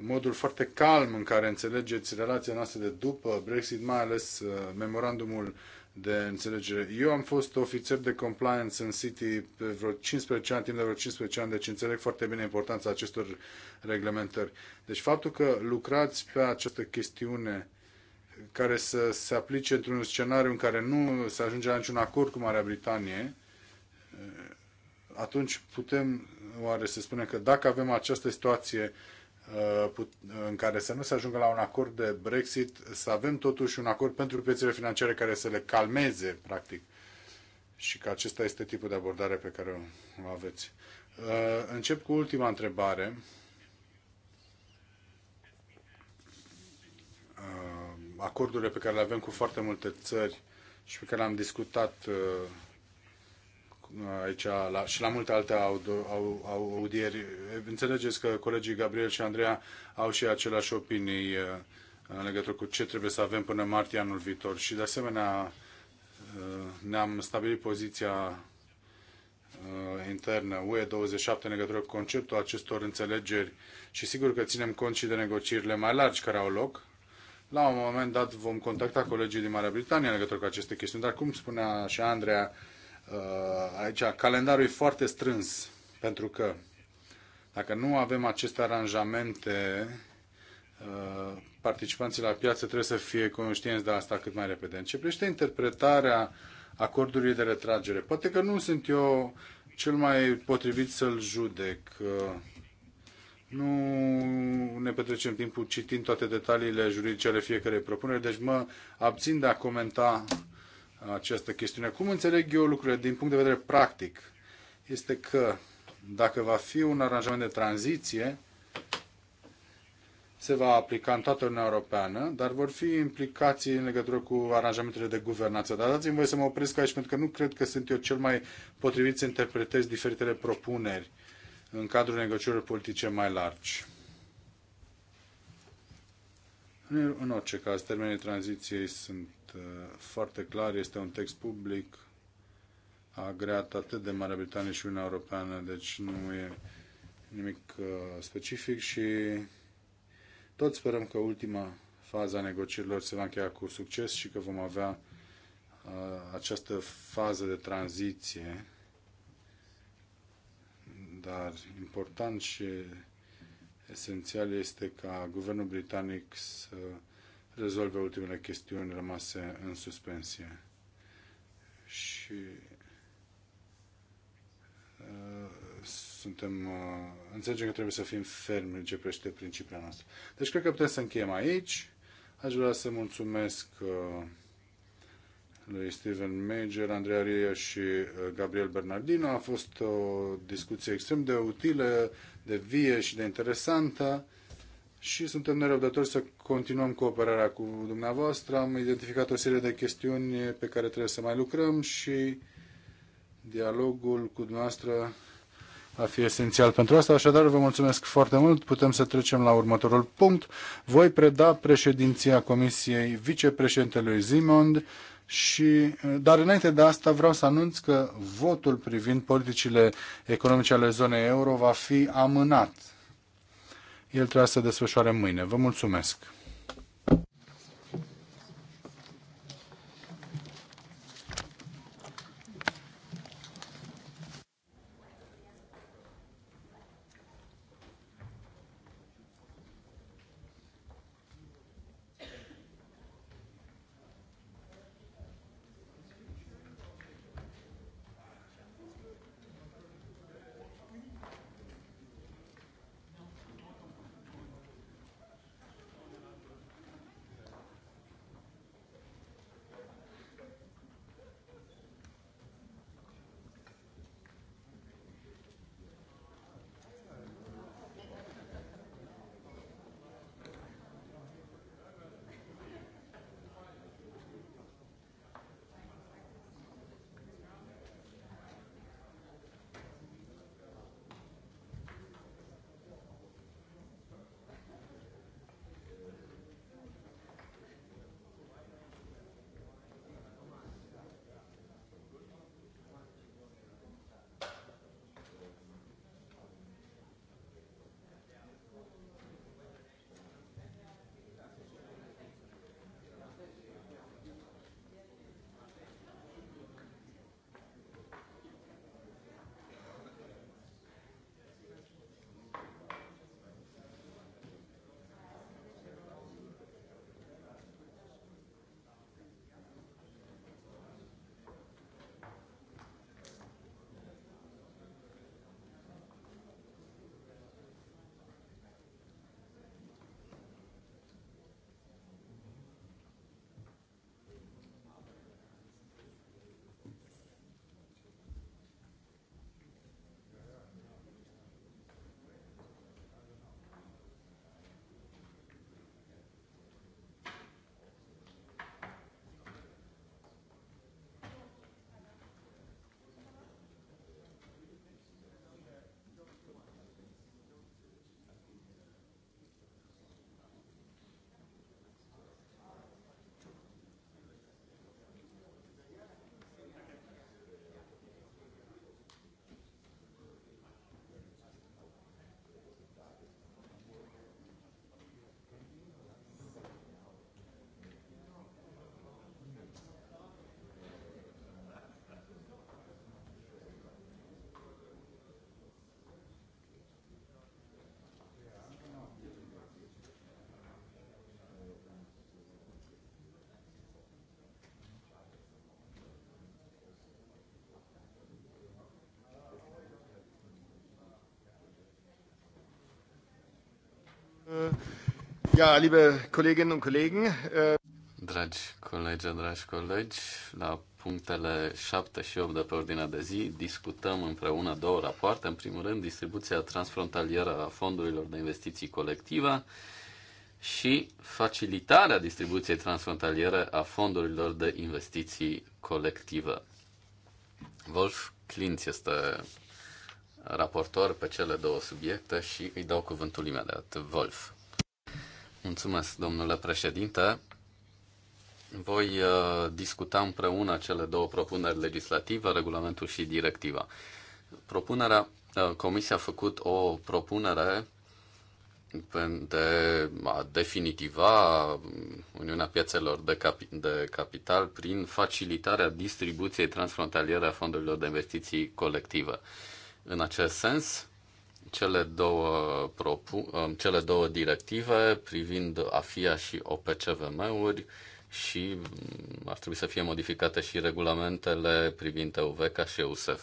modul foarte calm în care înțelegeți relația noastră de după Brexit, mai ales uh, memorandumul de înțelegere. Eu am fost ofițer de compliance în City pe vreo 15 ani, timp de vreo 15 ani, deci înțeleg foarte bine importanța acestor reglementări. Deci faptul că lucrați pe această chestiune care să se aplice într-un scenariu în care nu se ajunge la niciun acord cu Marea Britanie, atunci putem oare să spunem că dacă avem această situație uh, în care să nu se ajungă la un acord de Brexit, să avem totuși un acord pentru piețele financiare care să le calmeze, practic. Și că acesta este tipul de abordare pe care o aveți. Uh, încep cu ultima întrebare. Uh, acordurile pe care le avem cu foarte multe țări și pe care le-am discutat aici la, și la multe alte au au audieri. Înțelegeți că colegii Gabriel și Andreea au și aceleași opinii uh, în legătură cu ce trebuie să avem până martie anul viitor și de asemenea uh, ne-am stabilit poziția uh, internă UE27 în legătură cu conceptul acestor înțelegeri și sigur că ținem cont și de negocierile mai largi care au loc. La un moment dat vom contacta colegii din Marea Britanie în legătură cu aceste chestiuni, dar cum spunea și Andreea, Uh, aici calendarul e foarte strâns, pentru că dacă nu avem aceste aranjamente, uh, participanții la piață trebuie să fie conștienți de asta cât mai repede. În ce privește interpretarea acordului de retragere, poate că nu sunt eu cel mai potrivit să-l judec. Uh, nu ne petrecem timpul citind toate detaliile juridice ale fiecarei propuneri, deci mă abțin de a comenta această chestiune. Cum înțeleg eu lucrurile din punct de vedere practic? Este că dacă va fi un aranjament de tranziție, se va aplica în toată Uniunea Europeană, dar vor fi implicații în legătură cu aranjamentele de guvernanță. Dar dați-mi voi să mă opresc aici, pentru că nu cred că sunt eu cel mai potrivit să interpretez diferitele propuneri în cadrul negocierilor politice mai largi. În orice caz, termenii tranziției sunt Uh, foarte clar, este un text public, a agreat atât de Marea Britanie și Uniunea Europeană, deci nu e nimic uh, specific și tot sperăm că ultima faza negocierilor se va încheia cu succes și că vom avea uh, această fază de tranziție, dar important și esențial este ca guvernul britanic să rezolve ultimele chestiuni rămase în suspensie. Și uh, suntem, uh, înțelegem că trebuie să fim fermi în ce prește principiile noastre. Deci cred că putem să încheiem aici. Aș vrea să mulțumesc uh, lui Steven Major, Andreea Ria și Gabriel Bernardino. A fost o discuție extrem de utilă, de vie și de interesantă și suntem nerăbdători să continuăm cooperarea cu dumneavoastră. Am identificat o serie de chestiuni pe care trebuie să mai lucrăm și dialogul cu dumneavoastră a fi esențial pentru asta. Așadar, vă mulțumesc foarte mult. Putem să trecem la următorul punct. Voi preda președinția Comisiei vicepreședintelui Zimond și, dar înainte de asta vreau să anunț că votul privind politicile economice ale zonei euro va fi amânat el trebuie să se desfășoare mâine. Vă mulțumesc! Ja, äh, Dragi colegi, dragi colegi, la punctele 7 și 8 de pe ordinea de zi discutăm împreună două rapoarte. În primul rând, distribuția transfrontalieră a fondurilor de investiții colective și facilitarea distribuției transfrontaliere a fondurilor de investiții colective. Wolf Klintz este raportor pe cele două subiecte și îi dau cuvântul imediat. Wolf. Mulțumesc, domnule președinte. Voi uh, discuta împreună cele două propuneri legislative, regulamentul și directiva. Propunerea, uh, Comisia a făcut o propunere de a definitiva Uniunea Piețelor de, capi- de Capital prin facilitarea distribuției transfrontaliere a fondurilor de investiții colective. În acest sens, cele două, propu- um, cele două directive privind AFIA și OPCVM-uri și um, ar trebui să fie modificate și regulamentele privind EUVECA și EUSEF.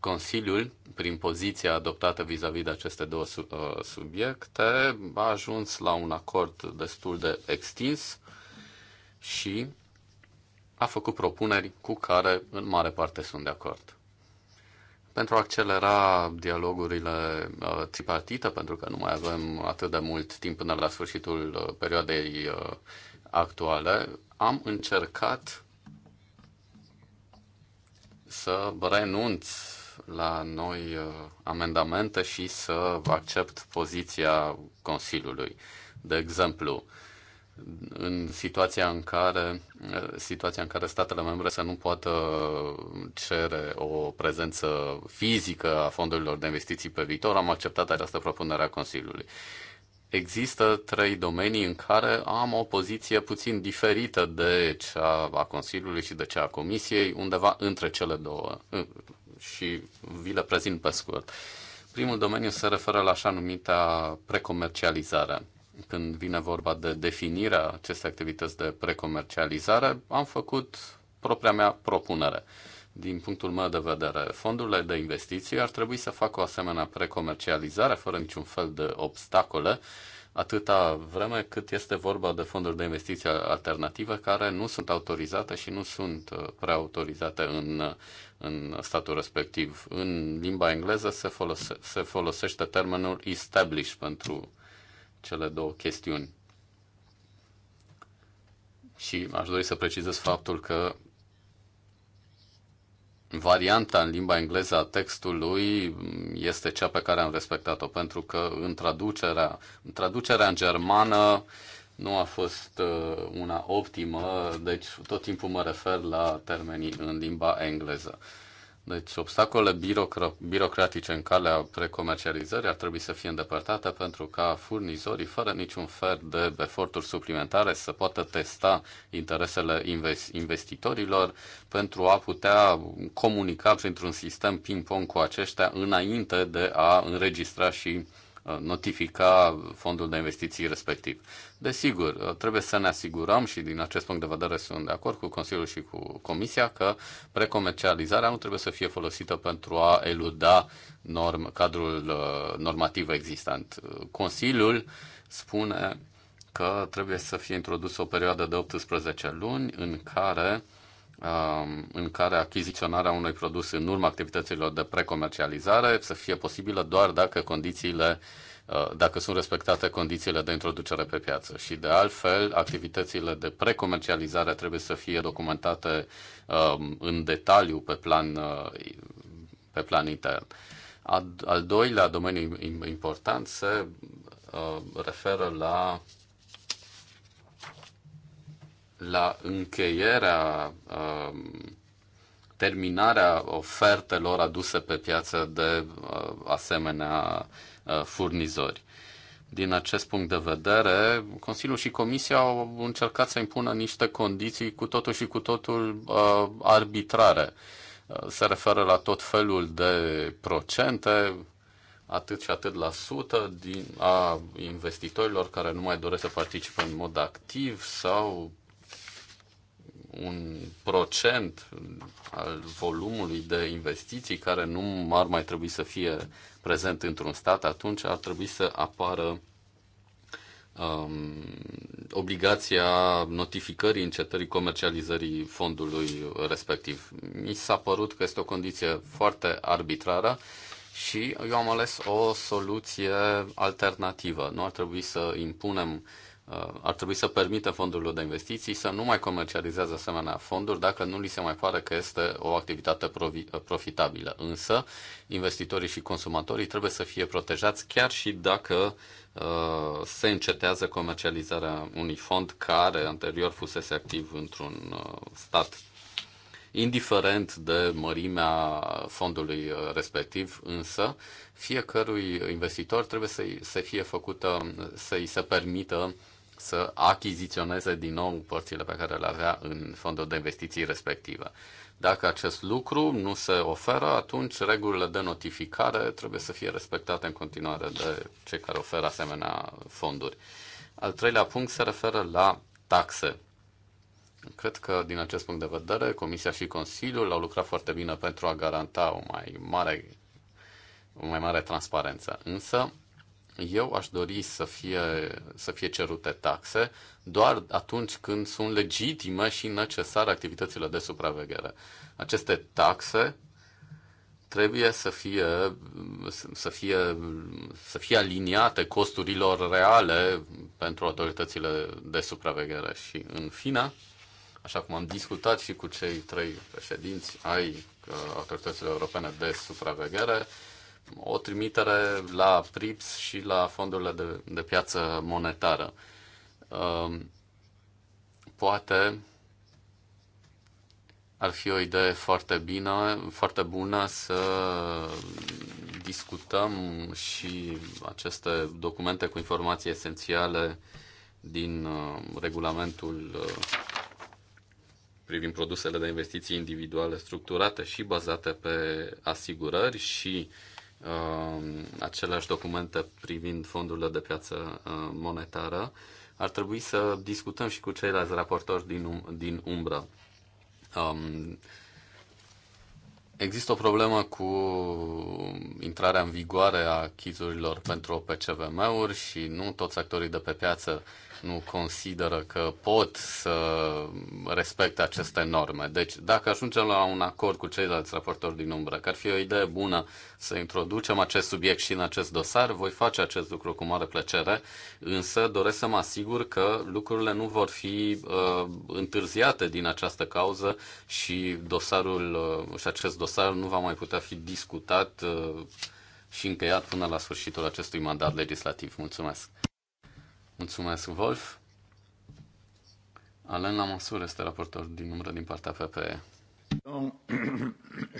Consiliul, prin poziția adoptată vis-a-vis -vis de aceste două uh, subiecte, a ajuns la un acord destul de extins și a făcut propuneri cu care, în mare parte, sunt de acord pentru a accelera dialogurile uh, tripartite, pentru că nu mai avem atât de mult timp până la sfârșitul uh, perioadei uh, actuale, am încercat să renunț la noi amendamente și să accept poziția Consiliului. De exemplu, în situația în care, situația în care statele membre să nu poată cere o prezență fizică a fondurilor de investiții pe viitor, am acceptat această propunere a Consiliului. Există trei domenii în care am o poziție puțin diferită de cea a Consiliului și de cea a Comisiei, undeva între cele două și vi le prezint pe scurt. Primul domeniu se referă la așa numita precomercializare când vine vorba de definirea acestei activități de precomercializare, am făcut propria mea propunere. Din punctul meu de vedere, fondurile de investiții ar trebui să facă o asemenea precomercializare fără niciun fel de obstacole, atâta vreme cât este vorba de fonduri de investiții alternative care nu sunt autorizate și nu sunt uh, preautorizate în, uh, în statul respectiv. În limba engleză se, folose, se folosește termenul established pentru cele două chestiuni. Și aș dori să precizez faptul că varianta în limba engleză a textului este cea pe care am respectat-o, pentru că în traducerea, în traducerea în germană nu a fost uh, una optimă, deci tot timpul mă refer la termenii în limba engleză. Deci obstacole birocra- birocratice în calea precomercializării ar trebui să fie îndepărtate pentru ca furnizorii, fără niciun fel de eforturi suplimentare, să poată testa interesele investitorilor pentru a putea comunica printr-un sistem ping-pong cu aceștia înainte de a înregistra și Uh, notifica fondul de investiții respectiv. Desigur, uh, trebuie să ne asigurăm și din acest punct de vedere sunt de acord cu Consiliul și cu Comisia că precomercializarea nu trebuie să fie folosită pentru a eluda norm, cadrul uh, normativ existent. Consiliul spune că trebuie să fie introdusă o perioadă de 18 luni în care uh, Um, în care achiziționarea unui produs în urma activităților de precomercializare să fie posibilă doar dacă condițiile uh, dacă sunt respectate condițiile de introducere pe piață. Și de altfel, activitățile de precomercializare trebuie să fie documentate um, în detaliu pe plan, uh, pe plan intern. Al doilea domeniu important se uh, referă la la încheierea, um, terminarea ofertelor aduse pe piață de uh, asemenea uh, furnizori. Din acest punct de vedere, Consiliul și Comisia au încercat să impună niște condiții cu totul și cu totul uh, arbitrare. Se referă la tot felul de procente, atât și atât la sută din, a investitorilor care nu mai doresc să participe în mod activ sau un procent al volumului de investiții care nu ar mai trebui să fie prezent într-un stat, atunci ar trebui să apară um, obligația notificării încetării comercializării fondului respectiv. Mi s-a părut că este o condiție foarte arbitrară și eu am ales o soluție alternativă. Nu ar trebui să impunem uh, Uh, ar trebui să permită fondurilor de investiții să nu mai comercializează asemenea fonduri dacă nu li se mai pare că este o activitate uh, profitabilă. Însă, investitorii și consumatorii trebuie să fie protejați chiar și dacă uh, se încetează comercializarea unui fond care anterior fusese activ într-un uh, stat. Indiferent de mărimea fondului uh, respectiv, însă, fiecărui investitor trebuie să-i, să fie făcută, să-i se permită uh, să achiziționeze din nou părțile pe care le avea în fondul de investiții respective. Dacă acest lucru nu se oferă, atunci regulile de notificare trebuie să fie respectate în continuare de cei care oferă asemenea fonduri. Al treilea punct se referă la taxe. Cred că, din acest punct de vedere, Comisia și Consiliul au lucrat foarte bine pentru a garanta o mai mare, o mai mare transparență. Însă, eu aș dori să fie, să fie cerute taxe doar atunci când sunt legitime și necesare activitățile de supraveghere. Aceste taxe trebuie să fie, să fie, să fie aliniate costurilor reale pentru autoritățile de supraveghere. Și în fine, așa cum am discutat și cu cei trei președinți ai uh, autorităților europene de supraveghere, o trimitere la PRIPS și la fondurile de, de piață monetară. Um, poate ar fi o idee foarte bine, foarte bună să discutăm și aceste documente cu informații esențiale din uh, regulamentul uh, privind produsele de investiții individuale structurate și bazate pe asigurări și uh, Um, aceleași documente privind fondurile de piață uh, monetară, ar trebui să discutăm și cu ceilalți raportori din, um, din umbră. Um, există o problemă cu intrarea în vigoare a chizurilor pentru pcvm uri și nu toți actorii de pe piață nu consideră că pot să respecte aceste norme. Deci, dacă ajungem la un acord cu ceilalți raportori din umbră, că ar fi o idee bună să introducem acest subiect și în acest dosar, voi face acest lucru cu mare plăcere, însă doresc să mă asigur că lucrurile nu vor fi uh, întârziate din această cauză și dosarul uh, și acest dosar nu va mai putea fi discutat uh, și încheiat până la sfârșitul acestui mandat legislativ. Mulțumesc! Mulțumesc, Wolf. Alain Lamassoure este raportor din umbră din partea PPE.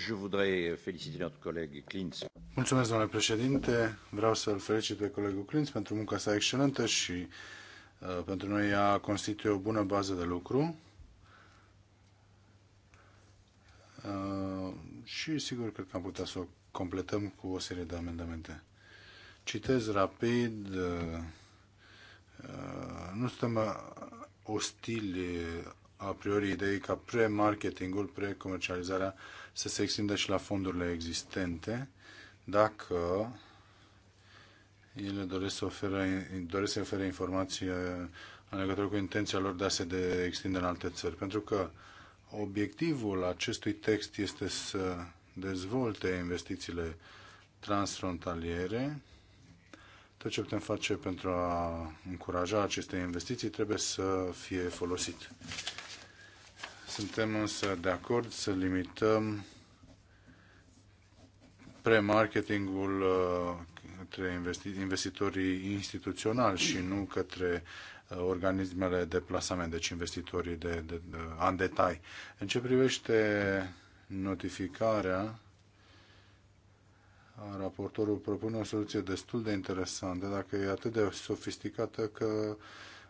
Je voudrais féliciter notre collègue Klintz. Mulțumesc, domnule președinte. Vreau să-l felicit pe colegul Klintz pentru munca sa excelentă și uh, pentru noi ea constituie o bună bază de lucru. Uh, și sigur cred că am putea să o completăm cu o serie de amendamente. Citez rapid uh, nu suntem ostili a priori ideii ca pre-marketingul, pre-comercializarea să se extindă și la fondurile existente, dacă ele doresc să ofere, doresc să ofere informații uh, în legătură cu intenția lor de a se de extinde în alte țări. Pentru că obiectivul acestui text este să dezvolte investițiile transfrontaliere, tot ce putem face pentru a încuraja aceste investiții trebuie să fie folosit. Suntem însă de acord să limităm pre-marketingul uh, către investitorii instituționali și nu către uh, organismele de plasament, deci investitorii de, de, de, în detai. În ce privește notificarea, Raportorul propune o soluție destul de interesantă, dacă e atât de sofisticată că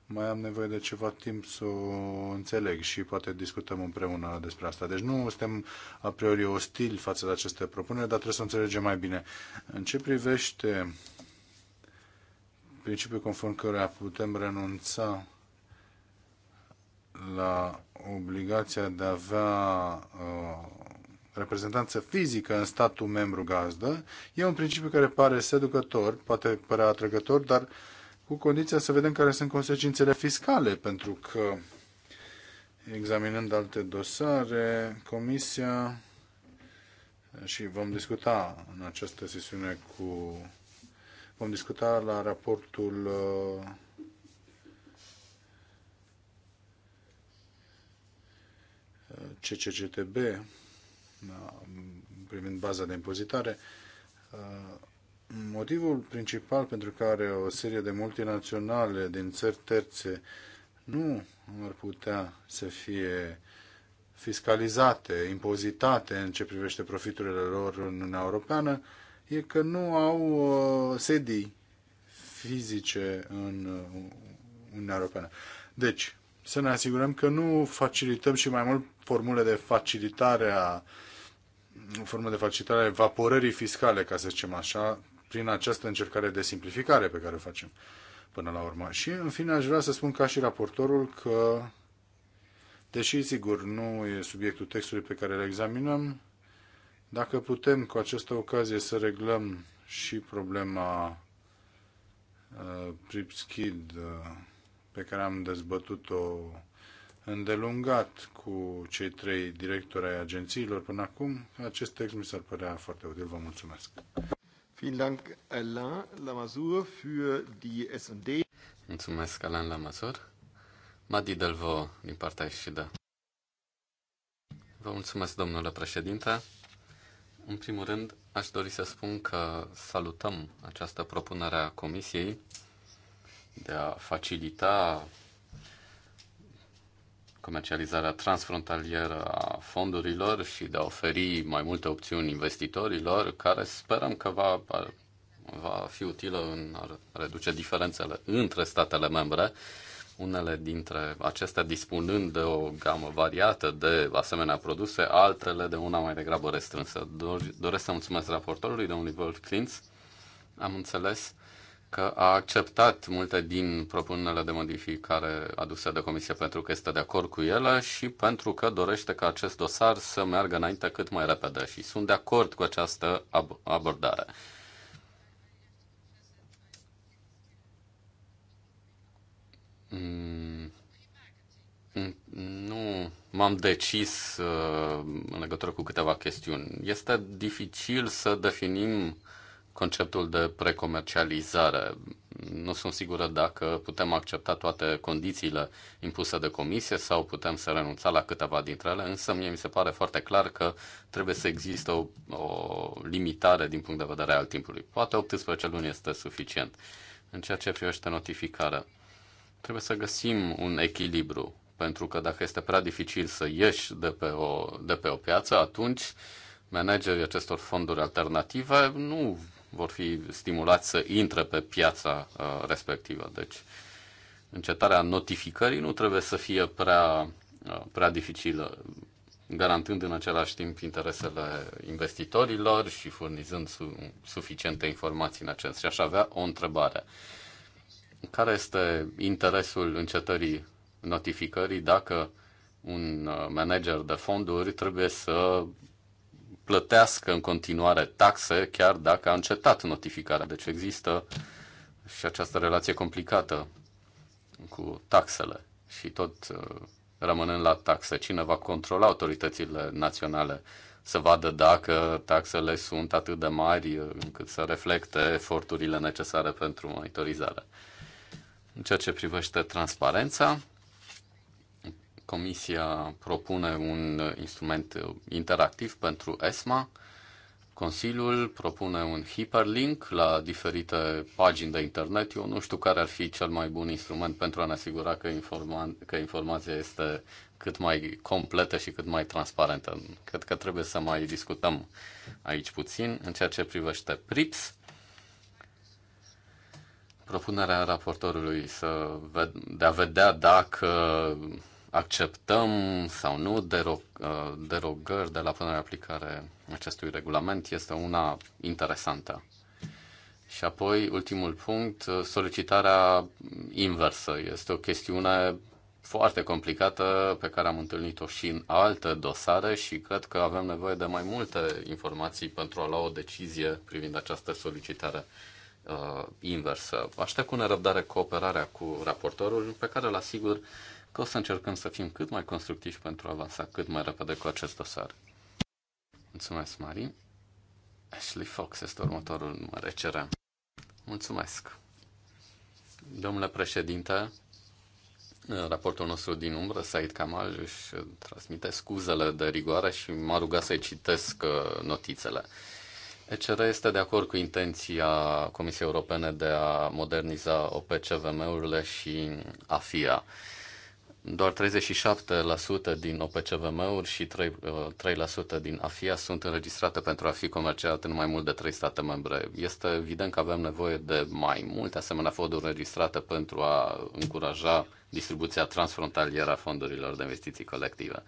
mai am nevoie de ceva timp să o înțeleg și poate discutăm împreună despre asta. Deci nu suntem a priori ostili față de aceste propuneri, dar trebuie să înțelegem mai bine. În ce privește principiul conform căruia putem renunța la obligația de a avea uh, reprezentanță fizică în statul membru gazdă, e un principiu care pare seducător, poate părea atrăgător, dar cu condiția să vedem care sunt consecințele fiscale, pentru că, examinând alte dosare, Comisia, și vom discuta în această sesiune cu... vom discuta la raportul uh, CCCTB da, privind baza de impozitare. Uh, motivul principal pentru care o serie de multinaționale din țări terțe nu ar putea să fie fiscalizate, impozitate în ce privește profiturile lor în Uniunea Europeană, e că nu au uh, sedii fizice în uh, Uniunea Europeană. Deci, să ne asigurăm că nu facilităm și mai mult formule de facilitare a o formă de facilitare a evaporării fiscale, ca să zicem așa, prin această încercare de simplificare pe care o facem până la urmă. Și, în fine, aș vrea să spun ca și raportorul că, deși, sigur, nu e subiectul textului pe care îl examinăm, dacă putem cu această ocazie să reglăm și problema uh, Pripskid uh, pe care am dezbătut-o îndelungat cu cei trei directori ai agențiilor până acum. Acest text mi s-ar părea foarte util. Vă mulțumesc. Mulțumesc, Alain Lamazur. Madi Delvo, din partea Ișida. Vă mulțumesc, domnule președinte. În primul rând, aș dori să spun că salutăm această propunere a Comisiei de a facilita comercializarea transfrontalieră a fondurilor și de a oferi mai multe opțiuni investitorilor, care sperăm că va, va fi utilă în a reduce diferențele între statele membre, unele dintre acestea dispunând de o gamă variată de asemenea produse, altele de una mai degrabă restrânsă. Doresc să mulțumesc raportorului, domnului Wolf Klintz. Am înțeles că a acceptat multe din propunerile de modificare aduse de Comisie pentru că este de acord cu ele și pentru că dorește ca acest dosar să meargă înainte cât mai repede și sunt de acord cu această ab- abordare. Mm. nu m-am decis uh, în legătură cu câteva chestiuni. Este dificil să definim uh, conceptul de precomercializare. Nu sunt sigură dacă putem accepta toate condițiile impuse de comisie sau putem să renunța la câteva dintre ele, însă mie mi se pare foarte clar că trebuie să există o, o limitare din punct de vedere al timpului. Poate 18 luni este suficient. În ceea ce privește notificarea, trebuie să găsim un echilibru, pentru că dacă este prea dificil să ieși de pe o, de pe o piață, atunci managerii acestor fonduri alternative nu vor fi stimulați să intre pe piața uh, respectivă. Deci, încetarea notificării nu trebuie să fie prea, uh, prea dificilă, garantând în același timp interesele investitorilor și furnizând su- suficiente informații în acest. Și aș avea o întrebare. Care este interesul încetării notificării dacă un uh, manager de fonduri trebuie să plătească în continuare taxe, chiar dacă a încetat notificarea. Deci există și această relație complicată cu taxele. Și tot uh, rămânând la taxe, cine va controla autoritățile naționale să vadă dacă taxele sunt atât de mari uh, încât să reflecte eforturile necesare pentru monitorizare. În ceea ce privește transparența, Comisia propune un instrument interactiv pentru ESMA. Consiliul propune un hyperlink la diferite pagini de internet. Eu nu știu care ar fi cel mai bun instrument pentru a ne asigura că, informa- că informația este cât mai completă și cât mai transparentă. Cred că trebuie să mai discutăm aici puțin în ceea ce privește PRIPS. Propunerea raportorului să de a vedea dacă acceptăm sau nu derog- uh, derogări de la punerea aplicare acestui regulament este una interesantă. Și apoi, ultimul punct, uh, solicitarea inversă. Este o chestiune foarte complicată pe care am întâlnit-o și în alte dosare și cred că avem nevoie de mai multe informații pentru a lua o decizie privind această solicitare uh, inversă. Aștept cu nerăbdare cooperarea cu raportorul, pe care îl asigur că o să încercăm să fim cât mai constructivi pentru a avansa cât mai repede cu acest dosar. Mulțumesc, Mari. Ashley Fox este următorul mare cerem. Mulțumesc. Domnule președinte, raportul nostru din umbră, Said Kamal, își transmite scuzele de rigoare și m-a rugat să-i citesc uh, notițele. ECR este de acord cu intenția Comisiei Europene de a moderniza OPCVM-urile și AFIA doar 37% din OPCVM-uri și 3%, 3% uh, din AFIA sunt înregistrate pentru a fi comerciate în mai mult de 3 state membre. Este evident că avem nevoie de mai multe asemenea fonduri înregistrate pentru a încuraja distribuția transfrontalieră a fondurilor de investiții colective.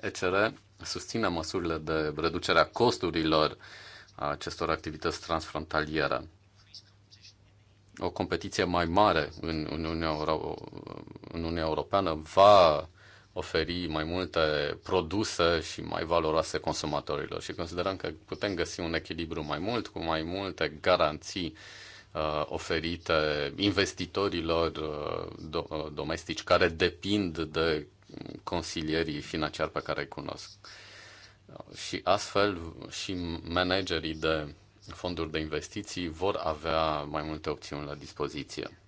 ECR susține măsurile de reducere a costurilor a acestor activități transfrontaliere o competiție mai mare în Uniunea, Euro- în Uniunea Europeană va oferi mai multe produse și mai valoroase consumatorilor și considerăm că putem găsi un echilibru mai mult cu mai multe garanții uh, oferite investitorilor uh, do- uh, domestici care depind de consilierii financiari pe care îi cunosc. Și astfel și managerii de fonduri de investiții vor avea mai multe opțiuni la dispoziție.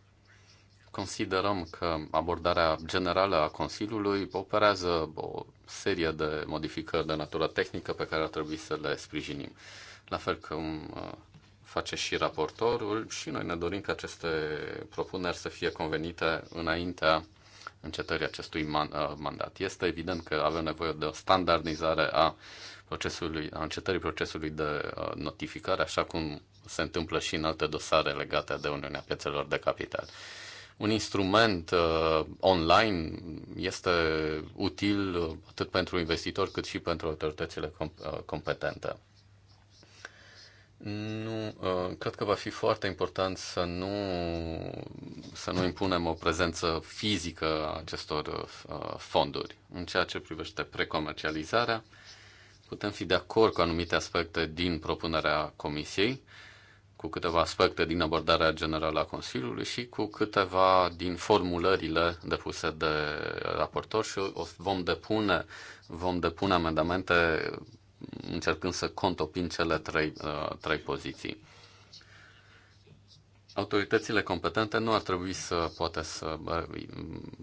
Considerăm că abordarea generală a Consiliului operează o serie de modificări de natură tehnică pe care ar trebui să le sprijinim. La fel cum uh, face și raportorul și noi ne dorim ca aceste propuneri să fie convenite înaintea încetării acestui man, uh, mandat. Este evident că avem nevoie de o standardizare a procesului, a încetării procesului de notificare, așa cum se întâmplă și în alte dosare legate de Uniunea Piețelor de Capital. Un instrument uh, online este util atât pentru investitori cât și pentru autoritățile comp- competente. Nu, cred că va fi foarte important să nu, să nu impunem o prezență fizică a acestor fonduri. În ceea ce privește precomercializarea, Putem fi de acord cu anumite aspecte din propunerea Comisiei, cu câteva aspecte din abordarea generală a Consiliului și cu câteva din formulările depuse de raportor și vom depune, vom depune amendamente încercând să contopim cele trei, uh, trei poziții autoritățile competente nu ar trebui să poată să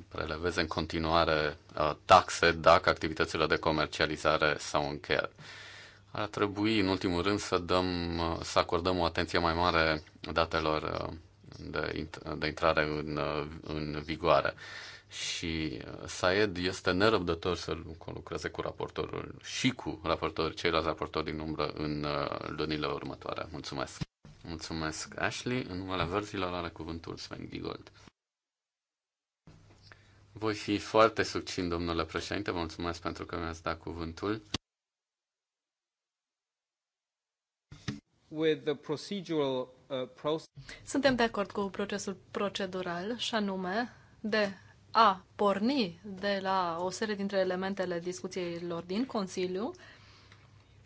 preleveze în continuare ă, taxe dacă activitățile de comercializare s-au încheiat. Ar trebui, în ultimul rând, să, dăm, să acordăm o atenție mai mare datelor ă, de, de intrare în, ă, în vigoare. Și Saed este nerăbdător să lucreze cu raportorul și cu raportori, ceilalți raportori din umbră în lunile următoare. Mulțumesc! Mulțumesc, Ashley. În numele verzilor are cuvântul Sven Gigold. Voi fi foarte succint, domnule președinte. Vă mulțumesc pentru că mi-ați dat cuvântul. With the procedural, uh, proce- Suntem de acord cu procesul procedural și anume de a porni de la o serie dintre elementele discuțiilor din Consiliu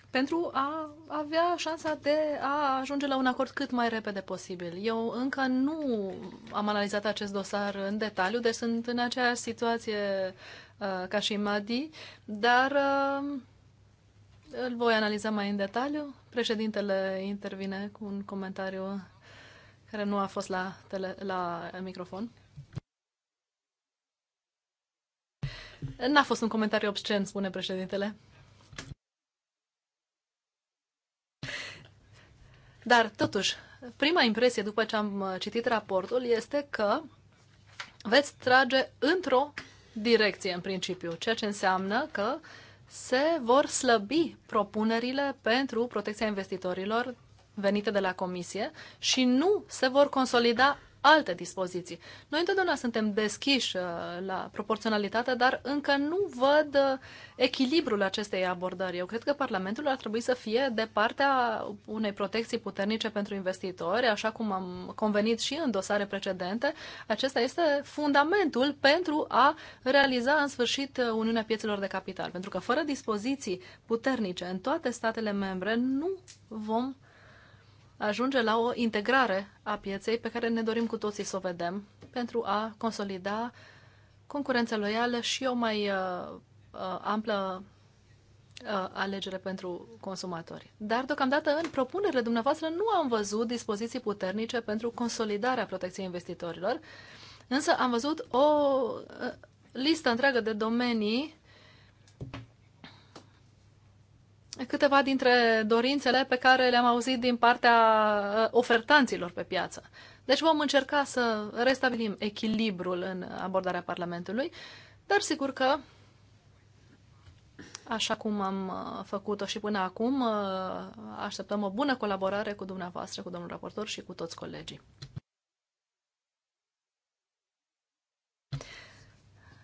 pentru a avea șansa de a ajunge la un acord cât mai repede posibil. Eu încă nu am analizat acest dosar în detaliu, deci sunt în aceeași situație uh, ca și Madi, dar uh, îl voi analiza mai în detaliu. Președintele intervine cu un comentariu care nu a fost la, tele, la microfon. N-a fost un comentariu obscen, spune președintele. Dar, totuși, prima impresie după ce am uh, citit raportul este că veți trage într-o direcție, în principiu, ceea ce înseamnă că se vor slăbi propunerile pentru protecția investitorilor venite de la Comisie și nu se vor consolida alte dispoziții. Noi întotdeauna suntem deschiși uh, la proporționalitate, dar încă nu văd uh, echilibrul acestei abordări. Eu cred că Parlamentul ar trebui să fie de partea unei protecții puternice pentru investitori, așa cum am convenit și în dosare precedente. Acesta este fundamentul pentru a realiza în sfârșit uh, Uniunea Piețelor de Capital, pentru că fără dispoziții puternice în toate statele membre nu vom ajunge la o integrare a pieței pe care ne dorim cu toții să o vedem pentru a consolida concurența loială și o mai uh, uh, amplă uh, alegere pentru consumatori. Dar, deocamdată, în propunerile dumneavoastră nu am văzut dispoziții puternice pentru consolidarea protecției investitorilor, însă am văzut o listă întreagă de domenii câteva dintre dorințele pe care le-am auzit din partea uh, ofertanților pe piață. Deci vom încerca să restabilim echilibrul în abordarea Parlamentului, dar sigur că, așa cum am uh, făcut-o și până acum, uh, așteptăm o bună colaborare cu dumneavoastră, cu domnul raportor și cu toți colegii.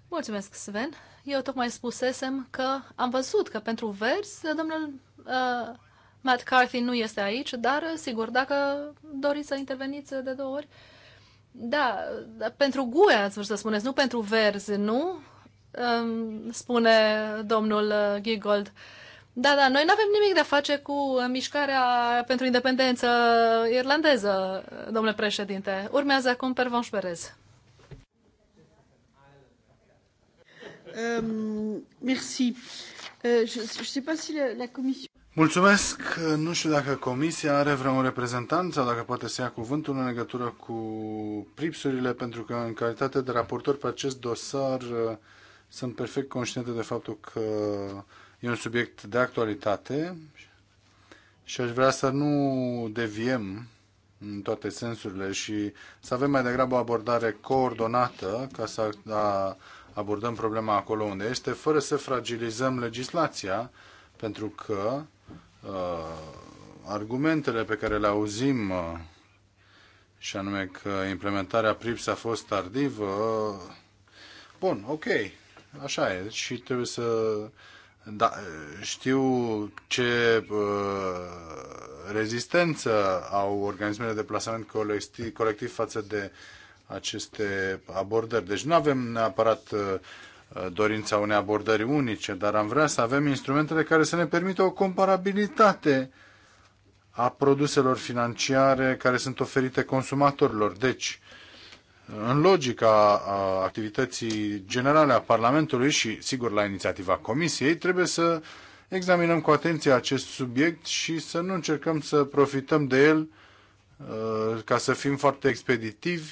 Mulțumesc, Sven. Eu tocmai spusesem că am văzut că pentru verzi, domnul uh, Matt Carthy nu este aici, dar uh, sigur, dacă doriți să interveniți de două ori. Da, da pentru Guia ați vrut să spuneți, nu pentru verzi, nu? Um, spune domnul uh, Giggold. Da, da, noi nu avem nimic de a face cu mișcarea pentru independență irlandeză, domnule președinte. Urmează acum Pervonș Euh, euh, Mulțumesc. Nu știu dacă Comisia are vreun reprezentant sau dacă poate să ia cuvântul în legătură cu pripsurile, pentru că în calitate de raportor pe acest dosar uh, sunt perfect conștientă de faptul că e un subiect de actualitate și aș vrea să nu deviem în toate sensurile și să avem mai degrabă o abordare coordonată ca să abordăm problema acolo unde este, fără să fragilizăm legislația, pentru că uh, argumentele pe care le auzim, uh, și anume că implementarea PRIPS a fost tardivă, uh, bun, ok, așa e, și trebuie să da, știu ce uh, rezistență au organismele de plasament colectiv față de aceste abordări. Deci nu avem neapărat uh, dorința unei abordări unice, dar am vrea să avem instrumentele care să ne permită o comparabilitate a produselor financiare care sunt oferite consumatorilor. Deci, în logica activității generale a Parlamentului și, sigur, la inițiativa Comisiei, trebuie să examinăm cu atenție acest subiect și să nu încercăm să profităm de el uh, ca să fim foarte expeditivi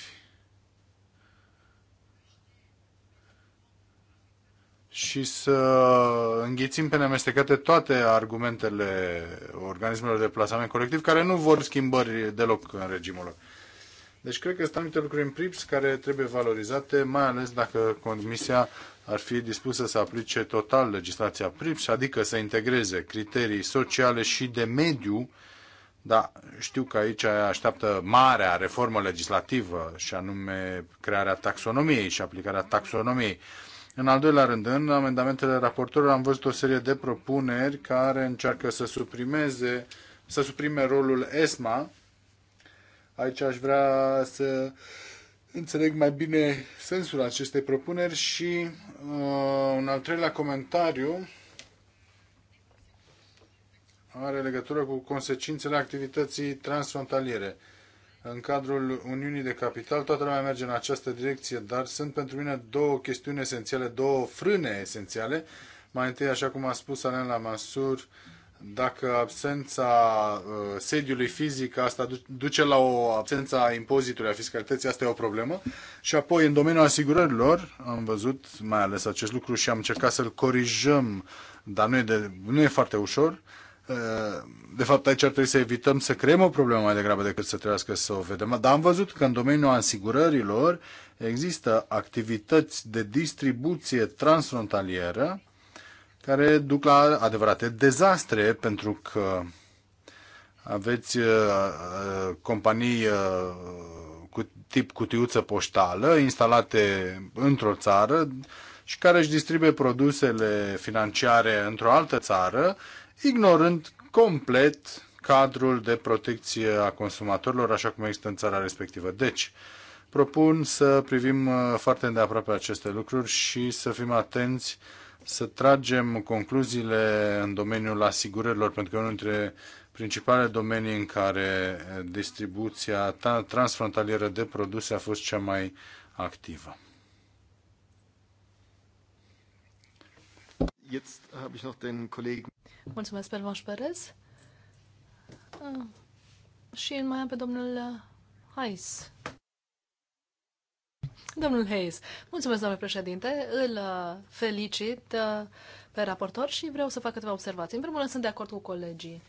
și să înghițim pe neamestecate toate argumentele organismelor de plasament colectiv care nu vor schimbări deloc în regimul lor. Deci cred că sunt anumite lucruri în PRIPS care trebuie valorizate, mai ales dacă Comisia ar fi dispusă să aplice total legislația PRIPS, adică să integreze criterii sociale și de mediu, dar știu că aici așteaptă marea reformă legislativă și anume crearea taxonomiei și aplicarea taxonomiei. În al doilea rând, în amendamentele raportorilor am văzut o serie de propuneri care încearcă să suprimeze, să suprime rolul ESMA. Aici aș vrea să înțeleg mai bine sensul acestei propuneri și uh, un al treilea comentariu are legătură cu consecințele activității transfrontaliere în cadrul Uniunii de Capital, toată lumea merge în această direcție, dar sunt pentru mine două chestiuni esențiale, două frâne esențiale. Mai întâi, așa cum a spus Alain Lamassur, dacă absența uh, sediului fizic asta duce la o absență a impozitului, a fiscalității, asta e o problemă. Și apoi, în domeniul asigurărilor, am văzut mai ales acest lucru și am încercat să-l corijăm, dar nu e, de, nu e foarte ușor Eh, de fapt, aici ar trebui să evităm să creăm o problemă mai degrabă decât să trebuiască să o vedem. Dar am văzut că în domeniul asigurărilor există activități de distribuție transfrontalieră care duc la adevărate dezastre pentru că aveți eh, eh, companii cu tip cutiuță poștală instalate într-o țară și care își distribuie produsele financiare într-o altă țară ignorând complet cadrul de protecție a consumatorilor, așa cum există în țara respectivă. Deci, propun să privim uh, foarte îndeaproape aceste lucruri și să fim atenți să tragem concluziile în domeniul asigurărilor, pentru că unul dintre principalele domenii în care uh, distribuția transfrontalieră de produse a fost cea mai activă. Jetzt habe ich noch den Kollegen. Mulțumesc, Perez. Ah, și mai am pe domnul uh, Hayes. Domnul Hayes, mulțumesc, domnule președinte. Îl uh, felicit uh, pe raportor și vreau să fac câteva observații. În primul rând, sunt de acord cu colegii.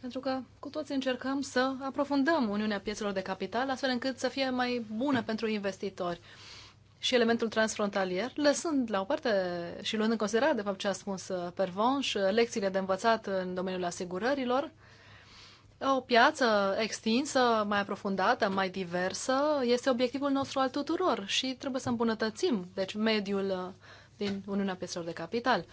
Pentru că cu toți încercăm să aprofundăm Uniunea Piețelor de Capital, astfel încât să fie mai bună pentru investitori și elementul transfrontalier, lăsând la o parte și luând în considerare, de fapt, ce a spus uh, și uh, lecțiile de învățat în domeniul asigurărilor, o piață extinsă, mai aprofundată, mai diversă, este obiectivul nostru al tuturor și trebuie să îmbunătățim, deci, mediul uh, din Uniunea Piețelor de Capital.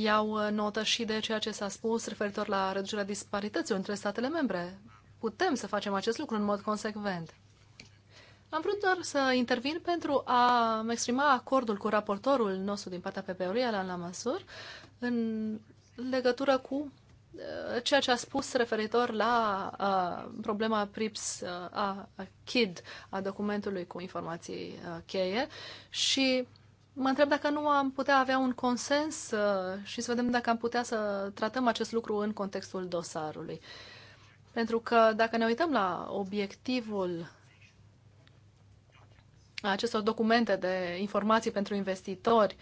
Iau notă și de ceea ce s-a spus referitor la reducerea disparității între statele membre. Putem să facem acest lucru în mod consecvent. Am vrut doar să intervin pentru a exprima acordul cu raportorul nostru din partea PP-ului, Alan Lamasur, în legătură cu uh, ceea ce a spus referitor la uh, problema PRIPS uh, a KID, a documentului cu informații uh, cheie și mă întreb dacă nu am putea avea un consens uh, și să vedem dacă am putea să tratăm acest lucru în contextul dosarului. Pentru că dacă ne uităm la obiectivul acestor documente de informații pentru investitori.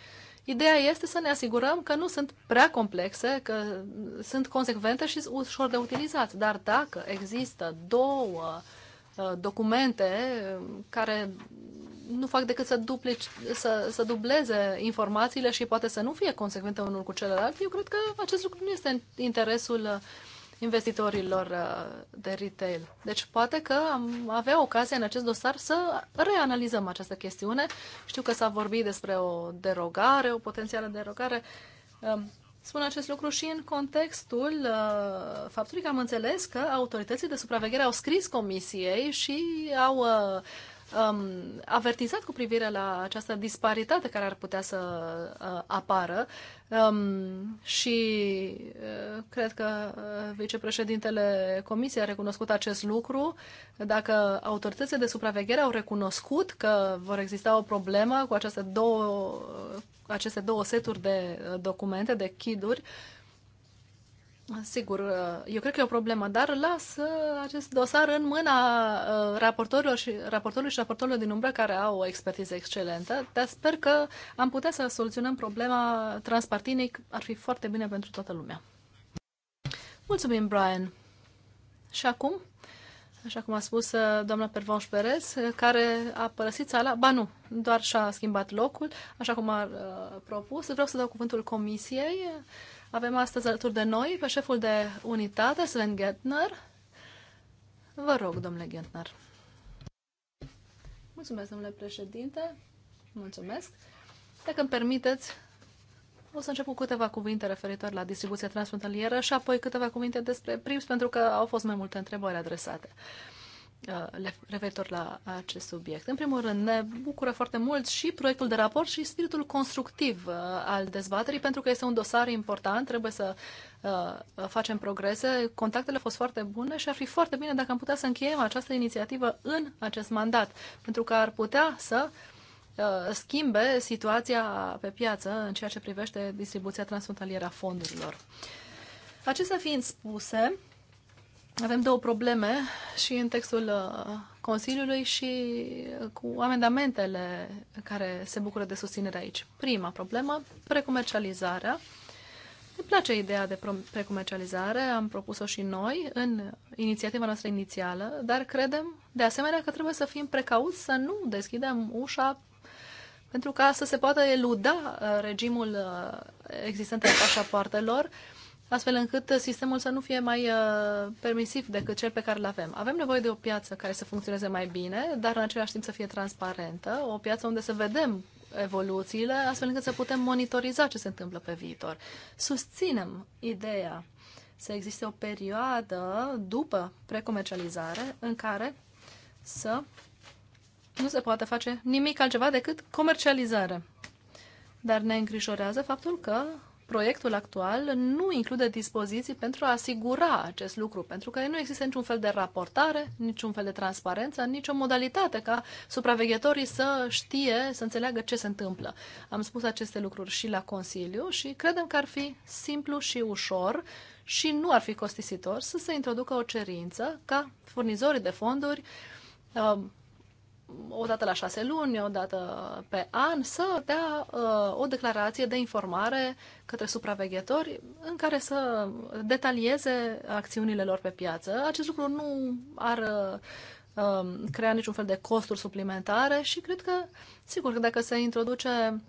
Ideea este să ne asigurăm că nu sunt prea complexe, că sunt consecvente și ușor de utilizat. Dar dacă există două uh, documente um, care nu fac decât să, duplici, să, să dubleze informațiile și poate să nu fie consecvente unul cu celălalt, eu cred că acest lucru nu este în interesul uh, investitorilor uh, de retail. Deci poate că am avea ocazia în acest dosar să reanalizăm această chestiune. Știu că s-a vorbit despre o derogare, o potențială derogare. Um, spun acest lucru și în contextul uh, faptului că am înțeles că autoritățile de supraveghere au scris comisiei și au uh, um, avertizat cu privire la această disparitate care ar putea să uh, apară um, și uh, cred că uh, vicepreședintele Comisiei a recunoscut acest lucru. Dacă autoritățile de supraveghere au recunoscut că vor exista o problemă cu aceste două, aceste două seturi de uh, documente, de chiduri, uh, Sigur, uh, eu cred că e o problemă, dar las acest dosar în mâna uh, raportorilor și raportorilor și raportorilor din umbră care au o expertiză excelentă, dar sper că am putea să soluționăm problema transpartinic, ar fi foarte bine pentru toată lumea. Mulțumim, Brian! Și acum, așa cum a spus uh, doamna Pervanș Perez, care a părăsit sala, ba nu, doar și-a schimbat locul, așa cum a propus, vreau să dau cuvântul comisiei, avem astăzi alături de noi pe șeful de unitate, Sven Gentner. Vă rog, domnule Gentner. Mulțumesc, domnule președinte. Mulțumesc. Dacă îmi permiteți, o să încep cu câteva cuvinte referitor la distribuția transfrontalieră și apoi câteva cuvinte despre PRIPS, pentru că au fost mai multe întrebări adresate. Uh, Uh, referitor la acest subiect. În primul rând, ne bucură foarte mult și proiectul de raport și spiritul constructiv uh, al dezbaterii, pentru că este un dosar important, trebuie să uh, facem progrese. Contactele au fost foarte bune și ar fi foarte bine dacă am putea să încheiem această inițiativă în acest mandat, pentru că ar putea să schimbe situația pe piață în ceea ce privește distribuția transfrontalieră a fondurilor. Acestea fiind spuse, avem două probleme și în textul uh, Consiliului și uh, cu amendamentele care se bucură de susținere aici. Prima problemă, precomercializarea. Ne place ideea de precomercializare, am propus-o și noi în inițiativa noastră inițială, dar credem de asemenea că trebuie să fim precauți să nu deschidem ușa pentru ca să se poată eluda uh, regimul existent al pașapoartelor, astfel încât sistemul să nu fie mai uh, permisiv decât cel pe care îl avem. Avem nevoie de o piață care să funcționeze mai bine, dar în același timp să fie transparentă, o piață unde să vedem evoluțiile, astfel încât să putem monitoriza ce se întâmplă pe viitor. Susținem ideea să existe o perioadă după precomercializare în care să nu se poate face nimic altceva decât comercializare. Dar ne îngrijorează faptul că proiectul actual nu include dispoziții pentru a asigura acest lucru, pentru că nu există niciun fel de raportare, niciun fel de transparență, nicio modalitate ca supraveghetorii să știe, să înțeleagă ce se întâmplă. Am spus aceste lucruri și la Consiliu și credem că ar fi simplu și ușor și nu ar fi costisitor să se introducă o cerință ca furnizorii de fonduri um, o dată la șase luni, o dată pe an, să dea uh, o declarație de informare către supraveghetori în care să detalieze acțiunile lor pe piață. Acest lucru nu ar uh, crea niciun fel de costuri suplimentare și cred că, sigur, că dacă se introduce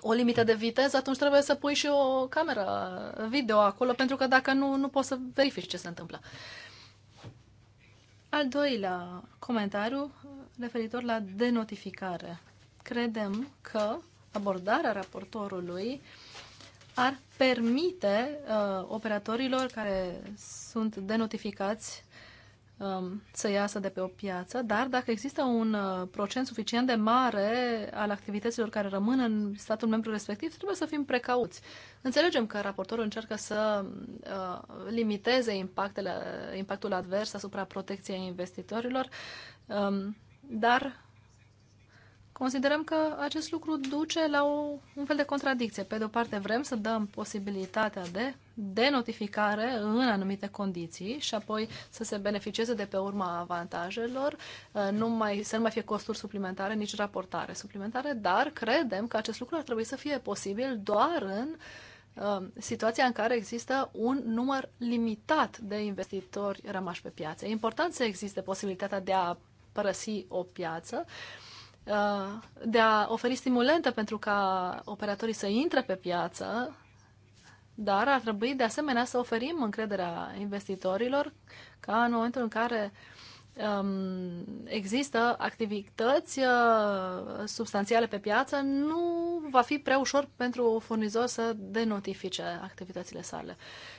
o limită de viteză, atunci trebuie să pui și o cameră video acolo, pentru că dacă nu, nu poți să verifici ce se întâmplă. Uh, al doilea comentariu uh, referitor la denotificare. Credem că abordarea raportorului ar permite uh, operatorilor care sunt denotificați Um, să iasă de pe o piață, dar dacă există un uh, procent suficient de mare al activităților care rămân în statul membru respectiv, trebuie să fim precauți. Înțelegem că raportorul încearcă să uh, limiteze impactele, impactul advers asupra protecției investitorilor, um, dar Considerăm că acest lucru duce la o, un fel de contradicție. Pe de o parte vrem să dăm posibilitatea de denotificare în anumite condiții și apoi să se beneficieze de pe urma avantajelor, uh, nu mai, să nu mai fie costuri suplimentare, nici raportare suplimentare, dar credem că acest lucru ar trebui să fie posibil doar în uh, situația în care există un număr limitat de investitori rămași pe piață. E important să existe posibilitatea de a părăsi o piață, uh, Uh, de a oferi stimulente pentru ca operatorii să intre pe piață, dar ar trebui de asemenea să oferim încrederea investitorilor ca în momentul în care um, există activități uh, substanțiale pe piață, nu va fi prea ușor pentru furnizor să denotifice activitățile sale.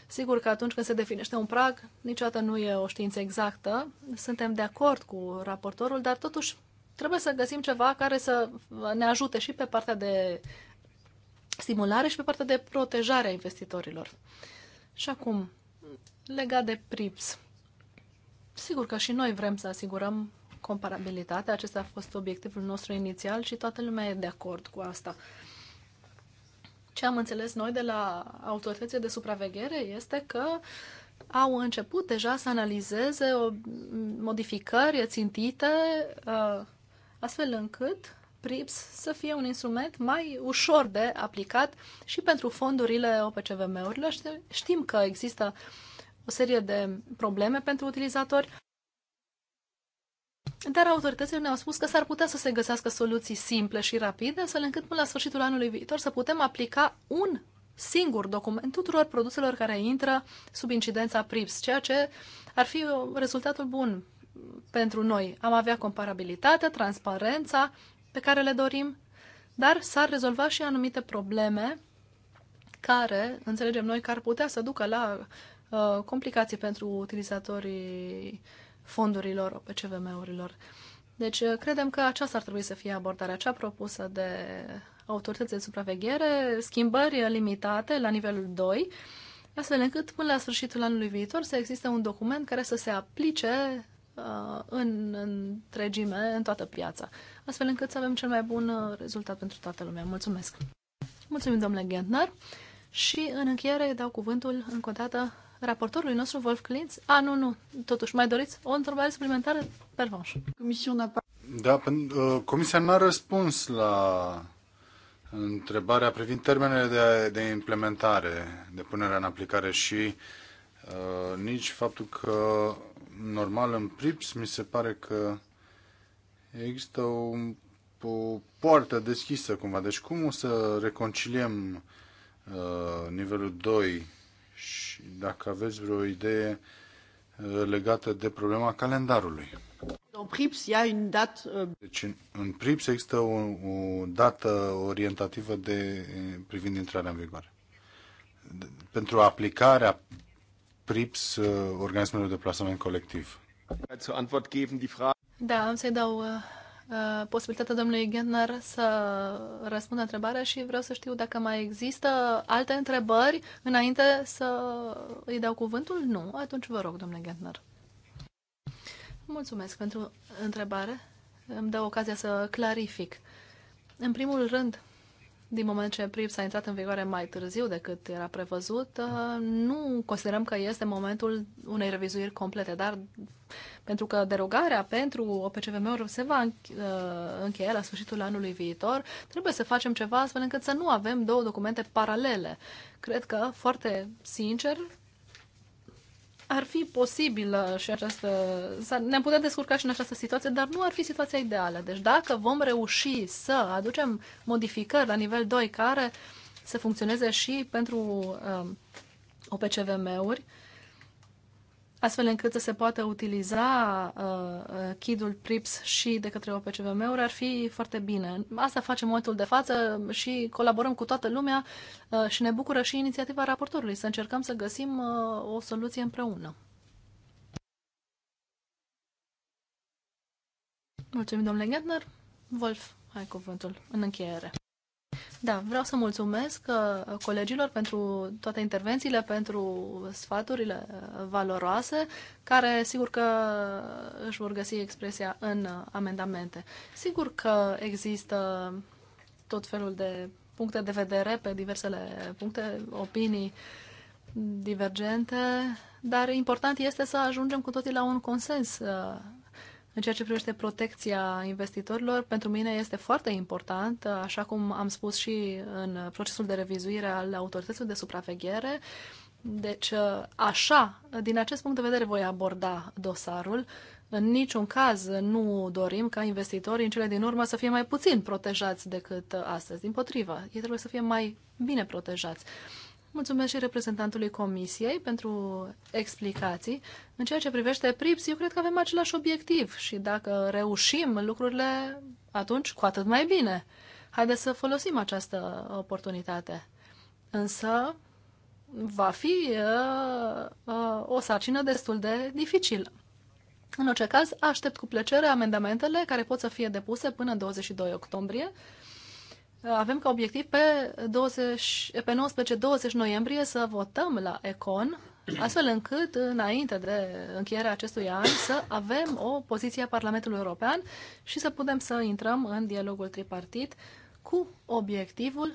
Sigur că atunci când se definește un prag, niciodată nu e o știință exactă. Suntem de acord cu raportorul, dar totuși Trebuie să găsim ceva care să ne ajute și pe partea de stimulare și pe partea de protejare a investitorilor. Și acum, legat de PRIPS. Sigur că și noi vrem să asigurăm comparabilitatea. Acesta a fost obiectivul nostru inițial și toată lumea e de acord cu asta. Ce am înțeles noi de la autoritățile de supraveghere este că au început deja să analizeze o modificări țintite uh, astfel încât PRIPS să fie un instrument mai ușor de aplicat și pentru fondurile OPCVM-urilor. Știm că există o serie de probleme pentru utilizatori, dar autoritățile ne-au spus că s-ar putea să se găsească soluții simple și rapide, astfel încât până la sfârșitul anului viitor să putem aplica un singur document tuturor produselor care intră sub incidența PRIPS, ceea ce ar fi rezultatul bun pentru noi. Am avea comparabilitatea, transparența pe care le dorim, dar s-ar rezolva și anumite probleme care, înțelegem noi, că ar putea să ducă la uh, complicații pentru utilizatorii fondurilor, CVM-urilor. Deci, uh, credem că aceasta ar trebui să fie abordarea cea propusă de autorități de supraveghere, schimbări limitate la nivelul 2, astfel încât până la sfârșitul anului viitor să existe un document care să se aplice Uh, în întregime, în toată piața, astfel încât să avem cel mai bun uh, rezultat pentru toată lumea. Mulțumesc! Mulțumim, domnule Gentner! Și în încheiere dau cuvântul încă o dată raportorului nostru, Wolf Klintz. A, nu, nu, totuși, mai doriți o întrebare suplimentară? Pervanș. Da, uh, comisia n-a răspuns la întrebarea privind termenele de, de implementare, de punere în aplicare și uh, nici faptul că normal în PRIPS, mi se pare că există o, o poartă deschisă cumva. Deci cum o să reconciliem uh, nivelul 2 și dacă aveți vreo idee uh, legată de problema calendarului? În PRIPS, ia în dat... Uh, deci în, în PRIPS există o, o dată orientativă de, eh, privind intrarea în vigoare. De, pentru aplicarea PRIPS, uh, organismelor de plasament colectiv. Da, am să-i dau uh, uh, posibilitatea domnului Gentner să răspundă întrebarea și vreau să știu dacă mai există alte întrebări înainte să îi dau cuvântul. Nu, atunci vă rog, domnule Gentner. Mulțumesc pentru întrebare. Îmi dă ocazia să clarific. În primul rând, din moment ce PRIPS a intrat în vigoare mai târziu decât era prevăzut, uh, nu considerăm că este momentul unei revizuiri complete, dar pentru că derogarea pentru OPCVM-uri se va uh, încheia la sfârșitul anului viitor, trebuie să facem ceva astfel încât să nu avem două documente paralele. Cred că, foarte sincer, ar fi posibilă și această... Ne-am putea descurca și în această situație, dar nu ar fi situația ideală. Deci dacă vom reuși să aducem modificări la nivel 2 care să funcționeze și pentru um, OPCVM-uri, uh, astfel încât să se poată utiliza uh, uh kidul PRIPS și de către OPCVM-uri, ar fi foarte bine. Asta facem în momentul de față și colaborăm cu toată lumea uh, și ne bucură și inițiativa raportorului să încercăm să găsim uh, o soluție împreună. Mulțumim, domnule Gertner. Wolf, ai cuvântul în încheiere. Da, vreau să mulțumesc uh, colegilor pentru toate intervențiile, pentru sfaturile uh, valoroase, care sigur că își vor găsi expresia în uh, amendamente. Sigur că există tot felul de puncte de vedere pe diversele puncte, opinii divergente, dar important este să ajungem cu toții la un consens în ceea ce privește protecția investitorilor, pentru mine este foarte important, așa cum am spus și în procesul de revizuire al autorităților de supraveghere. Deci, așa, din acest punct de vedere voi aborda dosarul. În niciun caz nu dorim ca investitorii în cele din urmă să fie mai puțin protejați decât astăzi. Din potrivă, ei trebuie să fie mai bine protejați. Mulțumesc și reprezentantului Comisiei pentru explicații. În ceea ce privește PRIPS, eu cred că avem același obiectiv și dacă reușim lucrurile, atunci cu atât mai bine. Haideți să folosim această oportunitate. Însă va fi uh, uh, o sarcină destul de dificilă. În orice caz, aștept cu plăcere amendamentele care pot să fie depuse până 22 octombrie avem ca obiectiv pe, pe 19-20 noiembrie să votăm la Econ, astfel încât, înainte de încheierea acestui an, să avem o poziție a Parlamentului European și să putem să intrăm în dialogul tripartit cu obiectivul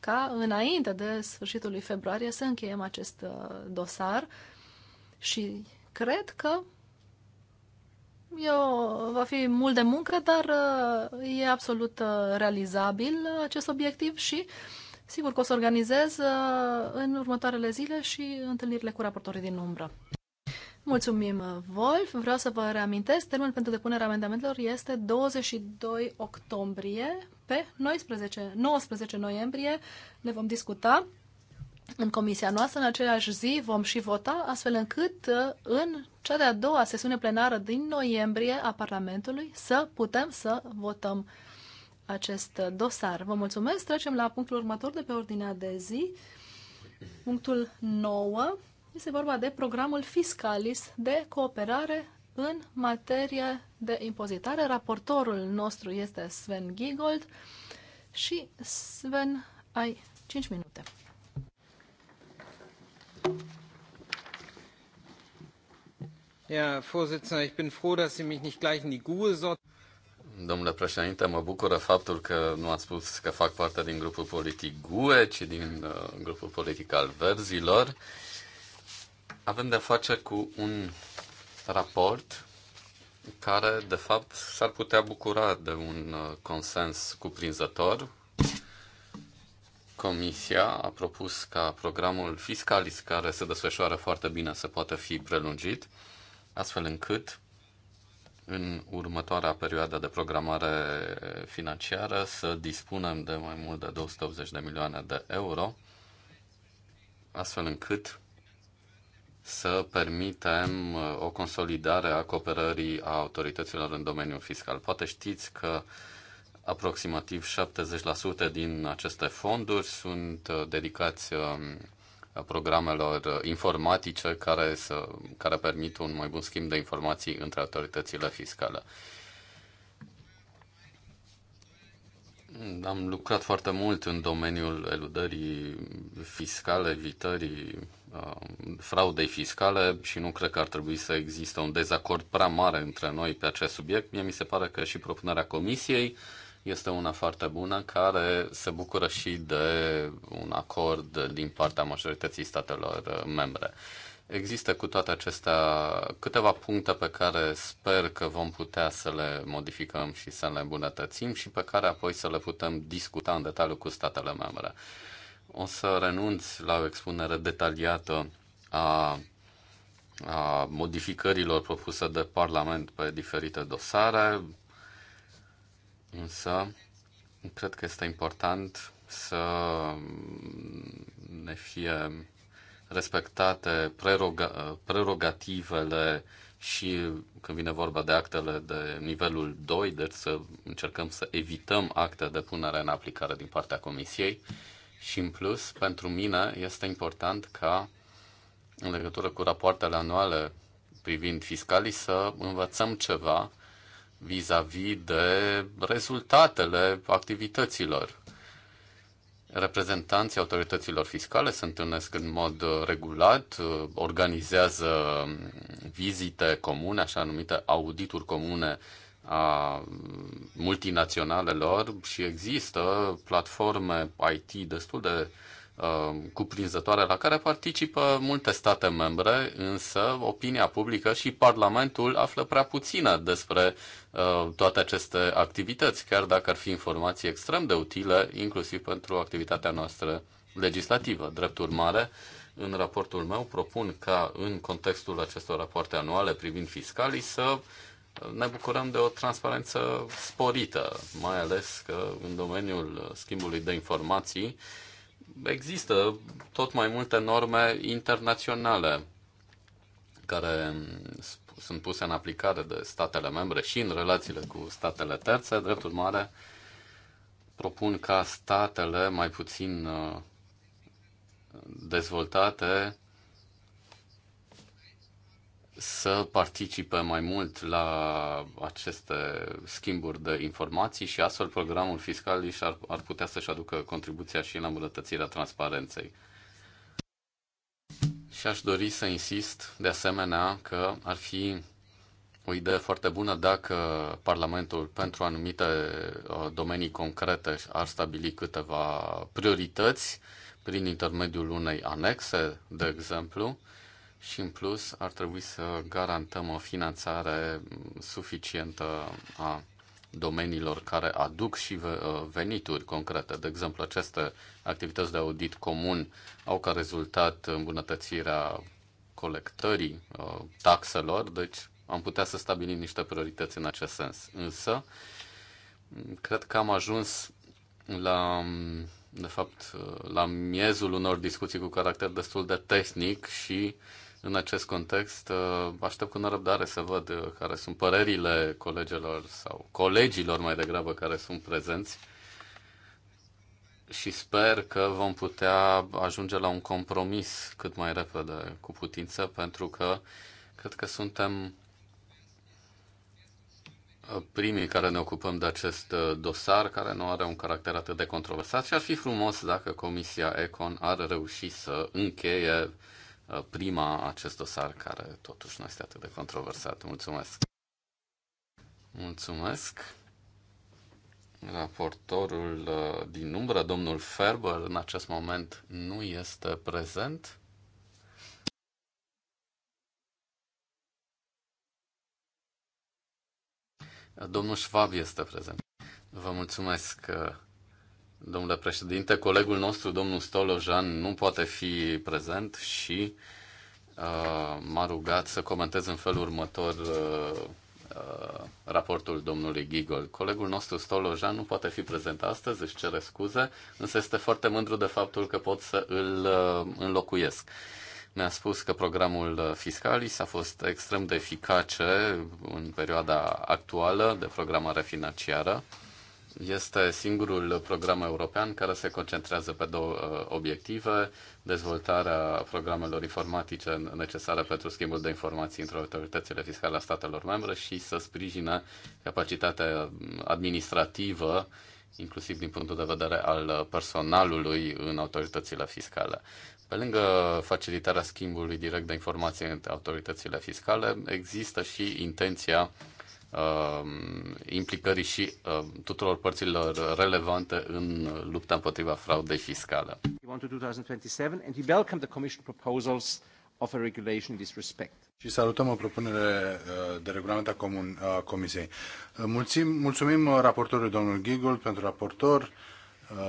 ca, înainte de sfârșitul lui februarie, să încheiem acest uh, dosar și cred că eu, va fi mult de muncă, dar uh, e absolut uh, realizabil uh, acest obiectiv și sigur că o să organizez în următoarele zile și întâlnirile cu raportorii din umbră. Mulțumim, Wolf. Vreau să vă reamintesc, termenul pentru depunerea amendamentelor este 22 octombrie. Pe 19, 19 noiembrie le vom discuta în comisia noastră, în aceeași zi vom și vota, astfel încât uh, în cea de-a doua sesiune plenară din noiembrie a Parlamentului să putem să votăm acest uh, dosar. Vă mulțumesc. Trecem la punctul următor de pe ordinea de zi. Punctul 9 este vorba de programul Fiscalis de cooperare în materie de impozitare. Raportorul nostru este Sven Gigold și Sven, ai 5 minute. Domnule președinte, mă bucură faptul că nu ați spus că fac parte din grupul politic GUE, ci din uh, grupul politic al verzilor. Avem de-a face cu un raport care, de fapt, s-ar putea bucura de un uh, consens cuprinzător. Comisia a propus ca programul Fiscalis, care se desfășoară foarte bine, să poată fi prelungit, astfel încât în următoarea perioadă de programare financiară să dispunem de mai mult de 280 de milioane de euro, astfel încât să permitem uh, o consolidare a cooperării a autorităților în domeniul fiscal. Poate știți că uh, Aproximativ 70% din aceste fonduri sunt uh, dedicați um, programelor informatice care, să, care permit un mai bun schimb de informații între autoritățile fiscale. Am lucrat foarte mult în domeniul eludării fiscale, evitării uh, fraudei fiscale și nu cred că ar trebui să existe un dezacord prea mare între noi pe acest subiect. Mie mi se pare că și propunerea Comisiei uh, este una foarte bună care se bucură și de un acord din partea majorității statelor uh, membre. Există cu toate acestea câteva puncte pe care sper că vom putea să le modificăm și să le îmbunătățim și pe care apoi să le putem discuta în detaliu cu statele membre. O să renunț la o expunere detaliată a, a modificărilor propuse de Parlament pe diferite dosare. Însă, cred că este important să ne fie respectate preroga- prerogativele și când vine vorba de actele de nivelul 2, deci să încercăm să evităm acte de punere în aplicare din partea Comisiei. Și în plus, pentru mine este important ca în legătură cu rapoartele anuale privind fiscalii să învățăm ceva vis-a-vis -vis de rezultatele activităților. Reprezentanții autorităților fiscale se întâlnesc în mod uh, regulat, uh, organizează um, vizite comune, așa numite audituri comune a multinaționalelor și există platforme IT destul de uh, Um, cuprinzătoare la care participă multe state membre, însă opinia publică și Parlamentul află prea puțină despre uh, toate aceste activități, chiar dacă ar fi informații extrem de utile, inclusiv pentru activitatea noastră legislativă. Drept urmare, în raportul meu propun ca în contextul acestor rapoarte anuale privind fiscalii să ne bucurăm de o transparență sporită, mai ales că în domeniul schimbului de informații, există tot mai multe norme internaționale care sunt puse în aplicare de statele membre și în relațiile cu statele terțe. Drept urmare, propun ca statele mai puțin uh, dezvoltate să participe mai mult la aceste schimburi de informații și astfel programul fiscal ar, ar putea să-și aducă contribuția și la îmbunătățirea transparenței. Și aș dori să insist de asemenea că ar fi o idee foarte bună dacă Parlamentul pentru anumite uh, domenii concrete ar stabili câteva priorități prin intermediul unei anexe, de exemplu, și în plus ar trebui să garantăm o finanțare suficientă a domeniilor care aduc și uh, venituri concrete. De exemplu, aceste activități de audit comun au ca rezultat îmbunătățirea colectării uh, taxelor, deci am putea să stabilim niște priorități în acest sens. Însă, cred că am ajuns la, de fapt, uh, la miezul unor discuții cu caracter destul de tehnic și uh, în acest context, uh, aștept cu nerăbdare să văd uh, care sunt părerile colegilor sau colegilor mai degrabă care sunt prezenți și sper că vom putea ajunge la un compromis cât mai repede cu putință, pentru că cred că suntem uh, primii care ne ocupăm de acest dosar, care nu are un caracter atât de controversat și ar fi frumos dacă Comisia Econ ar reuși să încheie Uh, prima acest dosar care totuși nu este atât de controversat. Mulțumesc! Mulțumesc! Raportorul uh, din umbră, domnul Ferber, în acest moment nu este prezent. Domnul Schwab este prezent. Vă mulțumesc, uh, Domnule președinte, colegul nostru, domnul Stolojan, nu poate fi prezent și uh, m-a rugat să comentez în felul următor uh, uh, raportul domnului Gigol. Colegul nostru, Stolojan, nu poate fi prezent astăzi, își cere scuze, însă este foarte mândru de faptul că pot să îl uh, înlocuiesc ne-a spus că programul uh, Fiscalis a fost extrem de eficace în perioada actuală de programare financiară este singurul program european care se concentrează pe două uh, obiective, dezvoltarea programelor informatice necesare pentru schimbul de informații între autoritățile fiscale a statelor membre și să sprijine capacitatea administrativă, inclusiv din punctul de vedere al personalului în autoritățile fiscale. Pe lângă facilitarea schimbului direct de informații între autoritățile fiscale, există și intenția Um, implicării și um, tuturor părților relevante în lupta împotriva fraudei fiscale. Și salutăm o propunere uh, de regulament a, Comisiei. Uh, mulțim, mulțumim uh, raportorului domnul Gigul pentru raportor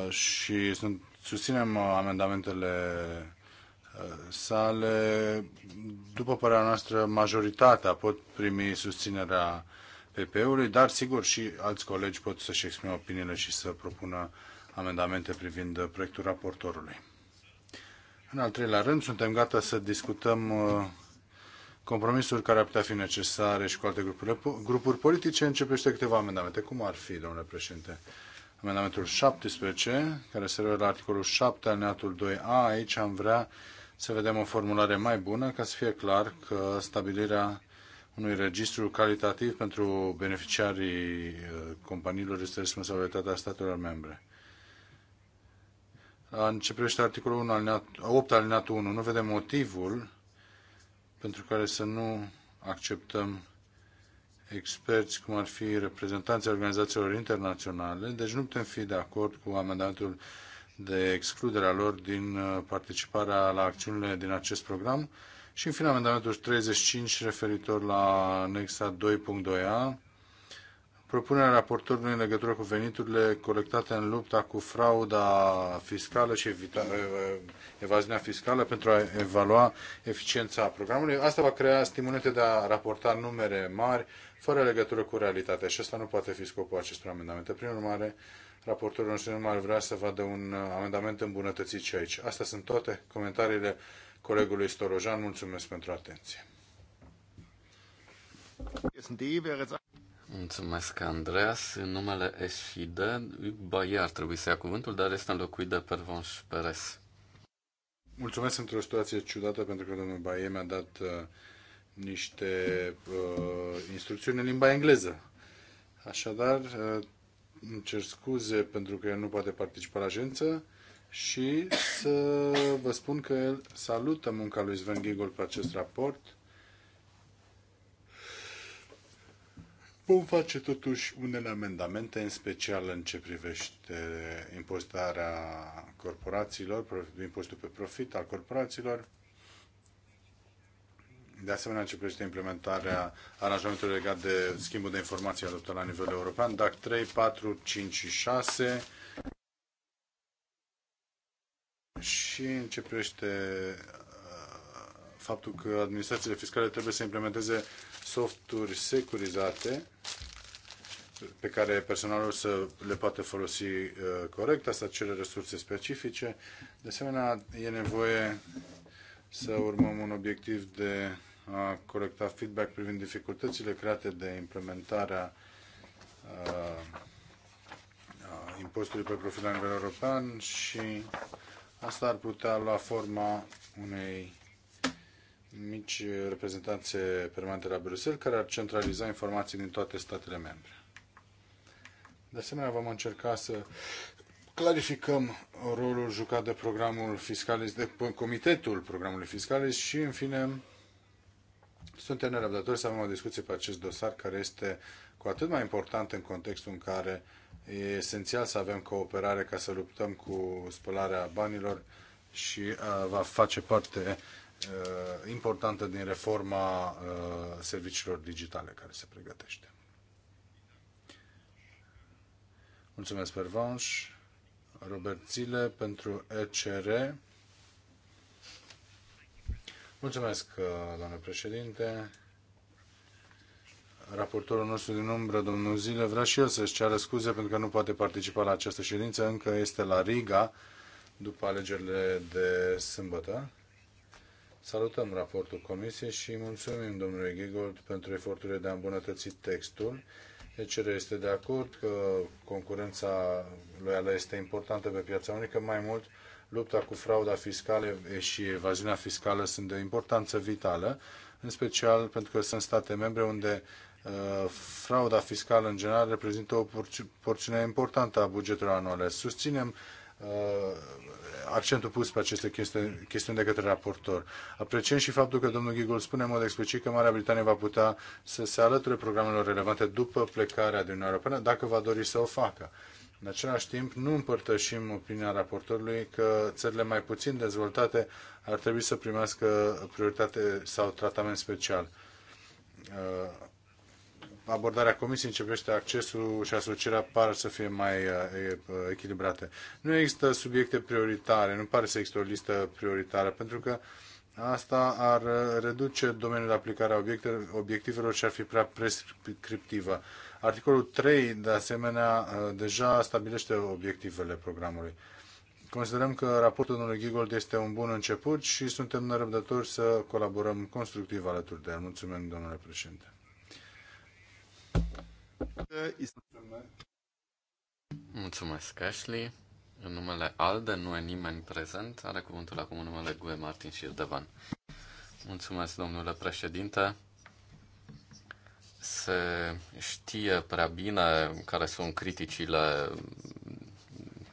și sunt, susținem amendamentele sale. După părerea noastră, majoritatea pot primi susținerea PP-ului, dar sigur și alți colegi pot să-și exprime opiniile și să propună amendamente privind proiectul raportorului. În al treilea rând, suntem gata să discutăm uh, compromisuri care ar putea fi necesare și cu alte grupuri, grupuri politice. Începește câteva amendamente. Cum ar fi, domnule președinte? Amendamentul 17, care se referă la articolul 7, alineatul 2a. Aici am vrea să vedem o formulare mai bună ca să fie clar că stabilirea unui registru calitativ pentru beneficiarii uh, companiilor este responsabilitatea statelor membre. În ce privește articolul 1, alineat, 8 alineat 1, nu vedem motivul pentru care să nu acceptăm experți, cum ar fi reprezentanții organizațiilor internaționale, deci nu putem fi de acord cu amendamentul de excludere a lor din uh, participarea la acțiunile din acest program, și în final, amendamentul 35 referitor la anexa 2.2a. Propunerea raportorului în legătură cu veniturile colectate în lupta cu frauda fiscală și evita, evaziunea fiscală pentru a evalua eficiența programului. Asta va crea stimulente de a raporta numere mari fără legătură cu realitatea și asta nu poate fi scopul acestor amendamente. Prin urmare, raportorul nostru nu ar vrea să vadă un amendament îmbunătățit și aici. Astea sunt toate comentariile colegului Storojan. Mulțumesc pentru atenție. Mulțumesc, Andreas. În numele SID, Baia ar trebui să ia cuvântul, dar este înlocuit de Pervonș Perez. Mulțumesc într-o situație ciudată pentru că domnul Baie mi-a dat uh, niște uh, instrucțiuni în limba engleză. Așadar, uh, îmi cer scuze pentru că el nu poate participa la ședință și să vă spun că el salută munca lui Sven Gigol pe acest raport. Vom face totuși unele amendamente, în special în ce privește impozitarea corporațiilor, impozitul pe profit al corporațiilor, de asemenea, în ce privește implementarea aranjamentului legat de schimbul de informații adoptat la nivel european, DAC 3, 4, 5 și 6, și în ce privește uh, faptul că administrațiile fiscale trebuie să implementeze softuri securizate pe care personalul să le poată folosi uh, corect, asta cere resurse specifice. De asemenea, e nevoie să urmăm un obiectiv de a colecta feedback privind dificultățile create de implementarea uh, pe profit la nivel european și Asta ar putea lua forma unei mici reprezentanțe permanente la Bruxelles care ar centraliza informații din toate statele membre. De asemenea, vom încerca să clarificăm rolul jucat de programul fiscalis, de comitetul programului fiscalis și, în fine, suntem nerăbdători să avem o discuție pe acest dosar care este cu atât mai important în contextul în care E esențial să avem cooperare ca să luptăm cu spălarea banilor și uh, va face parte uh, importantă din reforma uh, serviciilor digitale care se pregătește. Mulțumesc, Pervanș. Robert Zile pentru ECR. Mulțumesc, doamne președinte raportorul nostru din umbră, domnul Zile, vrea și el să-și ceară scuze pentru că nu poate participa la această ședință. Încă este la Riga după alegerile de sâmbătă. Salutăm raportul comisiei și mulțumim domnului Gigold pentru eforturile de a îmbunătăți textul. ECR este de acord că concurența loială este importantă pe piața unică. Mai mult, lupta cu frauda fiscală și evaziunea fiscală sunt de importanță vitală, în special pentru că sunt state membre unde Uh, frauda fiscală în general reprezintă o porțiune importantă a bugetului anual. Susținem uh, accentul pus pe aceste chestiuni, de către raportor. Apreciem și faptul că domnul Gigol spune în mod explicit că Marea Britanie va putea să se alăture programelor relevante după plecarea din Uniunea Europeană, dacă va dori să o facă. În același timp, nu împărtășim opinia raportorului că țările mai puțin dezvoltate ar trebui să primească prioritate sau tratament special uh, abordarea Comisiei în ce privește accesul și asocierea par să fie mai eh, echilibrate. Nu există subiecte prioritare, nu pare să există o listă prioritară, pentru că asta ar eh, reduce domeniul de aplicare a obiectivelor și ar fi prea prescriptivă. Articolul 3, de asemenea, eh, deja stabilește obiectivele programului. Considerăm că raportul domnului Gigold este un bun început și suntem nerăbdători să colaborăm constructiv alături de el. Mulțumim, domnule președinte. Mulțumesc, Ashley. În numele Alde nu e nimeni prezent. Are cuvântul acum în numele Gue Martin și Irdevan. Mulțumesc, domnule președinte. Se știe prea bine care sunt criticile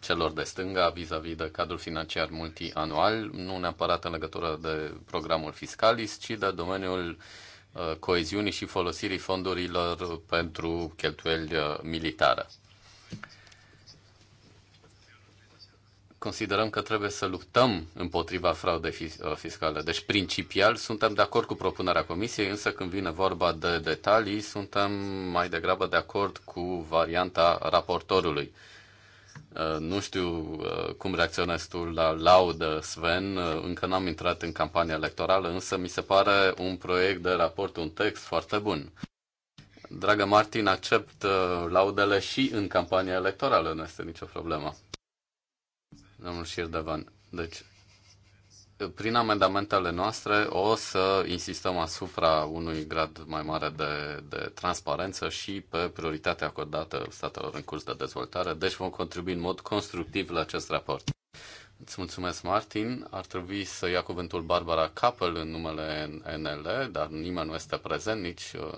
celor de stânga vis-a-vis -vis de cadrul financiar multianual, nu neapărat în legătură de programul fiscalis, ci de domeniul uh, Uh, coeziunii și folosirii fondurilor pentru cheltuieli uh, militare. Considerăm că trebuie să luptăm împotriva fraudei uh, fiscale. Deci, principial, suntem de acord cu propunerea Comisiei, însă când vine vorba de detalii, suntem mai degrabă de acord cu varianta raportorului Uh, nu știu uh, cum reacționezi tu la laudă, Sven. Uh, încă n-am intrat în campania electorală, însă mi se pare un proiect de raport, un text foarte bun. Dragă Martin, accept laudele și în campania electorală, nu este nicio problemă. Domnul Șirdevan, deci prin amendamentele noastre o să insistăm asupra unui grad mai mare de, de transparență și pe prioritatea acordată statelor în curs de dezvoltare, deci vom contribui în mod constructiv la acest raport. Îți mulțumesc, Martin. Ar trebui să ia cuvântul Barbara Capel în numele NL, dar nimeni nu este prezent, nici uh,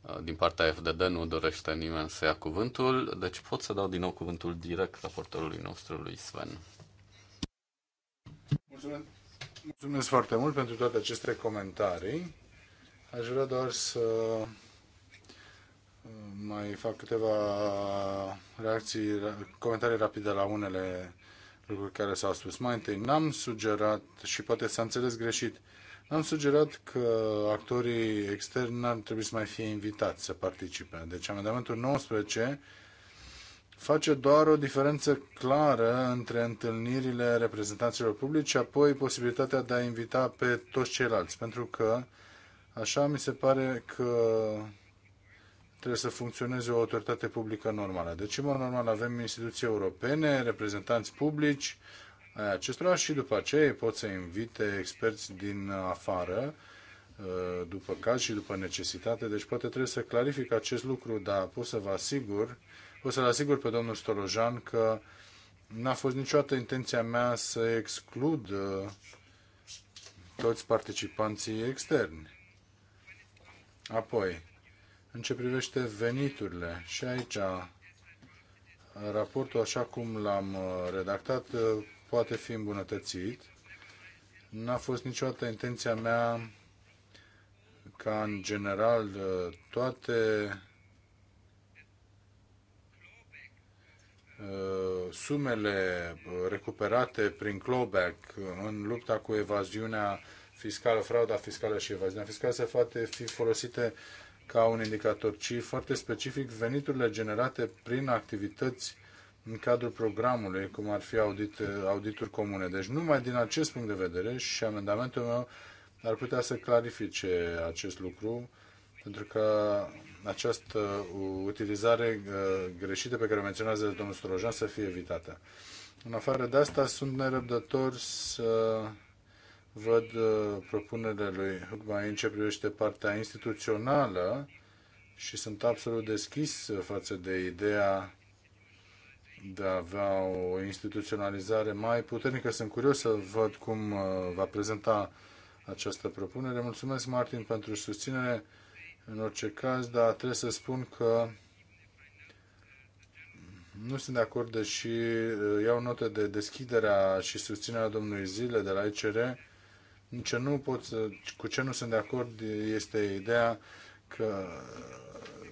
uh, din partea FDD nu dorește nimeni să ia cuvântul, deci pot să dau din nou cuvântul direct raportorului nostru, lui Sven. Mulțumesc. Mulțumesc foarte mult pentru toate aceste comentarii. Aș vrea doar să uh, mai fac câteva reacții, comentarii rapide la unele lucruri care s-au spus. Mai întâi, n-am sugerat, și poate s-a înțeles greșit, n-am sugerat că actorii externi n-ar trebui să mai fie invitați să participe. Deci amendamentul 19 face doar o diferență clară între întâlnirile reprezentanților publici și apoi posibilitatea de a invita pe toți ceilalți, pentru că așa mi se pare că trebuie să funcționeze o autoritate publică normală. Deci, în mod normal, avem instituții europene, reprezentanți publici ai acestora și după aceea pot să invite experți din afară, uh, după caz și după necesitate. Deci, poate trebuie să clarific acest lucru, dar pot să vă asigur o să-l asigur pe domnul Stolojan că n-a fost niciodată intenția mea să exclud uh, toți participanții externi. Apoi, în ce privește veniturile, și aici raportul așa cum l-am uh, redactat uh, poate fi îmbunătățit. N-a fost niciodată intenția mea ca în general toate Uh, sumele recuperate prin clawback în lupta cu evaziunea fiscală, frauda fiscală și evaziunea fiscală se poate fi folosite ca un indicator, ci foarte specific veniturile generate prin activități în cadrul programului, cum ar fi audit, uh, audituri comune. Deci numai din acest punct de vedere și amendamentul meu ar putea să clarifice acest lucru pentru că această utilizare uh, greșită pe care o menționează domnul Strojan să fie evitată. În afară de asta, sunt nerăbdător să văd uh, propunerea lui Hugmai în ce privește partea instituțională și sunt absolut deschis față de ideea de a avea o instituționalizare mai puternică. Sunt curios să văd cum uh, va prezenta această propunere. Mulțumesc, Martin, pentru susținere în orice caz, dar trebuie să spun că nu sunt de acord, deși uh, iau note de deschiderea și susținerea domnului Zile de la ICR, Ce nu pot, cu ce nu sunt de acord este ideea că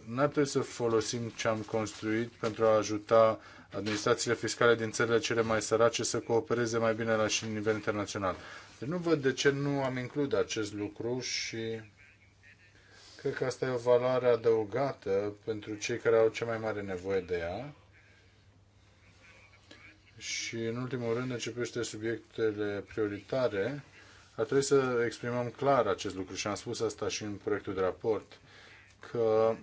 nu ar trebui să folosim ce am construit pentru a ajuta administrațiile fiscale din țările cele mai sărace să coopereze mai bine la și nivel internațional. Deci nu văd de ce nu am includ acest lucru și Cred că asta e o valoare adăugată pentru cei care au cea mai mare nevoie de ea. Și, în ultimul rând, începește subiectele prioritare. Ar trebui să exprimăm clar acest lucru și am spus asta și în proiectul de raport, că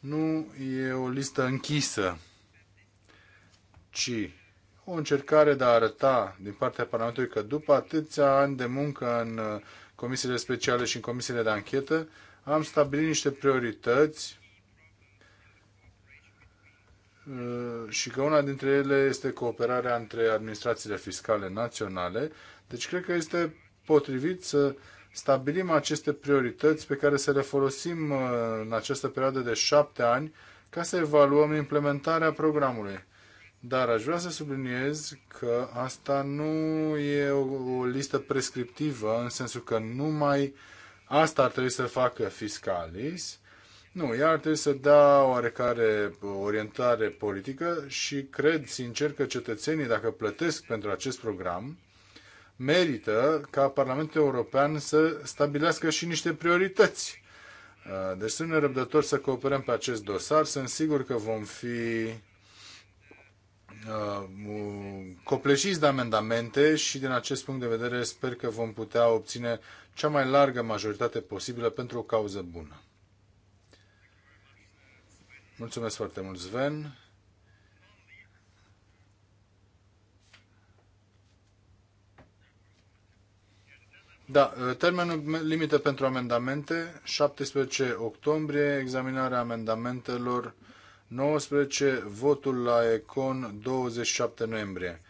nu e o listă închisă, ci o încercare de a arăta din partea Parlamentului că după atâția ani de muncă în comisiile speciale și în comisiile de anchetă, am stabilit niște priorități uh, și că una dintre ele este cooperarea între administrațiile fiscale naționale. Deci cred că este potrivit să stabilim aceste priorități pe care să le folosim uh, în această perioadă de șapte ani ca să evaluăm implementarea programului. Dar aș vrea să subliniez că asta nu e o, o listă prescriptivă, în sensul că numai asta ar trebui să facă fiscalis. Nu, ea ar trebui să dea oarecare orientare politică și cred sincer că cetățenii, dacă plătesc pentru acest program, merită ca Parlamentul European să stabilească și niște priorități. Uh, deci sunt nerăbdători să cooperăm pe acest dosar. Sunt sigur că vom fi Uh, um, copleșiți de amendamente și din acest punct de vedere sper că vom putea obține cea mai largă majoritate posibilă pentru o cauză bună. Mulțumesc foarte mult, Sven. Da, uh, termenul limită pentru amendamente, 17 octombrie, examinarea amendamentelor 19, votul la Econ 27 noiembrie.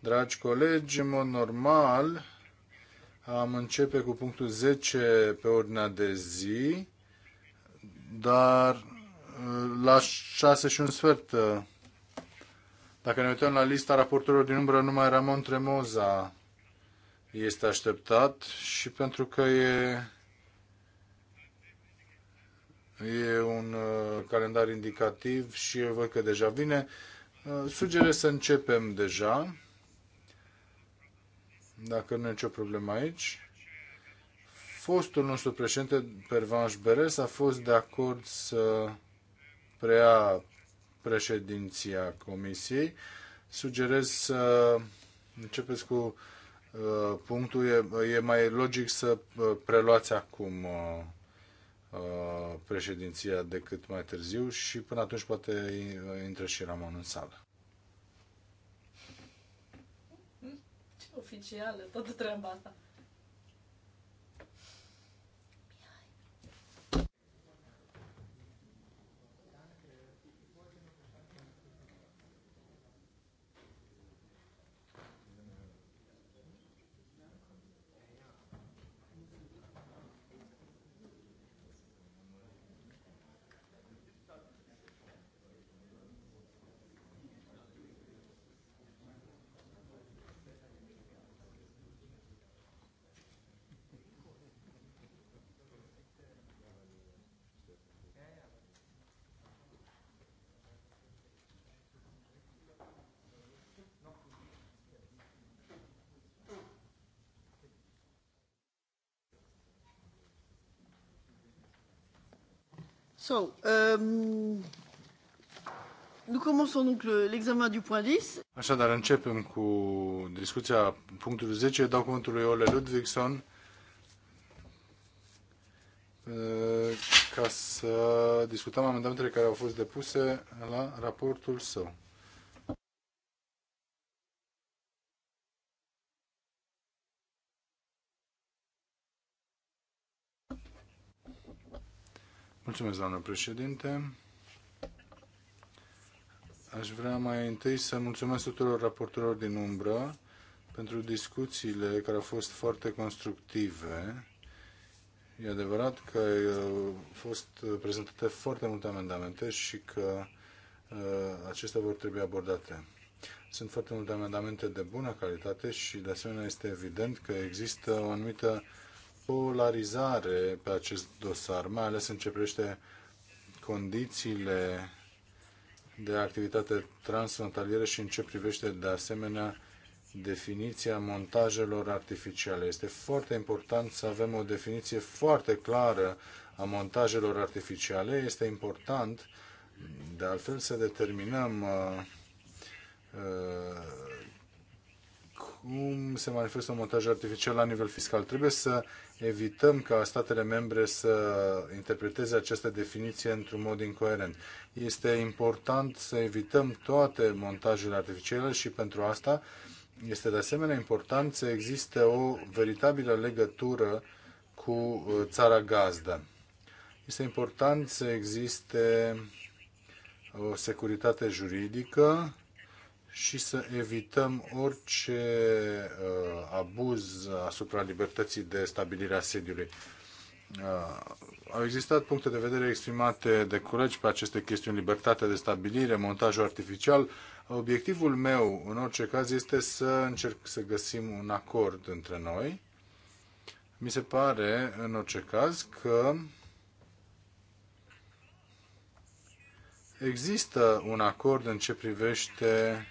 Dragi colegi, în mod normal am începe cu punctul 10 pe ordinea de zi, dar uh, la 6 și un sfert, uh, dacă ne uităm la lista raporturilor din umbră, numai Ramon Tremoza este așteptat și pentru că e E un uh, calendar indicativ și eu văd că deja vine. Uh, sugerez să începem deja, dacă nu e nicio problemă aici. Fostul nostru președinte, Pervanș Beres, a fost de acord să preia președinția Comisiei. Sugerez să începeți cu uh, punctul, e, e mai logic să preluați acum Uh, președinția decât mai târziu și până atunci poate intră și Ramon în sală. Oficială, toată treaba asta. So, um, nous commençons donc l'examen le, du point 10. Așadar, începem cu discuția punctului 10. Dau cuvântul lui Ole Ludvigson uh, ca să discutăm amendamentele care au fost depuse la raportul său. Mulțumesc, doamnă președinte. Aș vrea mai întâi să mulțumesc tuturor raportorilor din umbră pentru discuțiile care au fost foarte constructive. E adevărat că uh, au fost prezentate foarte multe amendamente și că uh, acestea vor trebui abordate. Sunt foarte multe amendamente de bună calitate și, de asemenea, este evident că există o anumită uh, polarizare pe acest dosar, mai ales în ce privește condițiile de activitate transfrontalieră și în ce privește de asemenea definiția montajelor artificiale. Este foarte important să avem o definiție foarte clară a montajelor artificiale. Este important de altfel să determinăm uh, uh, cum se manifestă un montaj artificial la nivel fiscal. Trebuie să evităm ca statele membre să interpreteze această definiție într-un mod incoerent. Este important să evităm toate montajele artificiale și pentru asta este de asemenea important să existe o veritabilă legătură cu uh, țara gazdă. Este important să existe o securitate juridică și să evităm orice uh, abuz asupra libertății de stabilire a sediului. Uh, au existat puncte de vedere exprimate de colegi pe aceste chestiuni, libertatea de stabilire, montajul artificial. Obiectivul meu, în orice caz, este să încerc să găsim un acord între noi. Mi se pare, în orice caz, că există un acord în ce privește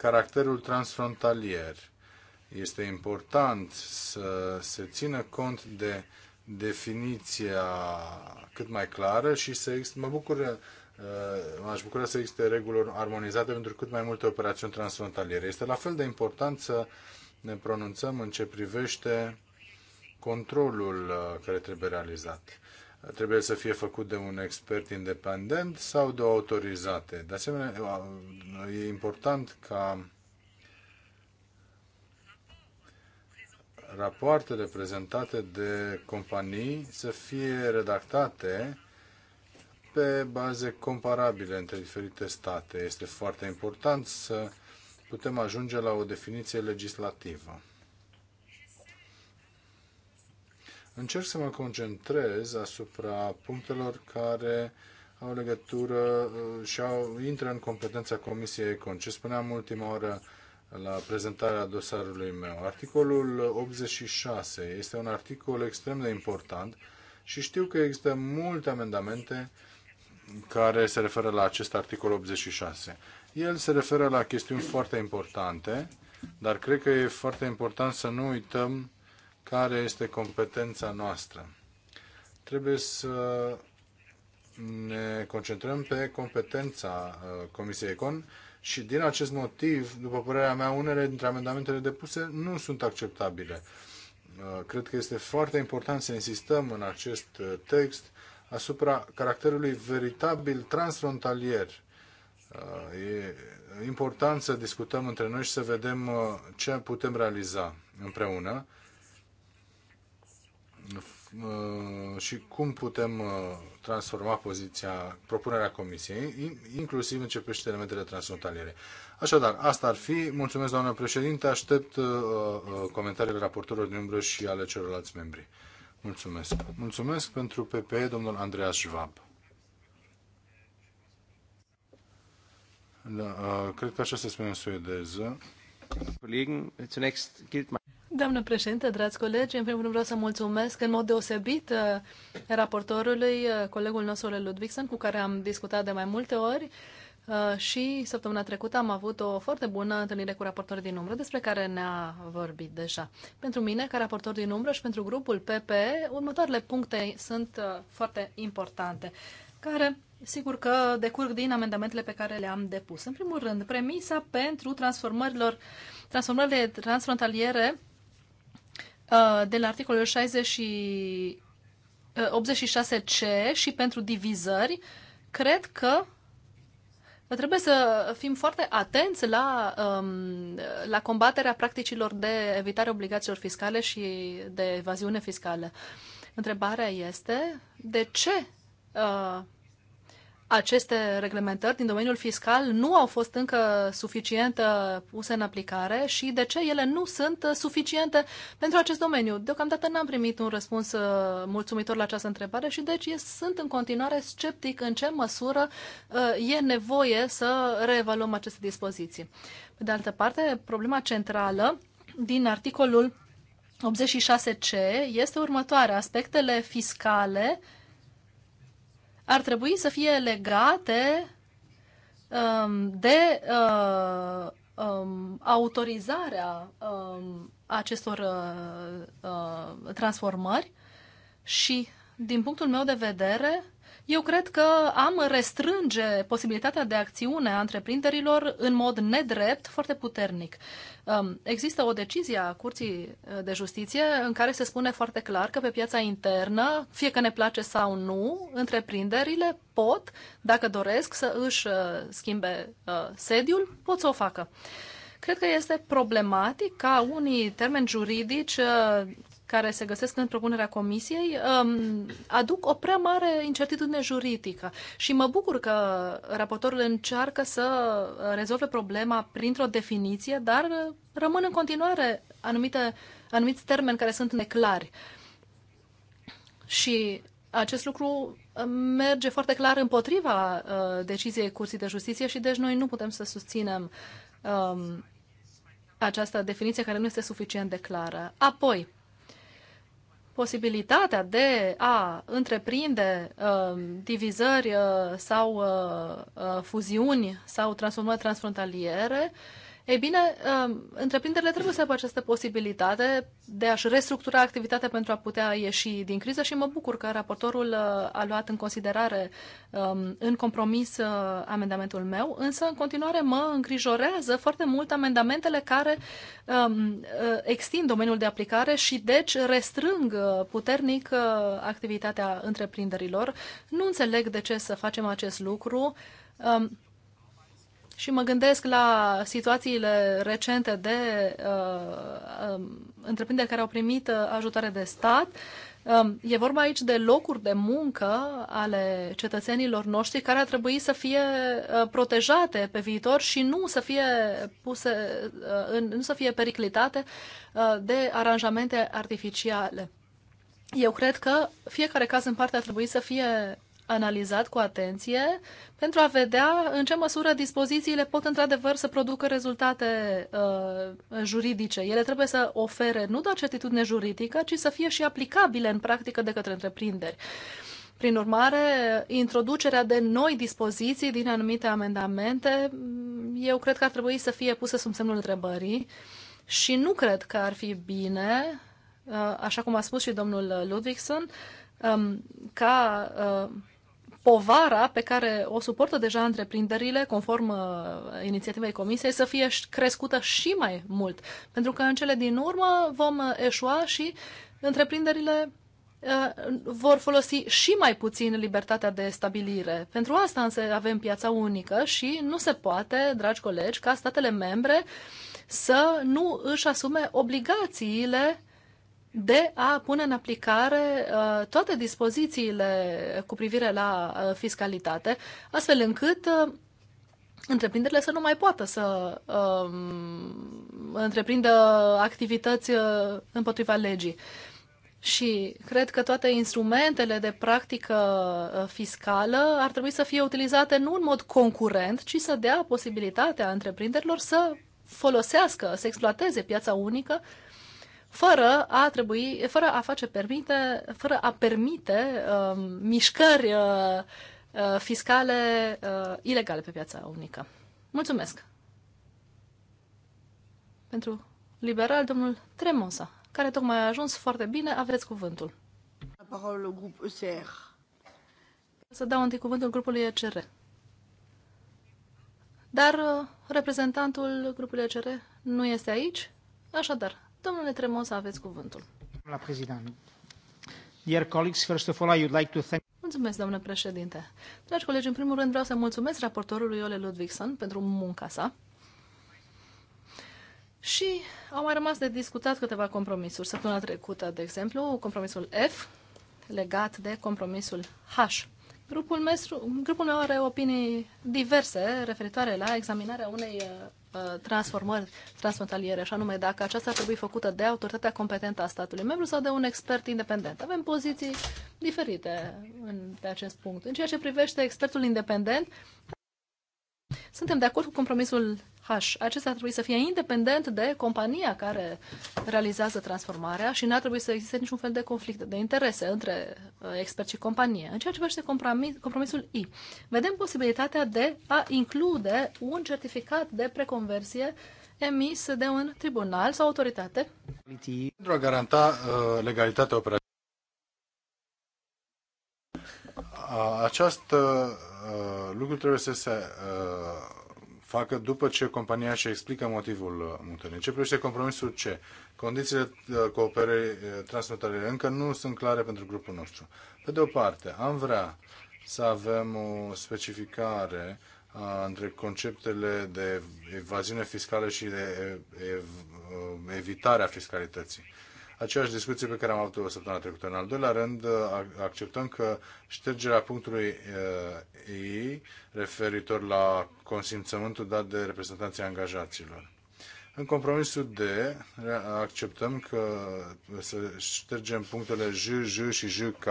caracterul transfrontalier. Este important să se țină cont de definiția cât mai clară și să existe, mă bucur, uh, m-aș bucura să existe reguli armonizate pentru cât mai multe operațiuni transfrontaliere. Este la fel de important să ne pronunțăm în ce privește controlul uh, care trebuie realizat trebuie să fie făcut de un expert independent sau de autorizate. De asemenea, e important ca rapoartele prezentate de companii să fie redactate pe baze comparabile între diferite state. Este foarte important să putem ajunge la o definiție legislativă. Încerc să mă concentrez asupra punctelor care au legătură uh, și au, intră în competența Comisiei Econ. Ce spuneam ultima oară la prezentarea dosarului meu. Articolul 86 este un articol extrem de important și știu că există multe amendamente care se referă la acest articol 86. El se referă la chestiuni foarte importante, dar cred că e foarte important să nu uităm care este competența noastră. Trebuie să ne concentrăm pe competența uh, Comisiei Econ și din acest motiv, după părerea mea, unele dintre amendamentele depuse nu sunt acceptabile. Uh, cred că este foarte important să insistăm în acest uh, text asupra caracterului veritabil transfrontalier. E important să discutăm între noi și să vedem ce putem realiza împreună Uh, și cum putem uh, transforma poziția, propunerea Comisiei, inclusiv în ce privește elementele transfrontaliere. Așadar, asta ar fi. Mulțumesc, doamnă președinte. Aștept uh, comentariile raportorilor din umbră și ale celorlalți membri. Mulțumesc. Mulțumesc pentru PPE, domnul Andreas Schwab. Da, cred că așa se spune în suedeză. Colegi, zunächst gilt Doamnă președinte, dragi colegi, în primul rând vreau să mulțumesc în mod deosebit uh, raportorului, uh, colegul nostru Ludvigsen, cu care am discutat de mai multe ori uh, și săptămâna trecută am avut o foarte bună întâlnire cu raportorul din umbră, despre care ne-a vorbit deja. Pentru mine, ca raportor din umbră și pentru grupul PP, următoarele puncte sunt foarte importante, care sigur că decurg din amendamentele pe care le-am depus. În primul rând, premisa pentru transformărilor, transformările transfrontaliere Uh, de la articolul și 86C uh, și pentru divizări, cred că trebuie să fim foarte atenți la, um, la combaterea practicilor de evitare obligațiilor fiscale și de evaziune fiscală. Întrebarea este de ce uh, aceste reglementări din domeniul fiscal nu au fost încă suficient uh, puse în aplicare și de ce ele nu sunt uh, suficiente pentru acest domeniu. Deocamdată n-am primit un răspuns uh, mulțumitor la această întrebare și deci sunt în continuare sceptic în ce măsură e nevoie să reevaluăm aceste dispoziții. Pe de altă parte, problema centrală din articolul 86C este următoarea. Aspectele fiscale ar trebui să fie legate um, de uh, um, autorizarea um, acestor uh, uh, transformări și, din punctul meu de vedere, eu cred că am restrânge posibilitatea de acțiune a întreprinderilor în mod nedrept, foarte puternic. Um, există o decizie a Curții uh, de Justiție în care se spune foarte clar că pe piața internă, fie că ne place sau nu, întreprinderile pot, dacă doresc să își uh, schimbe uh, sediul, pot să o facă. Cred că este problematic ca unii termeni juridici care se găsesc în propunerea comisiei um, aduc o prea mare incertitudine juridică și mă bucur că raportorul încearcă să rezolve problema printr-o definiție, dar rămân în continuare anumite, anumiți termeni care sunt neclari. Și acest lucru um, merge foarte clar împotriva uh, deciziei Curții de Justiție și deci noi nu putem să susținem um, această definiție care nu este suficient de clară. Apoi, posibilitatea de a întreprinde uh, divizări uh, sau uh, uh fuziuni sau transformări transfrontaliere uh, ei bine, um, întreprinderile trebuie să aibă această posibilitate de a-și restructura activitatea pentru a putea ieși din criză și mă bucur că raportorul uh, a luat în considerare um, în compromis uh, amendamentul meu, însă în continuare mă îngrijorează foarte mult amendamentele care um, uh, extind domeniul de aplicare și deci restrâng puternic activitatea întreprinderilor. Nu înțeleg de ce să facem acest lucru. Și mă gândesc la situațiile recente de uh, um, întreprinderi care au primit uh, ajutoare de stat. Um, e vorba aici de locuri de muncă ale cetățenilor noștri care ar trebui să fie uh, protejate pe viitor și nu să fie puse, uh, în, nu să fie periclitate uh, de aranjamente artificiale. Eu cred că fiecare caz în parte ar trebui să fie analizat cu atenție pentru a vedea în ce măsură dispozițiile pot într-adevăr să producă rezultate uh, juridice. Ele trebuie să ofere nu doar certitudine juridică, ci să fie și aplicabile în practică de către întreprinderi. Prin urmare, introducerea de noi dispoziții din anumite amendamente, mm, eu cred că ar trebui să fie pusă sub semnul întrebării și nu cred că ar fi bine, uh, așa cum a spus și domnul Ludvigson, um, ca uh, povara pe care o suportă deja întreprinderile, conform uh, inițiativei Comisiei, să fie crescută și mai mult. Pentru că în cele din urmă vom uh, eșua și întreprinderile uh, vor folosi și mai puțin libertatea de stabilire. Pentru asta însă avem piața unică și nu se poate, dragi colegi, ca statele membre să nu își asume obligațiile de a pune în aplicare uh, toate dispozițiile cu privire la uh, fiscalitate, astfel încât uh, întreprinderile să nu mai poată să uh, întreprindă activități împotriva legii. Și cred că toate instrumentele de practică fiscală ar trebui să fie utilizate nu în mod concurent, ci să dea posibilitatea întreprinderilor să folosească, să exploateze piața unică uh, fără a trebui, fără a face permite, fără a permite um, uh, mișcări uh, fiscale uh, ilegale pe piața unică. Mulțumesc! Pentru liberal, domnul Tremosa, care tocmai a ajuns foarte bine, aveți cuvântul. Să dau întâi cuvântul grupului ECR. Dar uh, reprezentantul grupului ECR nu este aici, așadar Domnule Tremos, aveți cuvântul. La prezident. Dear colleagues, first of all, I would like to thank Mulțumesc, doamnă președinte. Dragi colegi, în primul rând vreau să mulțumesc raportorului Ole Ludvigson pentru munca sa. Și au mai rămas de discutat câteva compromisuri. Săptămâna trecută, de exemplu, compromisul F legat de compromisul H. Grupul, mestru, grupul meu are opinii diverse referitoare la examinarea unei uh, Uh, transformări transfrontaliere, așa nume dacă aceasta ar trebui făcută de autoritatea competentă a statului membru sau de un expert independent. Avem poziții diferite în, pe acest punct. În ceea ce privește expertul independent, suntem de acord cu compromisul H. Acesta ar trebui să fie independent de compania care realizează transformarea și n-ar trebui să existe niciun fel de conflict de interese între uh, expert și companie. În ceea ce privește compromisul I, vedem posibilitatea de a include un certificat de preconversie emis de un tribunal sau autoritate. Pentru a garanta uh, legalitatea operației. această Uh, lucrul trebuie să se uh, facă după ce compania și explică motivul uh, mutării. În ce privește compromisul C, condițiile cooperării transfrontaliere încă nu sunt clare pentru grupul nostru. Pe de o parte, am vrea să avem o specificare între conceptele de evaziune fiscală și de evitarea fiscalității aceeași discuție pe care am avut-o săptămâna trecută. În al doilea rând, acceptăm că ștergerea punctului E uh, referitor la consimțământul dat de reprezentanții angajaților. În compromisul D acceptăm că să ștergem punctele J, J și JK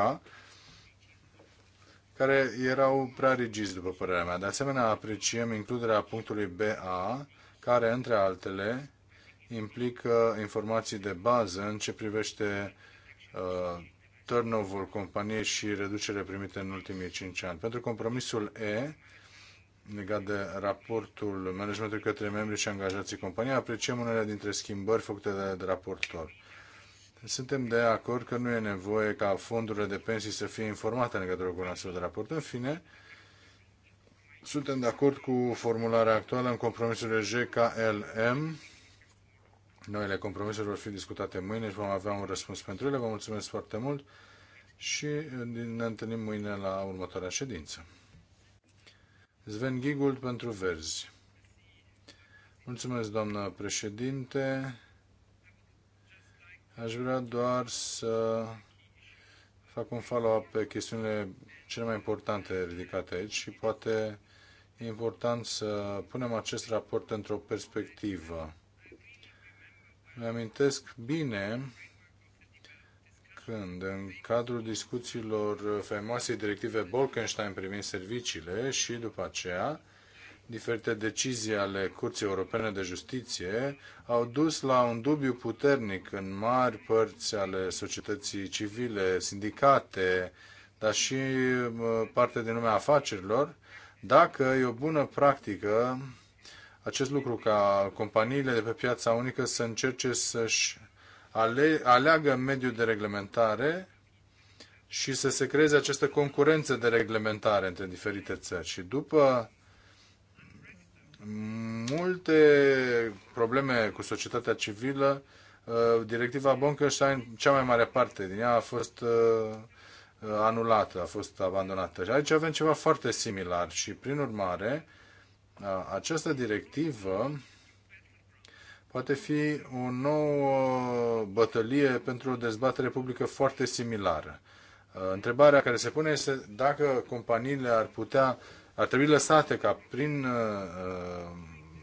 care erau prea rigizi, după părerea mea. De asemenea, apreciem includerea punctului BA, care, între altele, implică informații de bază în ce privește uh, turnover companiei și reducere primite în ultimii 5 ani. Pentru compromisul E, legat de raportul managementului către membrii și angajații companiei, apreciem unele dintre schimbări făcute de, de raportor. Suntem de acord că nu e nevoie ca fondurile de pensii să fie informate în legătură cu un astfel de raport. În fine, suntem de acord cu formularea actuală în compromisurile GKLM, Noile compromisuri vor fi discutate mâine și vom avea un răspuns pentru ele. Vă mulțumesc foarte mult și eh, ne întâlnim mâine la următoarea ședință. Sven Gigul pentru Verzi. Mulțumesc, doamnă președinte. Aș vrea doar să fac un follow-up pe chestiunile cele mai importante ridicate aici și poate e important să punem acest raport într-o perspectivă. Îmi amintesc bine când, în cadrul discuțiilor faimoasei directive Bolkenstein privind serviciile și după aceea, diferite decizii ale Curții Europene de Justiție au dus la un dubiu puternic în mari părți ale societății civile, sindicate, dar și uh, parte din lumea afacerilor, dacă e o bună practică acest lucru ca companiile de pe piața unică să încerce să-și ale, aleagă mediul de reglementare și să se creeze această concurență de reglementare între diferite țări. Și după multe probleme cu societatea civilă, uh, directiva Bonkenstein, cea mai mare parte din ea a fost uh, uh, anulată, a fost abandonată. Și aici avem ceva foarte similar și, prin urmare, această directivă poate fi o nouă bătălie pentru o dezbatere publică foarte similară. Întrebarea care se pune este dacă companiile ar putea, ar trebui lăsate ca prin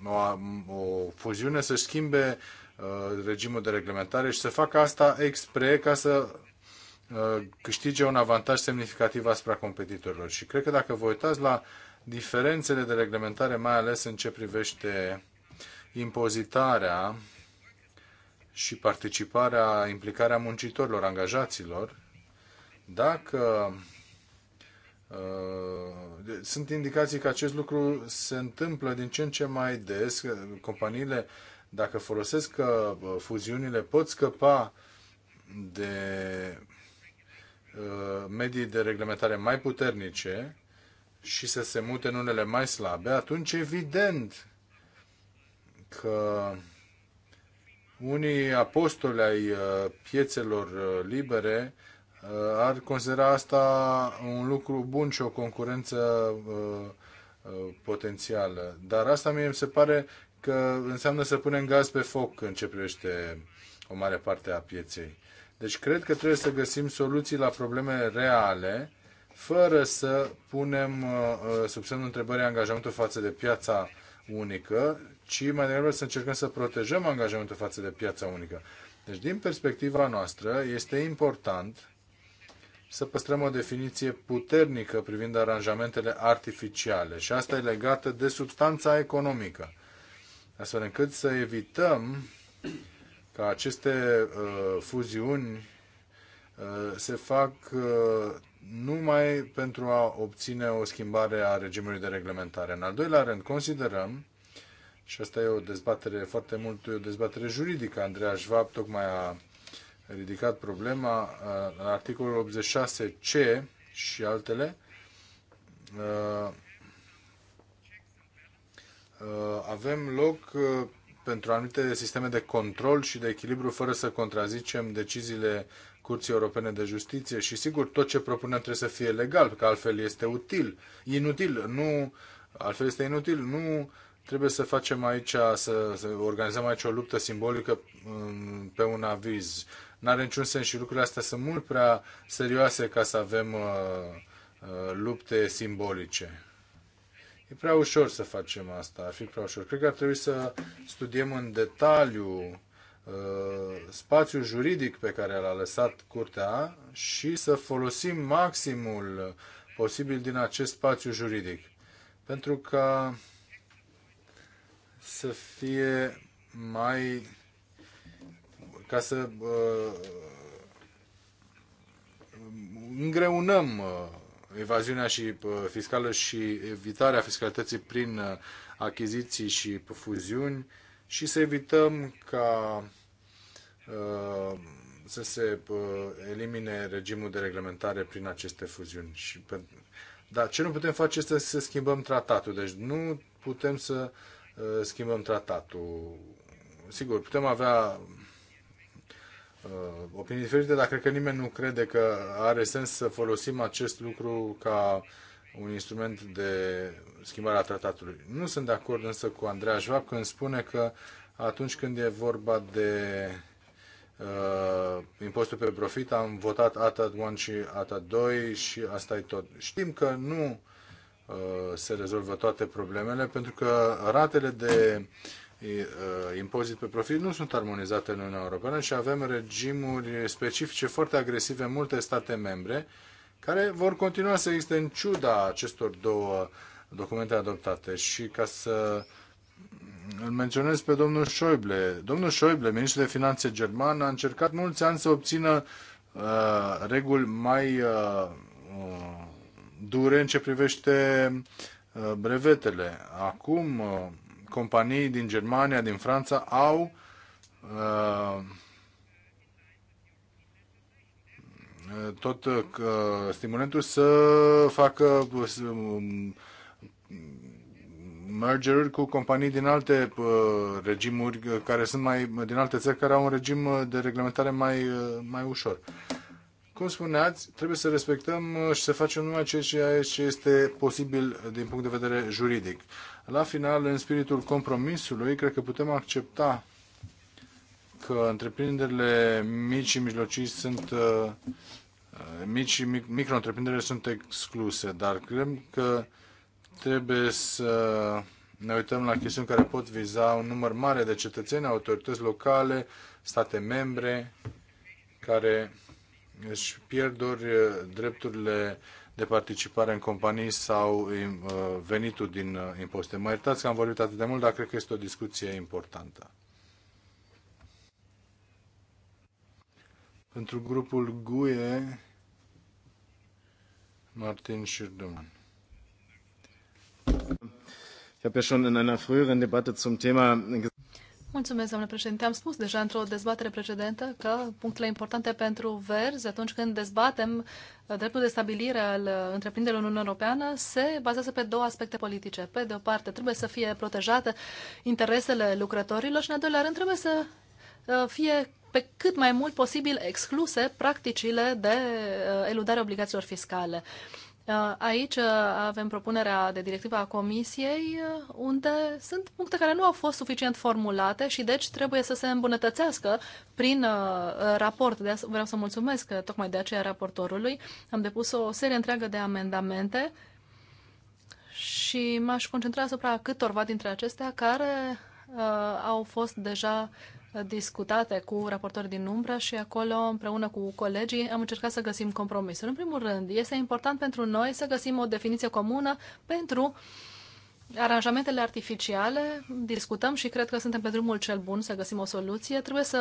o, o fuziune să schimbe regimul de reglementare și să facă asta expre ca să câștige un avantaj semnificativ asupra competitorilor. Și cred că dacă vă uitați la uh, diferențele de reglementare, mai ales în ce privește impozitarea și participarea, implicarea muncitorilor, angajaților, dacă uh, sunt indicații că acest lucru se întâmplă din ce în ce mai des, companiile, dacă folosesc că uh, fuziunile pot scăpa de uh, medii de reglementare mai puternice, și să se mute în unele mai slabe, atunci evident că unii apostoli ai uh, piețelor uh, libere uh, ar considera asta un lucru bun și o concurență potențială. Dar asta mie îmi se pare că înseamnă să punem gaz pe foc în ce privește o mare parte a pieței. Deci cred că trebuie să găsim soluții la probleme reale fără să punem uh, uh, sub semnul întrebării angajamentul față de piața unică, ci mai degrabă să încercăm să protejăm angajamentul față de piața unică. Deci, din perspectiva noastră, este important să păstrăm o definiție puternică privind aranjamentele artificiale și asta e legată de substanța economică, astfel încât să evităm ca aceste uh, fuziuni uh, se fac uh, numai pentru a obține o schimbare a regimului de reglementare. În al doilea rând, considerăm, și asta e o dezbatere foarte mult, o dezbatere juridică, Andreea Schwab tocmai a ridicat problema în uh, articolul 86C și altele, uh, uh, avem loc pentru anumite sisteme de control și de echilibru fără să contrazicem deciziile Curții Europene de Justiție și sigur tot ce propunem trebuie să fie legal, că altfel este util, inutil, nu, altfel este inutil, nu trebuie să facem aici, să, să organizăm aici o luptă simbolică mm, pe un aviz. N-are niciun sens și lucrurile astea sunt mult prea serioase ca să avem uh, uh, lupte simbolice. E prea ușor să facem asta, ar fi prea ușor. Cred că ar trebui să studiem în detaliu Uh, spațiul juridic pe care l-a lăsat curtea și să folosim maximul posibil din acest spațiu juridic. Pentru ca să fie mai ca să uh, îngreunăm uh, evaziunea și uh, fiscală și evitarea fiscalității prin uh, achiziții și fuziuni și să evităm ca Uh, să se uh, elimine regimul de reglementare prin aceste fuziuni. Dar ce nu putem face este să schimbăm tratatul. Deci nu putem să uh, schimbăm tratatul. Sigur, putem avea opinii diferite, dar cred că nimeni nu crede că are sens să folosim acest lucru ca un instrument de schimbare a tratatului. Nu sunt de acord însă cu Andreea Schwab când spune că atunci când e vorba de uh, uh, impostul pe profit, am votat ATAT 1 și ATAT 2 și asta e tot. Știm că nu uh, se rezolvă toate problemele pentru că ratele de uh, impozit pe profit nu sunt armonizate în Uniunea Europeană și avem regimuri specifice foarte agresive în multe state membre care vor continua să existe în ciuda acestor două documente adoptate și ca să uh, îl menționez pe domnul Schäuble. Domnul Schäuble, ministrul de finanțe german, a încercat mulți ani să obțină uh, reguli mai uh, uh dure în ce privește uh, brevetele. Acum, uh, companii din Germania, din Franța, au uh, tot uh, stimulentul să facă uh, mergeri cu companii din alte uh, regimuri uh, care sunt mai din alte țări care au un regim uh, de reglementare mai, uh, mai ușor. Cum spuneați, trebuie să respectăm uh, și să facem numai ceea ce este posibil din punct de vedere juridic. La final, în spiritul compromisului, cred că putem accepta că întreprinderile mici și mijlocii sunt uh, mici și mic, micro sunt excluse, dar cred că uh, Trebuie să ne uităm la chestiuni care pot viza un număr mare de cetățeni, autorități locale, state membre, care își pierd ori uh, drepturile de participare în companii sau uh, venitul din uh, impozite. Mă iertați că am vorbit atât de mult, dar cred că este o discuție importantă. Pentru grupul GUE, Martin Șirduman habe ja schon in einer früheren Debatte zum Thema Mulțumesc, domnule președinte. Am spus deja într-o dezbatere precedentă că punctele importante pentru verzi, atunci când dezbatem uh, dreptul de stabilire al uh, întreprinderilor în Uniunea Europeană, se bazează pe două aspecte politice. Pe de o parte, trebuie să fie protejate interesele lucrătorilor și, în al doilea rând, trebuie să uh, fie pe cât mai mult posibil excluse practicile de eludare obligațiilor fiscale. Uh, aici uh, avem propunerea de directivă a Comisiei, uh, unde sunt puncte care nu au fost suficient formulate și deci trebuie să se îmbunătățească prin raport. De vreau să mulțumesc tocmai de aceea raportorului. Am depus o serie întreagă de amendamente și m-aș concentra asupra câtorva dintre acestea care au fost deja discutate cu raportori din umbră și acolo, împreună cu colegii, am încercat să găsim compromisuri. În primul rând, este important pentru noi să găsim o definiție comună pentru aranjamentele artificiale. Discutăm și cred că suntem pe drumul cel bun să găsim o soluție. Trebuie să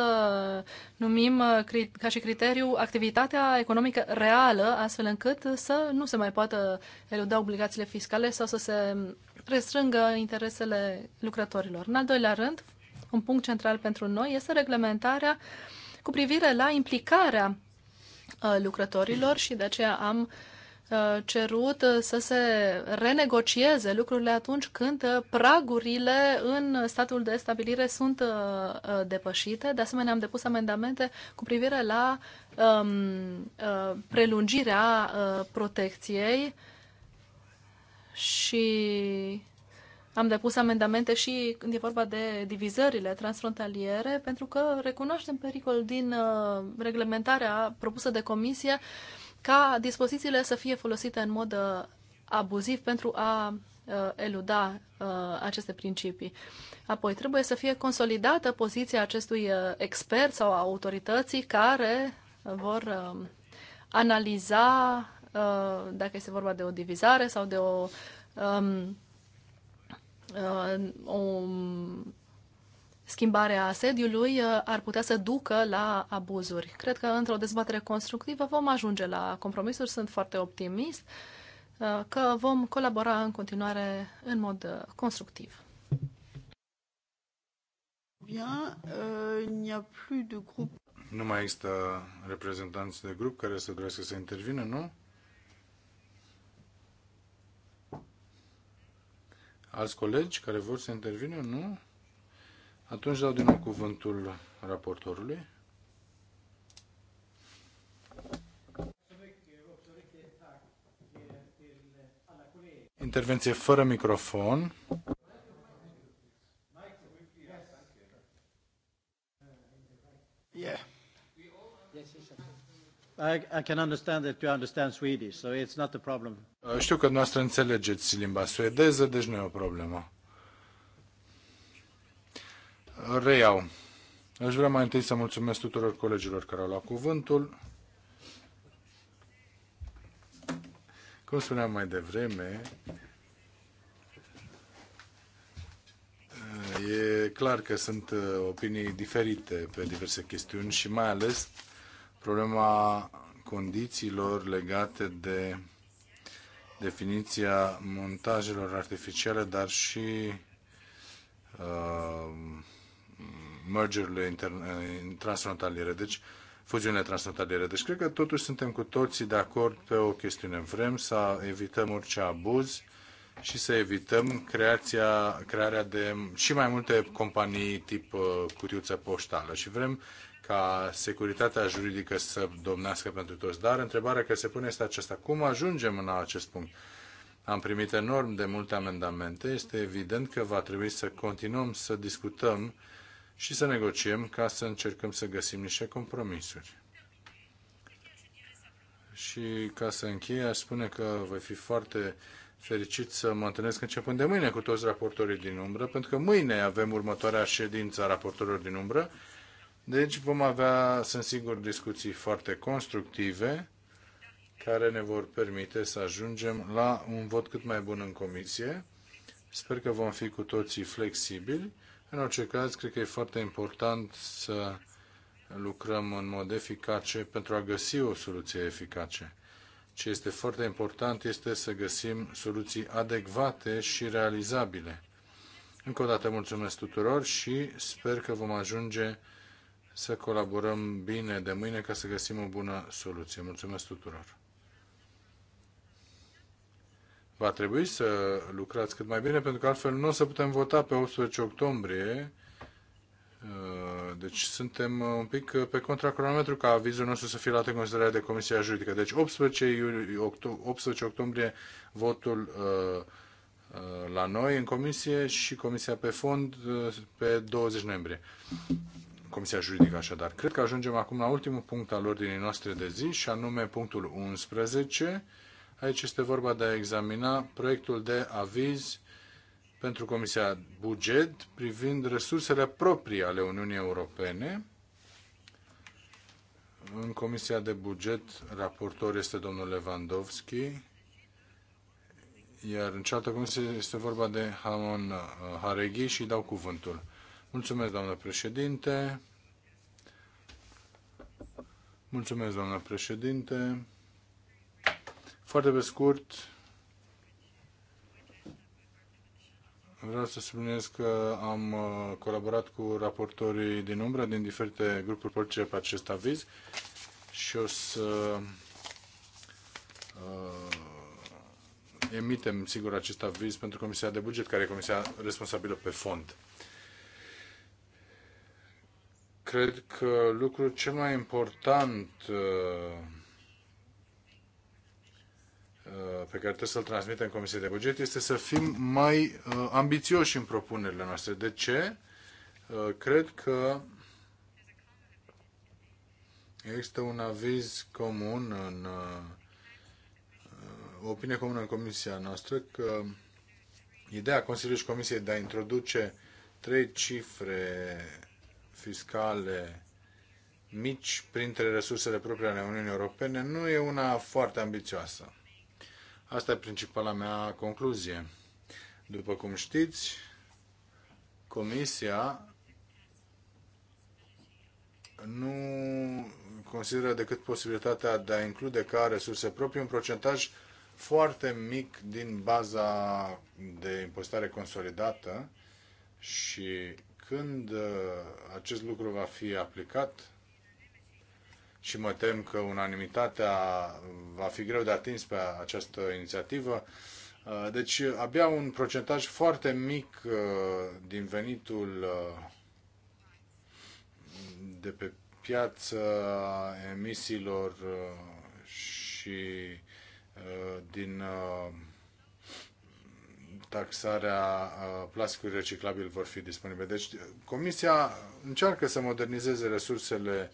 numim ca și criteriu activitatea economică reală, astfel încât să nu se mai poată eluda obligațiile fiscale sau să se restrângă interesele lucrătorilor. În al doilea rând, un punct central pentru noi este reglementarea cu privire la implicarea uh, lucrătorilor și de aceea am uh, cerut uh, să se renegocieze lucrurile atunci când pragurile în statul de stabilire sunt depășite. De asemenea, am depus amendamente cu privire la um, prelungirea protecției și am depus amendamente și când e vorba de divizările transfrontaliere, pentru că recunoaștem pericol din uh, reglementarea propusă de comisie ca dispozițiile să fie folosite în mod uh, abuziv pentru a uh, eluda uh, aceste principii. Apoi trebuie să fie consolidată poziția acestui uh, expert sau a autorității care uh, vor uh, analiza uh, dacă este vorba de o divizare sau de o um, Uh, o schimbare a sediului uh, ar putea să ducă la abuzuri. Cred că într-o dezbatere constructivă vom ajunge la compromisuri. Sunt foarte optimist uh, că vom colabora în continuare în mod constructiv. Euh, nu mai există reprezentanți de grup care să dorească să intervină, nu? Alți colegi care vor să intervină? Nu? Atunci dau din nou cuvântul raportorului. Intervenție fără microfon. I, can understand that you understand Swedish, so it's not a problem. Uh, știu că dumneavoastră înțelegeți limba suedeză, deci nu e o problemă. Reiau. Aș vrea mai întâi să mulțumesc tuturor colegilor care au luat cuvântul. Cum spuneam mai devreme, e clar că sunt uh, opinii diferite pe diverse chestiuni și mai ales problema condițiilor legate de definiția montajelor artificiale, dar și uh, mergerile uh, transfrontaliere, deci fuziunile transfrontaliere. Deci cred că totuși suntem cu toții de acord pe o chestiune. Vrem să evităm orice abuz și să evităm creația, crearea de și mai multe companii tip uh, cutiuță poștală și vrem ca securitatea juridică să domnească pentru toți. Dar întrebarea care se pune este aceasta. Cum ajungem în acest punct? Am primit enorm de multe amendamente. Este evident că va trebui să continuăm să discutăm și să negociem ca să încercăm să găsim niște compromisuri. Și ca să încheie, aș spune că voi fi foarte fericit să mă întâlnesc începând de mâine cu toți raportorii din umbră, pentru că mâine avem următoarea ședință a raportorilor din umbră deci vom avea, sunt sigur, discuții foarte constructive care ne vor permite să ajungem la un vot cât mai bun în comisie. Sper că vom fi cu toții flexibili. În orice caz, cred că e foarte important să lucrăm în mod eficace pentru a găsi o soluție eficace. Ce este foarte important este să găsim soluții adecvate și realizabile. Încă o dată mulțumesc tuturor și sper că vom ajunge să colaborăm bine de mâine ca să găsim o bună soluție. Mulțumesc tuturor! Va trebui să lucrați cât mai bine, pentru că altfel nu o să putem vota pe 18 octombrie. Uh, deci suntem uh, un pic uh, pe contracronometru ca avizul nostru să fie luat în considerare de Comisia Juridică. Deci 18, iulie, 18 octombrie votul la noi în comisie și comisia pe fond pe 20 noiembrie. Comisia Juridică așadar. Cred că ajungem acum la ultimul punct al ordinii noastre de zi și anume punctul 11. Aici este vorba de a examina proiectul de aviz pentru Comisia Buget privind resursele proprii ale Uniunii Europene. În Comisia de Buget, raportor este domnul Lewandowski, iar în cealaltă comisie este vorba de Hamon uh, Hareghi și dau cuvântul. Mulțumesc, doamnă președinte. Mulțumesc, doamna președinte. Foarte pe scurt, vreau să subliniez că am uh, colaborat cu raportorii din umbră, din diferite grupuri politice pe acest aviz și o să uh, emitem, sigur, acest aviz pentru Comisia de Buget, care e comisia responsabilă pe fond. Cred că lucrul cel mai important uh, pe care trebuie să-l transmitem Comisiei de Buget este să fim mai uh, ambițioși în propunerile noastre. De ce? Uh, cred că există un aviz comun în o opinie comună în Comisia noastră că ideea Consiliului și Comisiei de a introduce trei cifre fiscale mici printre resursele proprii ale Uniunii Europene nu e una foarte ambițioasă. Asta e principala mea concluzie. După cum știți, Comisia nu consideră decât posibilitatea de a include ca resurse proprii un procentaj foarte mic din baza de impozitare consolidată și când uh, acest lucru va fi aplicat și mă tem că unanimitatea va fi greu de atins pe această inițiativă. Uh, deci abia un procentaj foarte mic uh, din venitul de pe piață emisiilor și din taxarea uh, plasticului reciclabil vor fi disponibile. Deci Comisia încearcă să modernizeze resursele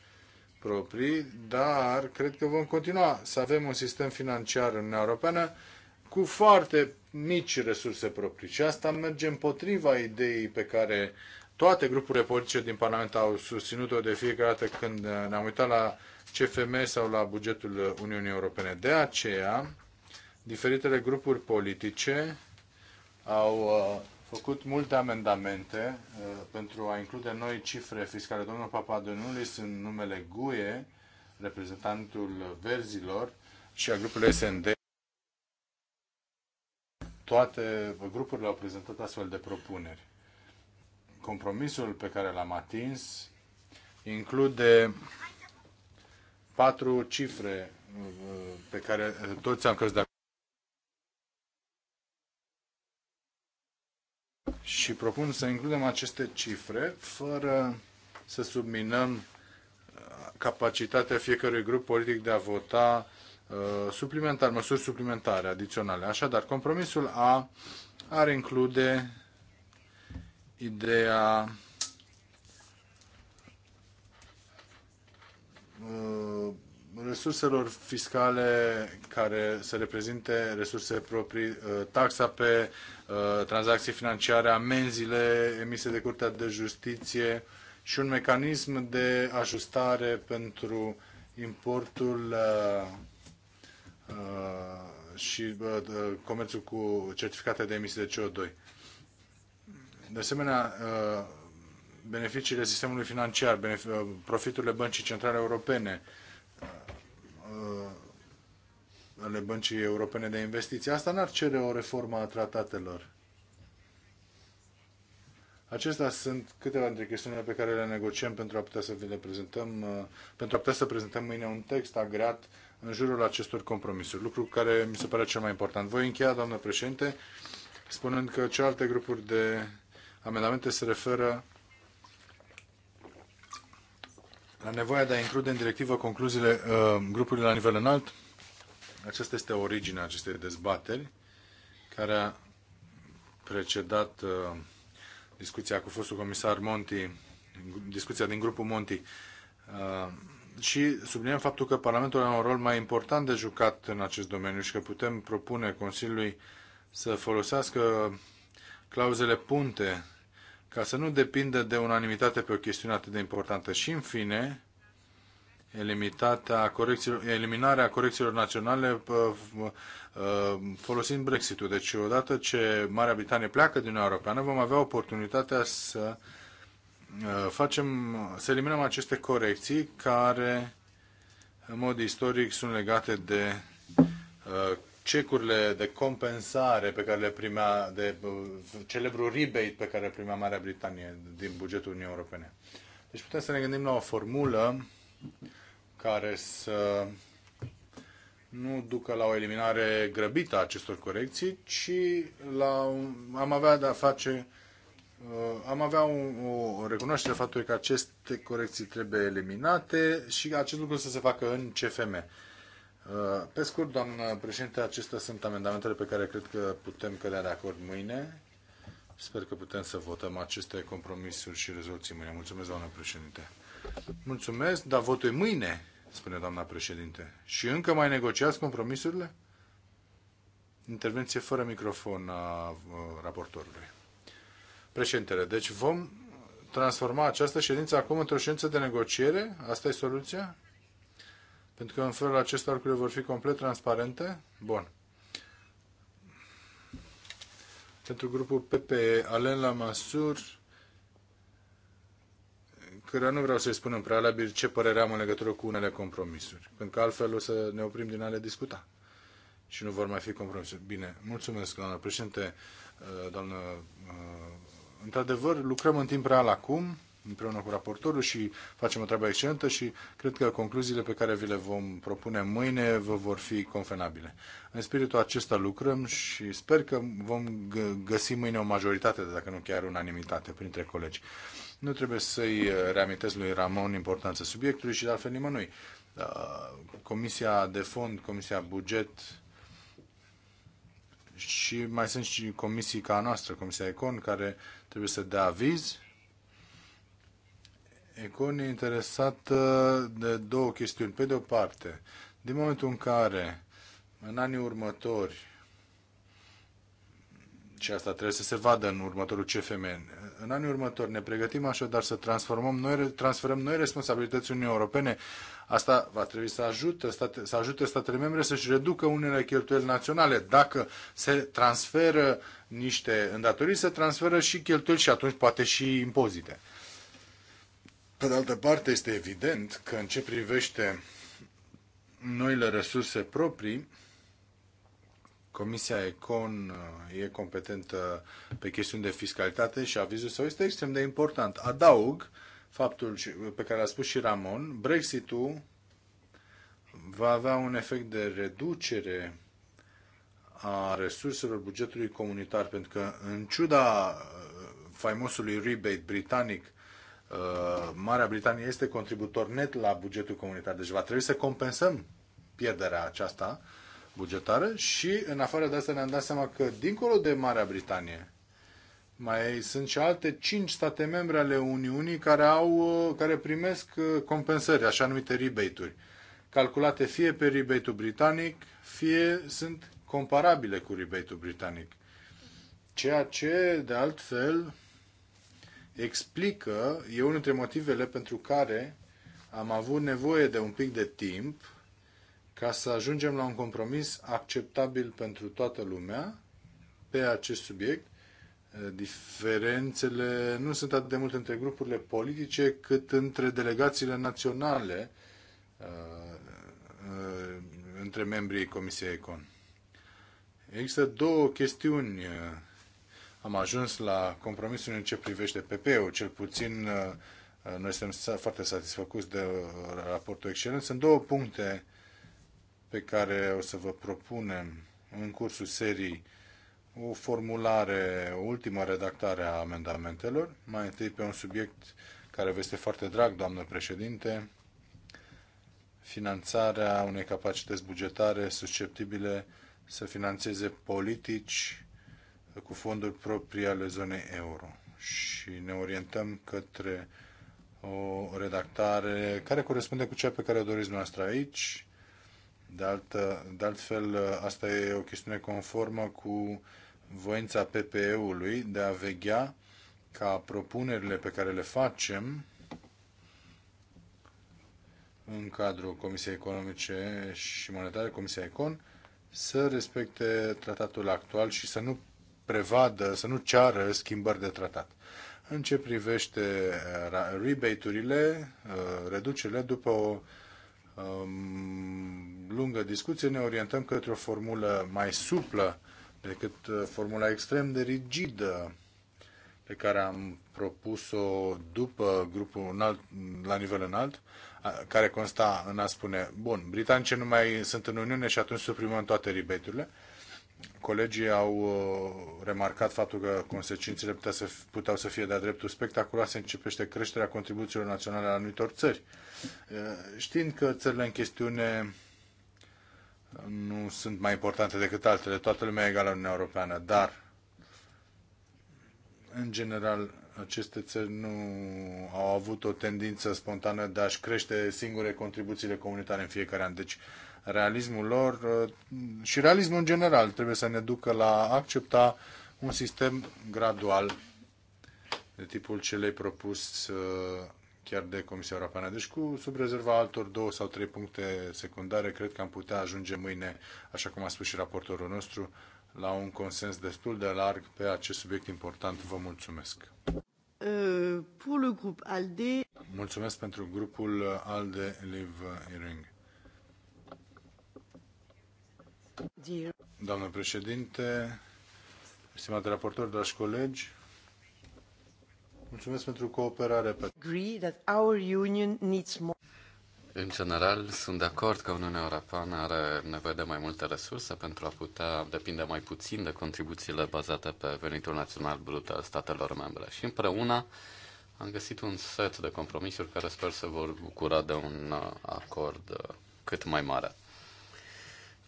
proprii, dar cred că vom continua să avem un sistem financiar în Europeană cu foarte mici resurse proprii. Și asta merge împotriva ideii pe care toate grupurile politice din Parlament au susținut-o de fiecare dată când ne-am uitat la CFM sau la bugetul Uniunii Europene. De aceea, diferitele grupuri politice au uh, făcut multe amendamente uh, pentru a include noi cifre fiscale. Domnul Papadonulis, în numele GUE, reprezentantul verzilor și a grupului SND, toate grupurile au prezentat astfel de propuneri. Compromisul pe care l-am atins include patru cifre uh, pe care toți am căzut de și propun să includem aceste cifre fără să subminăm uh, capacitatea fiecărui grup politic de a vota uh, suplimentar, măsuri suplimentare, adiționale. Așadar, compromisul A ar include ideea uh, resurselor fiscale care să reprezinte resurse proprii, uh, taxa pe uh, tranzacții financiare, amenzile emise de Curtea de Justiție și un mecanism de ajustare pentru importul uh, și comerțul cu certificate de emisie de CO2. De asemenea, beneficiile sistemului financiar, profiturile băncii centrale europene, Uh, ale Băncii Europene de Investiții. Asta n-ar cere o reformă a tratatelor. Acestea sunt câteva dintre chestiunile pe care le negociem pentru a putea să vi le prezentăm, uh, pentru a putea să prezentăm mâine un text agreat în jurul acestor compromisuri, lucru care mi se pare cel mai important. Voi încheia, doamnă președinte, spunând că celelalte grupuri de amendamente se referă la nevoia de a include în directivă concluziile uh, grupului la nivel înalt. Aceasta este originea acestei dezbateri, care a precedat uh, discuția cu fostul comisar Monti, discuția din grupul Monti. Uh, și subliniem faptul că Parlamentul are un rol mai important de jucat în acest domeniu și că putem propune Consiliului să folosească clauzele punte ca să nu depindă de unanimitate pe o chestiune atât de importantă. Și, în fine, corecțiilor, eliminarea corecțiilor naționale uh, uh, folosind Brexit-ul. Deci, odată ce Marea Britanie pleacă din Uniunea Europeană, vom avea oportunitatea să uh, facem, să eliminăm aceste corecții care, în mod istoric, sunt legate de cecurile de compensare pe care le primea, de uh, celebrul rebate pe care le primea Marea Britanie din bugetul Uniunii Europene. Deci putem să ne gândim la o formulă care să nu ducă la o eliminare grăbită a acestor corecții, ci la un, am avea de a face uh, am avea un, o recunoaștere a faptului că aceste corecții trebuie eliminate și acest lucru să se facă în CFM. Uh, pe scurt, doamnă președinte, acestea sunt amendamentele pe care cred că putem cădea de acord mâine. Sper că putem să votăm aceste compromisuri și rezoluții mâine. Mulțumesc, doamnă președinte. Mulțumesc, dar votul e mâine, spune doamna președinte. Și încă mai negociați compromisurile? Intervenție fără microfon a uh, raportorului. Președintele, deci vom transforma această ședință acum într-o ședință de negociere? Asta e soluția? Pentru că în felul acesta lucrurile vor fi complet transparente? Bun. Pentru grupul PPE, Alen Lamassur, care nu vreau să-i spun în prealabil ce părere am în legătură cu unele compromisuri, pentru că altfel o să ne oprim din a le discuta și nu vor mai fi compromisuri. Bine, mulțumesc, doamnă președinte, doamnă. Uh, într-adevăr, lucrăm în timp real acum împreună cu raportorul și facem o treabă excelentă și cred că concluziile pe care vi le vom propune mâine vă vor fi convenabile. În spiritul acesta lucrăm și sper că vom găsi mâine o majoritate, dacă nu chiar unanimitate, printre colegi. Nu trebuie să-i uh, reamintesc lui Ramon importanța subiectului și de altfel nimănui. Uh, Comisia de fond, Comisia buget și mai sunt și comisii ca a noastră, Comisia Econ, care trebuie să dea aviz Econ e interesat de două chestiuni. Pe de o parte, din momentul în care, în anii următori, și asta trebuie să se vadă în următorul CFM, în anii următori ne pregătim așadar să transformăm noi, transferăm noi responsabilități Uniunii Europene. Asta va trebui să ajute, state, să ajute statele membre să-și reducă unele cheltuieli naționale. Dacă se transferă niște îndatoriri, se transferă și cheltuieli și atunci poate și impozite. Pe de altă parte, este evident că în ce privește noile resurse proprii, Comisia Econ uh, e competentă pe chestiuni de fiscalitate și avizul său este extrem de important. Adaug faptul pe care a spus și Ramon, Brexitul va avea un efect de reducere a resurselor bugetului comunitar, pentru că în ciuda uh, faimosului rebate britanic, Uh, Marea Britanie este contributor net la bugetul comunitar, deci va trebui să compensăm pierderea aceasta bugetară și în afară de asta ne-am dat seama că dincolo de Marea Britanie mai sunt și alte cinci state membre ale Uniunii care, au, uh, care primesc uh, compensări, așa numite rebate-uri, calculate fie pe rebate-ul britanic, fie sunt comparabile cu rebate-ul britanic. Ceea ce, de altfel, explică, e unul dintre motivele pentru care am avut nevoie de un pic de timp ca să ajungem la un compromis acceptabil pentru toată lumea pe acest subiect. Diferențele nu sunt atât de multe între grupurile politice cât între delegațiile naționale uh, uh, între membrii Comisiei Econ. Există două chestiuni uh, am ajuns la compromisul în ce privește PP-ul, cel puțin uh, uh, noi suntem foarte satisfăcuți de uh, raportul excelent. Sunt două puncte pe care o să vă propunem în cursul serii o formulare, o ultimă redactare a amendamentelor, mai întâi pe un subiect care vă este foarte drag, doamnă președinte, finanțarea unei capacități bugetare susceptibile să financeze politici cu fonduri proprii ale zonei euro și ne orientăm către o redactare care corespunde cu cea pe care o doriți noastră aici. De, altă, de altfel, asta e o chestiune conformă cu voința PPE-ului de a veghea ca propunerile pe care le facem în cadrul Comisiei Economice și Monetare, Comisia Econ, să respecte tratatul actual și să nu prevadă, să nu ceară schimbări de tratat. În ce privește uh, rebate-urile, uh, reducerile, după o um, lungă discuție, ne orientăm către o formulă mai suplă decât uh, formula extrem de rigidă pe care am propus-o după grupul înalt, la nivel înalt, care consta în a spune, bun, britanicii nu mai sunt în Uniune și atunci suprimăm toate rebate-urile, Colegii au uh, remarcat faptul că consecințele putea să, puteau să fie de-a dreptul spectaculoase începește creșterea contribuțiilor naționale la anumitor țări. Uh, știind că țările în chestiune uh, nu sunt mai importante decât altele, toată lumea e egală în Uniunea Europeană, dar în general aceste țări nu au avut o tendință spontană de a-și crește singure contribuțiile comunitare în fiecare an. Deci realismul lor uh, și realismul în general trebuie să ne ducă la accepta un sistem gradual de tipul celei propus uh, chiar de Comisia Europeană. Deci cu sub rezerva altor două sau trei puncte secundare, cred că am putea ajunge mâine, așa cum a spus și raportorul nostru, la un consens destul de larg pe acest subiect important. Vă mulțumesc. Uh, pour le groupe ALDE. Mulțumesc pentru grupul ALDE Live Ring. Doamnă președinte, stimate raportori, dragi colegi, mulțumesc pentru cooperare. În general, sunt de acord că Uniunea Europeană are nevoie de mai multe resurse pentru a putea depinde mai puțin de contribuțiile bazate pe venitul național brut al statelor membre. Și împreună am găsit un set de compromisuri care sper să vor bucura de un uh, acord uh, cât mai mare.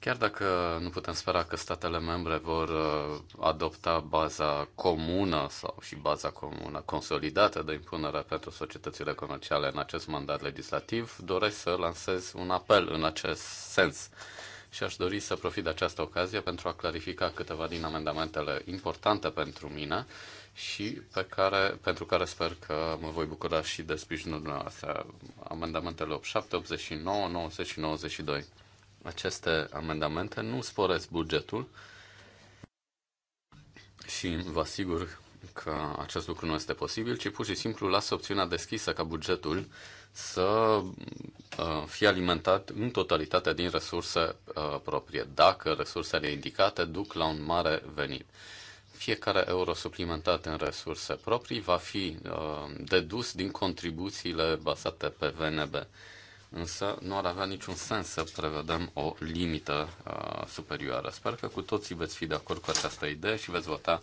Chiar dacă nu putem spera că statele membre vor uh, adopta baza comună sau și baza comună consolidată de impunere pentru societățile comerciale în acest mandat legislativ, doresc să lansez un apel în acest sens. Și aș dori să profit de această ocazie pentru a clarifica câteva din amendamentele importante pentru mine și pe care, pentru care sper că mă voi bucura și de sprijinul dumneavoastră. Amendamentele 8, 7, 89, 90 și 92 aceste amendamente nu sporesc bugetul și vă asigur că acest lucru nu este posibil, ci pur și simplu lasă opțiunea deschisă ca bugetul să uh, fie alimentat în totalitate din resurse uh, proprie, dacă resursele indicate duc la un mare venit. Fiecare euro suplimentat în resurse proprii va fi uh, dedus din contribuțiile bazate pe VNB însă nu ar avea niciun sens să prevedem o limită uh, superioară. Sper că cu toții veți fi de acord cu această idee și veți vota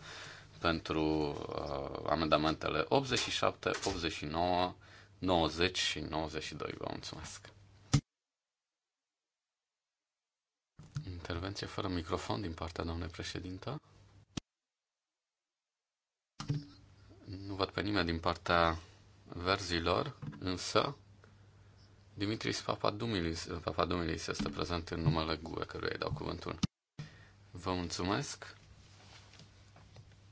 pentru uh, amendamentele 87, 89, 90 și 92. Vă mulțumesc! Intervenție fără microfon din partea doamnei președintă. Nu văd pe nimeni din partea verzilor, însă Dimitris Papadumilis, Papadumilis este prezent în numele GUE, căruia îi dau cuvântul. Vă mulțumesc.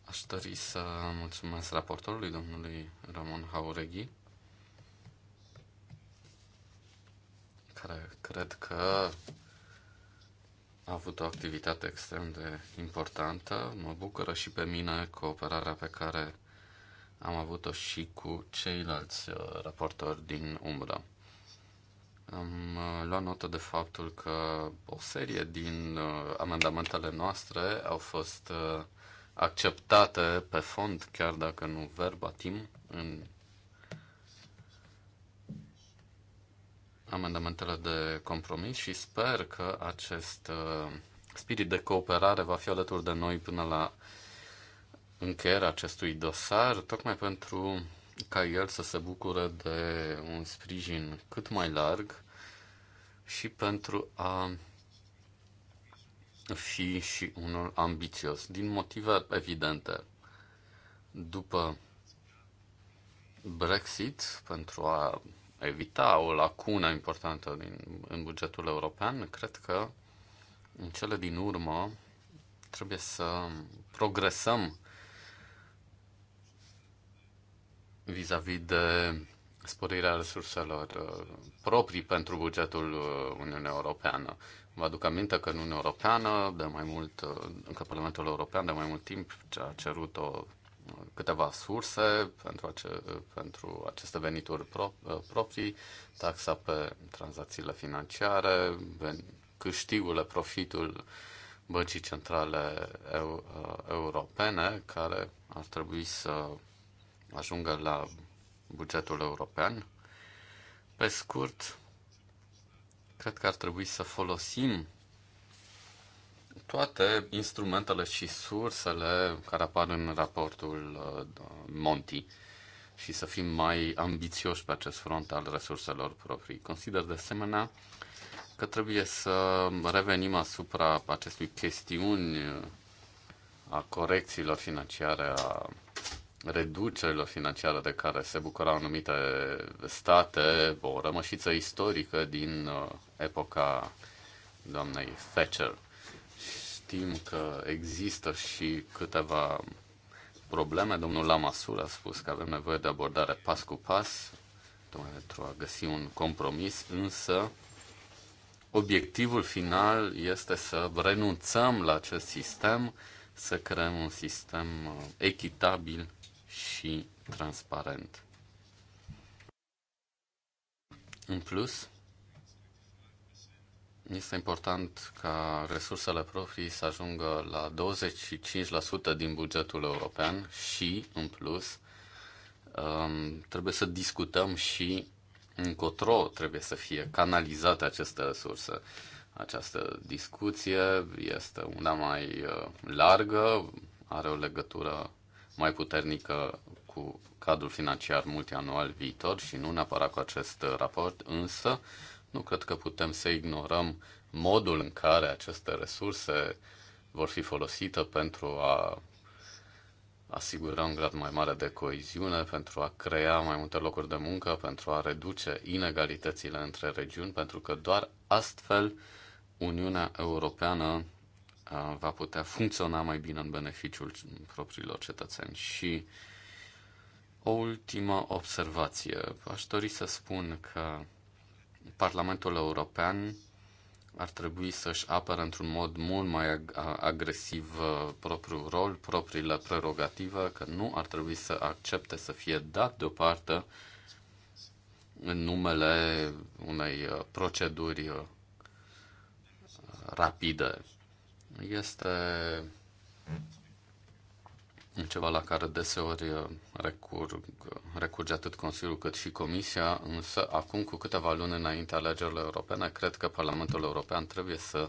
Aș dori să mulțumesc raportorului, domnului Ramon Haureghi, care cred că a avut o activitate extrem de importantă. Mă bucură și pe mine cooperarea pe care am avut-o și cu ceilalți uh, raportori din umbră. Am uh, luat notă de faptul că o serie din uh, amendamentele noastre au fost uh, acceptate pe fond, chiar dacă nu verbatim, în amendamentele de compromis și sper că acest spirit de cooperare va fi alături de noi până la încheierea acestui dosar, tocmai pentru ca el să se bucure de un sprijin cât mai larg și pentru a fi și unul ambițios, din motive evidente. După Brexit, pentru a evita o lacună importantă din, în bugetul european, cred că în cele din urmă trebuie să progresăm vis-a-vis de sporirea resurselor uh, proprii pentru bugetul uh, Uniunii Europeană. Vă aduc aminte că în Uniunea Europeană, de mai mult, încă uh, Parlamentul European, de mai mult timp, ce a cerut o câteva surse pentru, ace, pentru aceste venituri pro, proprii, taxa pe tranzacțiile financiare, câștigurile, profitul băncii centrale eu, europene, care ar trebui să ajungă la bugetul european. Pe scurt, cred că ar trebui să folosim toate instrumentele și sursele care apar în raportul uh, Monti și să fim mai ambițioși pe acest front al resurselor proprii. Consider de asemenea că trebuie să revenim asupra acestui chestiuni uh, a corecțiilor financiare, a reducerilor financiare de care se bucurau anumite state, o rămășiță istorică din uh, epoca doamnei Thatcher. Știm că există și câteva probleme. Domnul Lamasul a spus că avem nevoie de abordare pas cu pas pentru a găsi un compromis, însă obiectivul final este să renunțăm la acest sistem, să creăm un sistem uh, echitabil și transparent. În plus, este important ca resursele proprii să ajungă la 25% din bugetul european și, în plus, um, trebuie să discutăm și încotro trebuie să fie canalizate aceste resurse. Această discuție este una mai uh, largă, are o legătură mai puternică cu cadrul financiar multianual viitor și nu neapărat cu acest uh, raport, însă nu cred că putem să ignorăm modul în care aceste resurse vor fi folosite pentru a asigura un grad mai mare de coeziune, pentru a crea mai multe locuri de muncă, pentru a reduce inegalitățile între regiuni, pentru că doar astfel Uniunea Europeană Uh, va putea funcționa mai bine în beneficiul propriilor cetățeni. Și o ultimă observație. Aș dori să spun că Parlamentul European ar trebui să-și apere într-un mod mult mai agresiv uh, propriul rol, propriile prerogative, că nu ar trebui să accepte să fie dat deoparte în numele unei uh, proceduri rapide este ceva la care deseori recurg, recurge atât Consiliul cât și Comisia, însă acum, cu câteva luni înainte alegerilor europene, cred că Parlamentul European trebuie să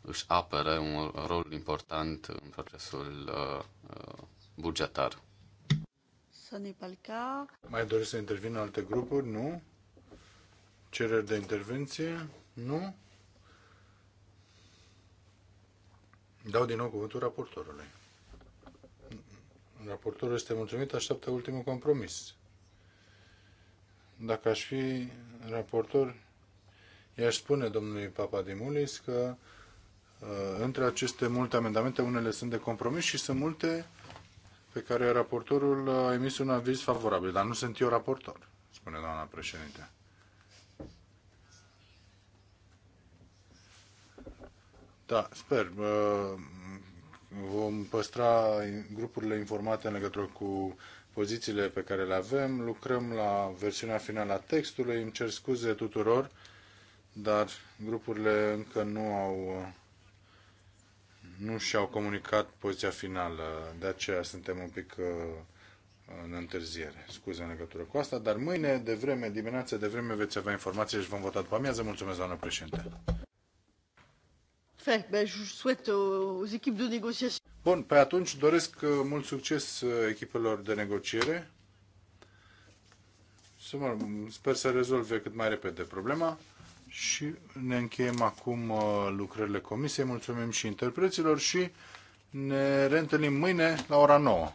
își apere un rol important în procesul uh, uh, bugetar. Mai doresc să intervină alte grupuri? Nu? Cereri de intervenție? Nu? Dau din nou cuvântul raportorului. Raportorul este mulțumit, așteaptă ultimul compromis. Dacă aș fi raportor, i-aș spune domnului Papadimulis că uh, între aceste multe amendamente, unele sunt de compromis și sunt multe pe care raportorul a emis un aviz favorabil, dar nu sunt eu raportor, spune doamna președinte. Da, sper. Vom păstra grupurile informate în legătură cu pozițiile pe care le avem. Lucrăm la versiunea finală a textului. Îmi cer scuze tuturor, dar grupurile încă nu au nu și-au comunicat poziția finală. De aceea suntem un pic ă, în întârziere. Scuze în legătură cu asta, dar mâine, de vreme, dimineața de vreme, veți avea informații și vom vota după amiază. Mulțumesc, doamnă președinte! Bun, pe atunci doresc uh, mult succes uh, echipelor de negociere. Sper să rezolve cât mai repede problema și ne încheiem acum uh, lucrările comisiei. Mulțumim și interpreților și ne reîntâlnim mâine la ora 9.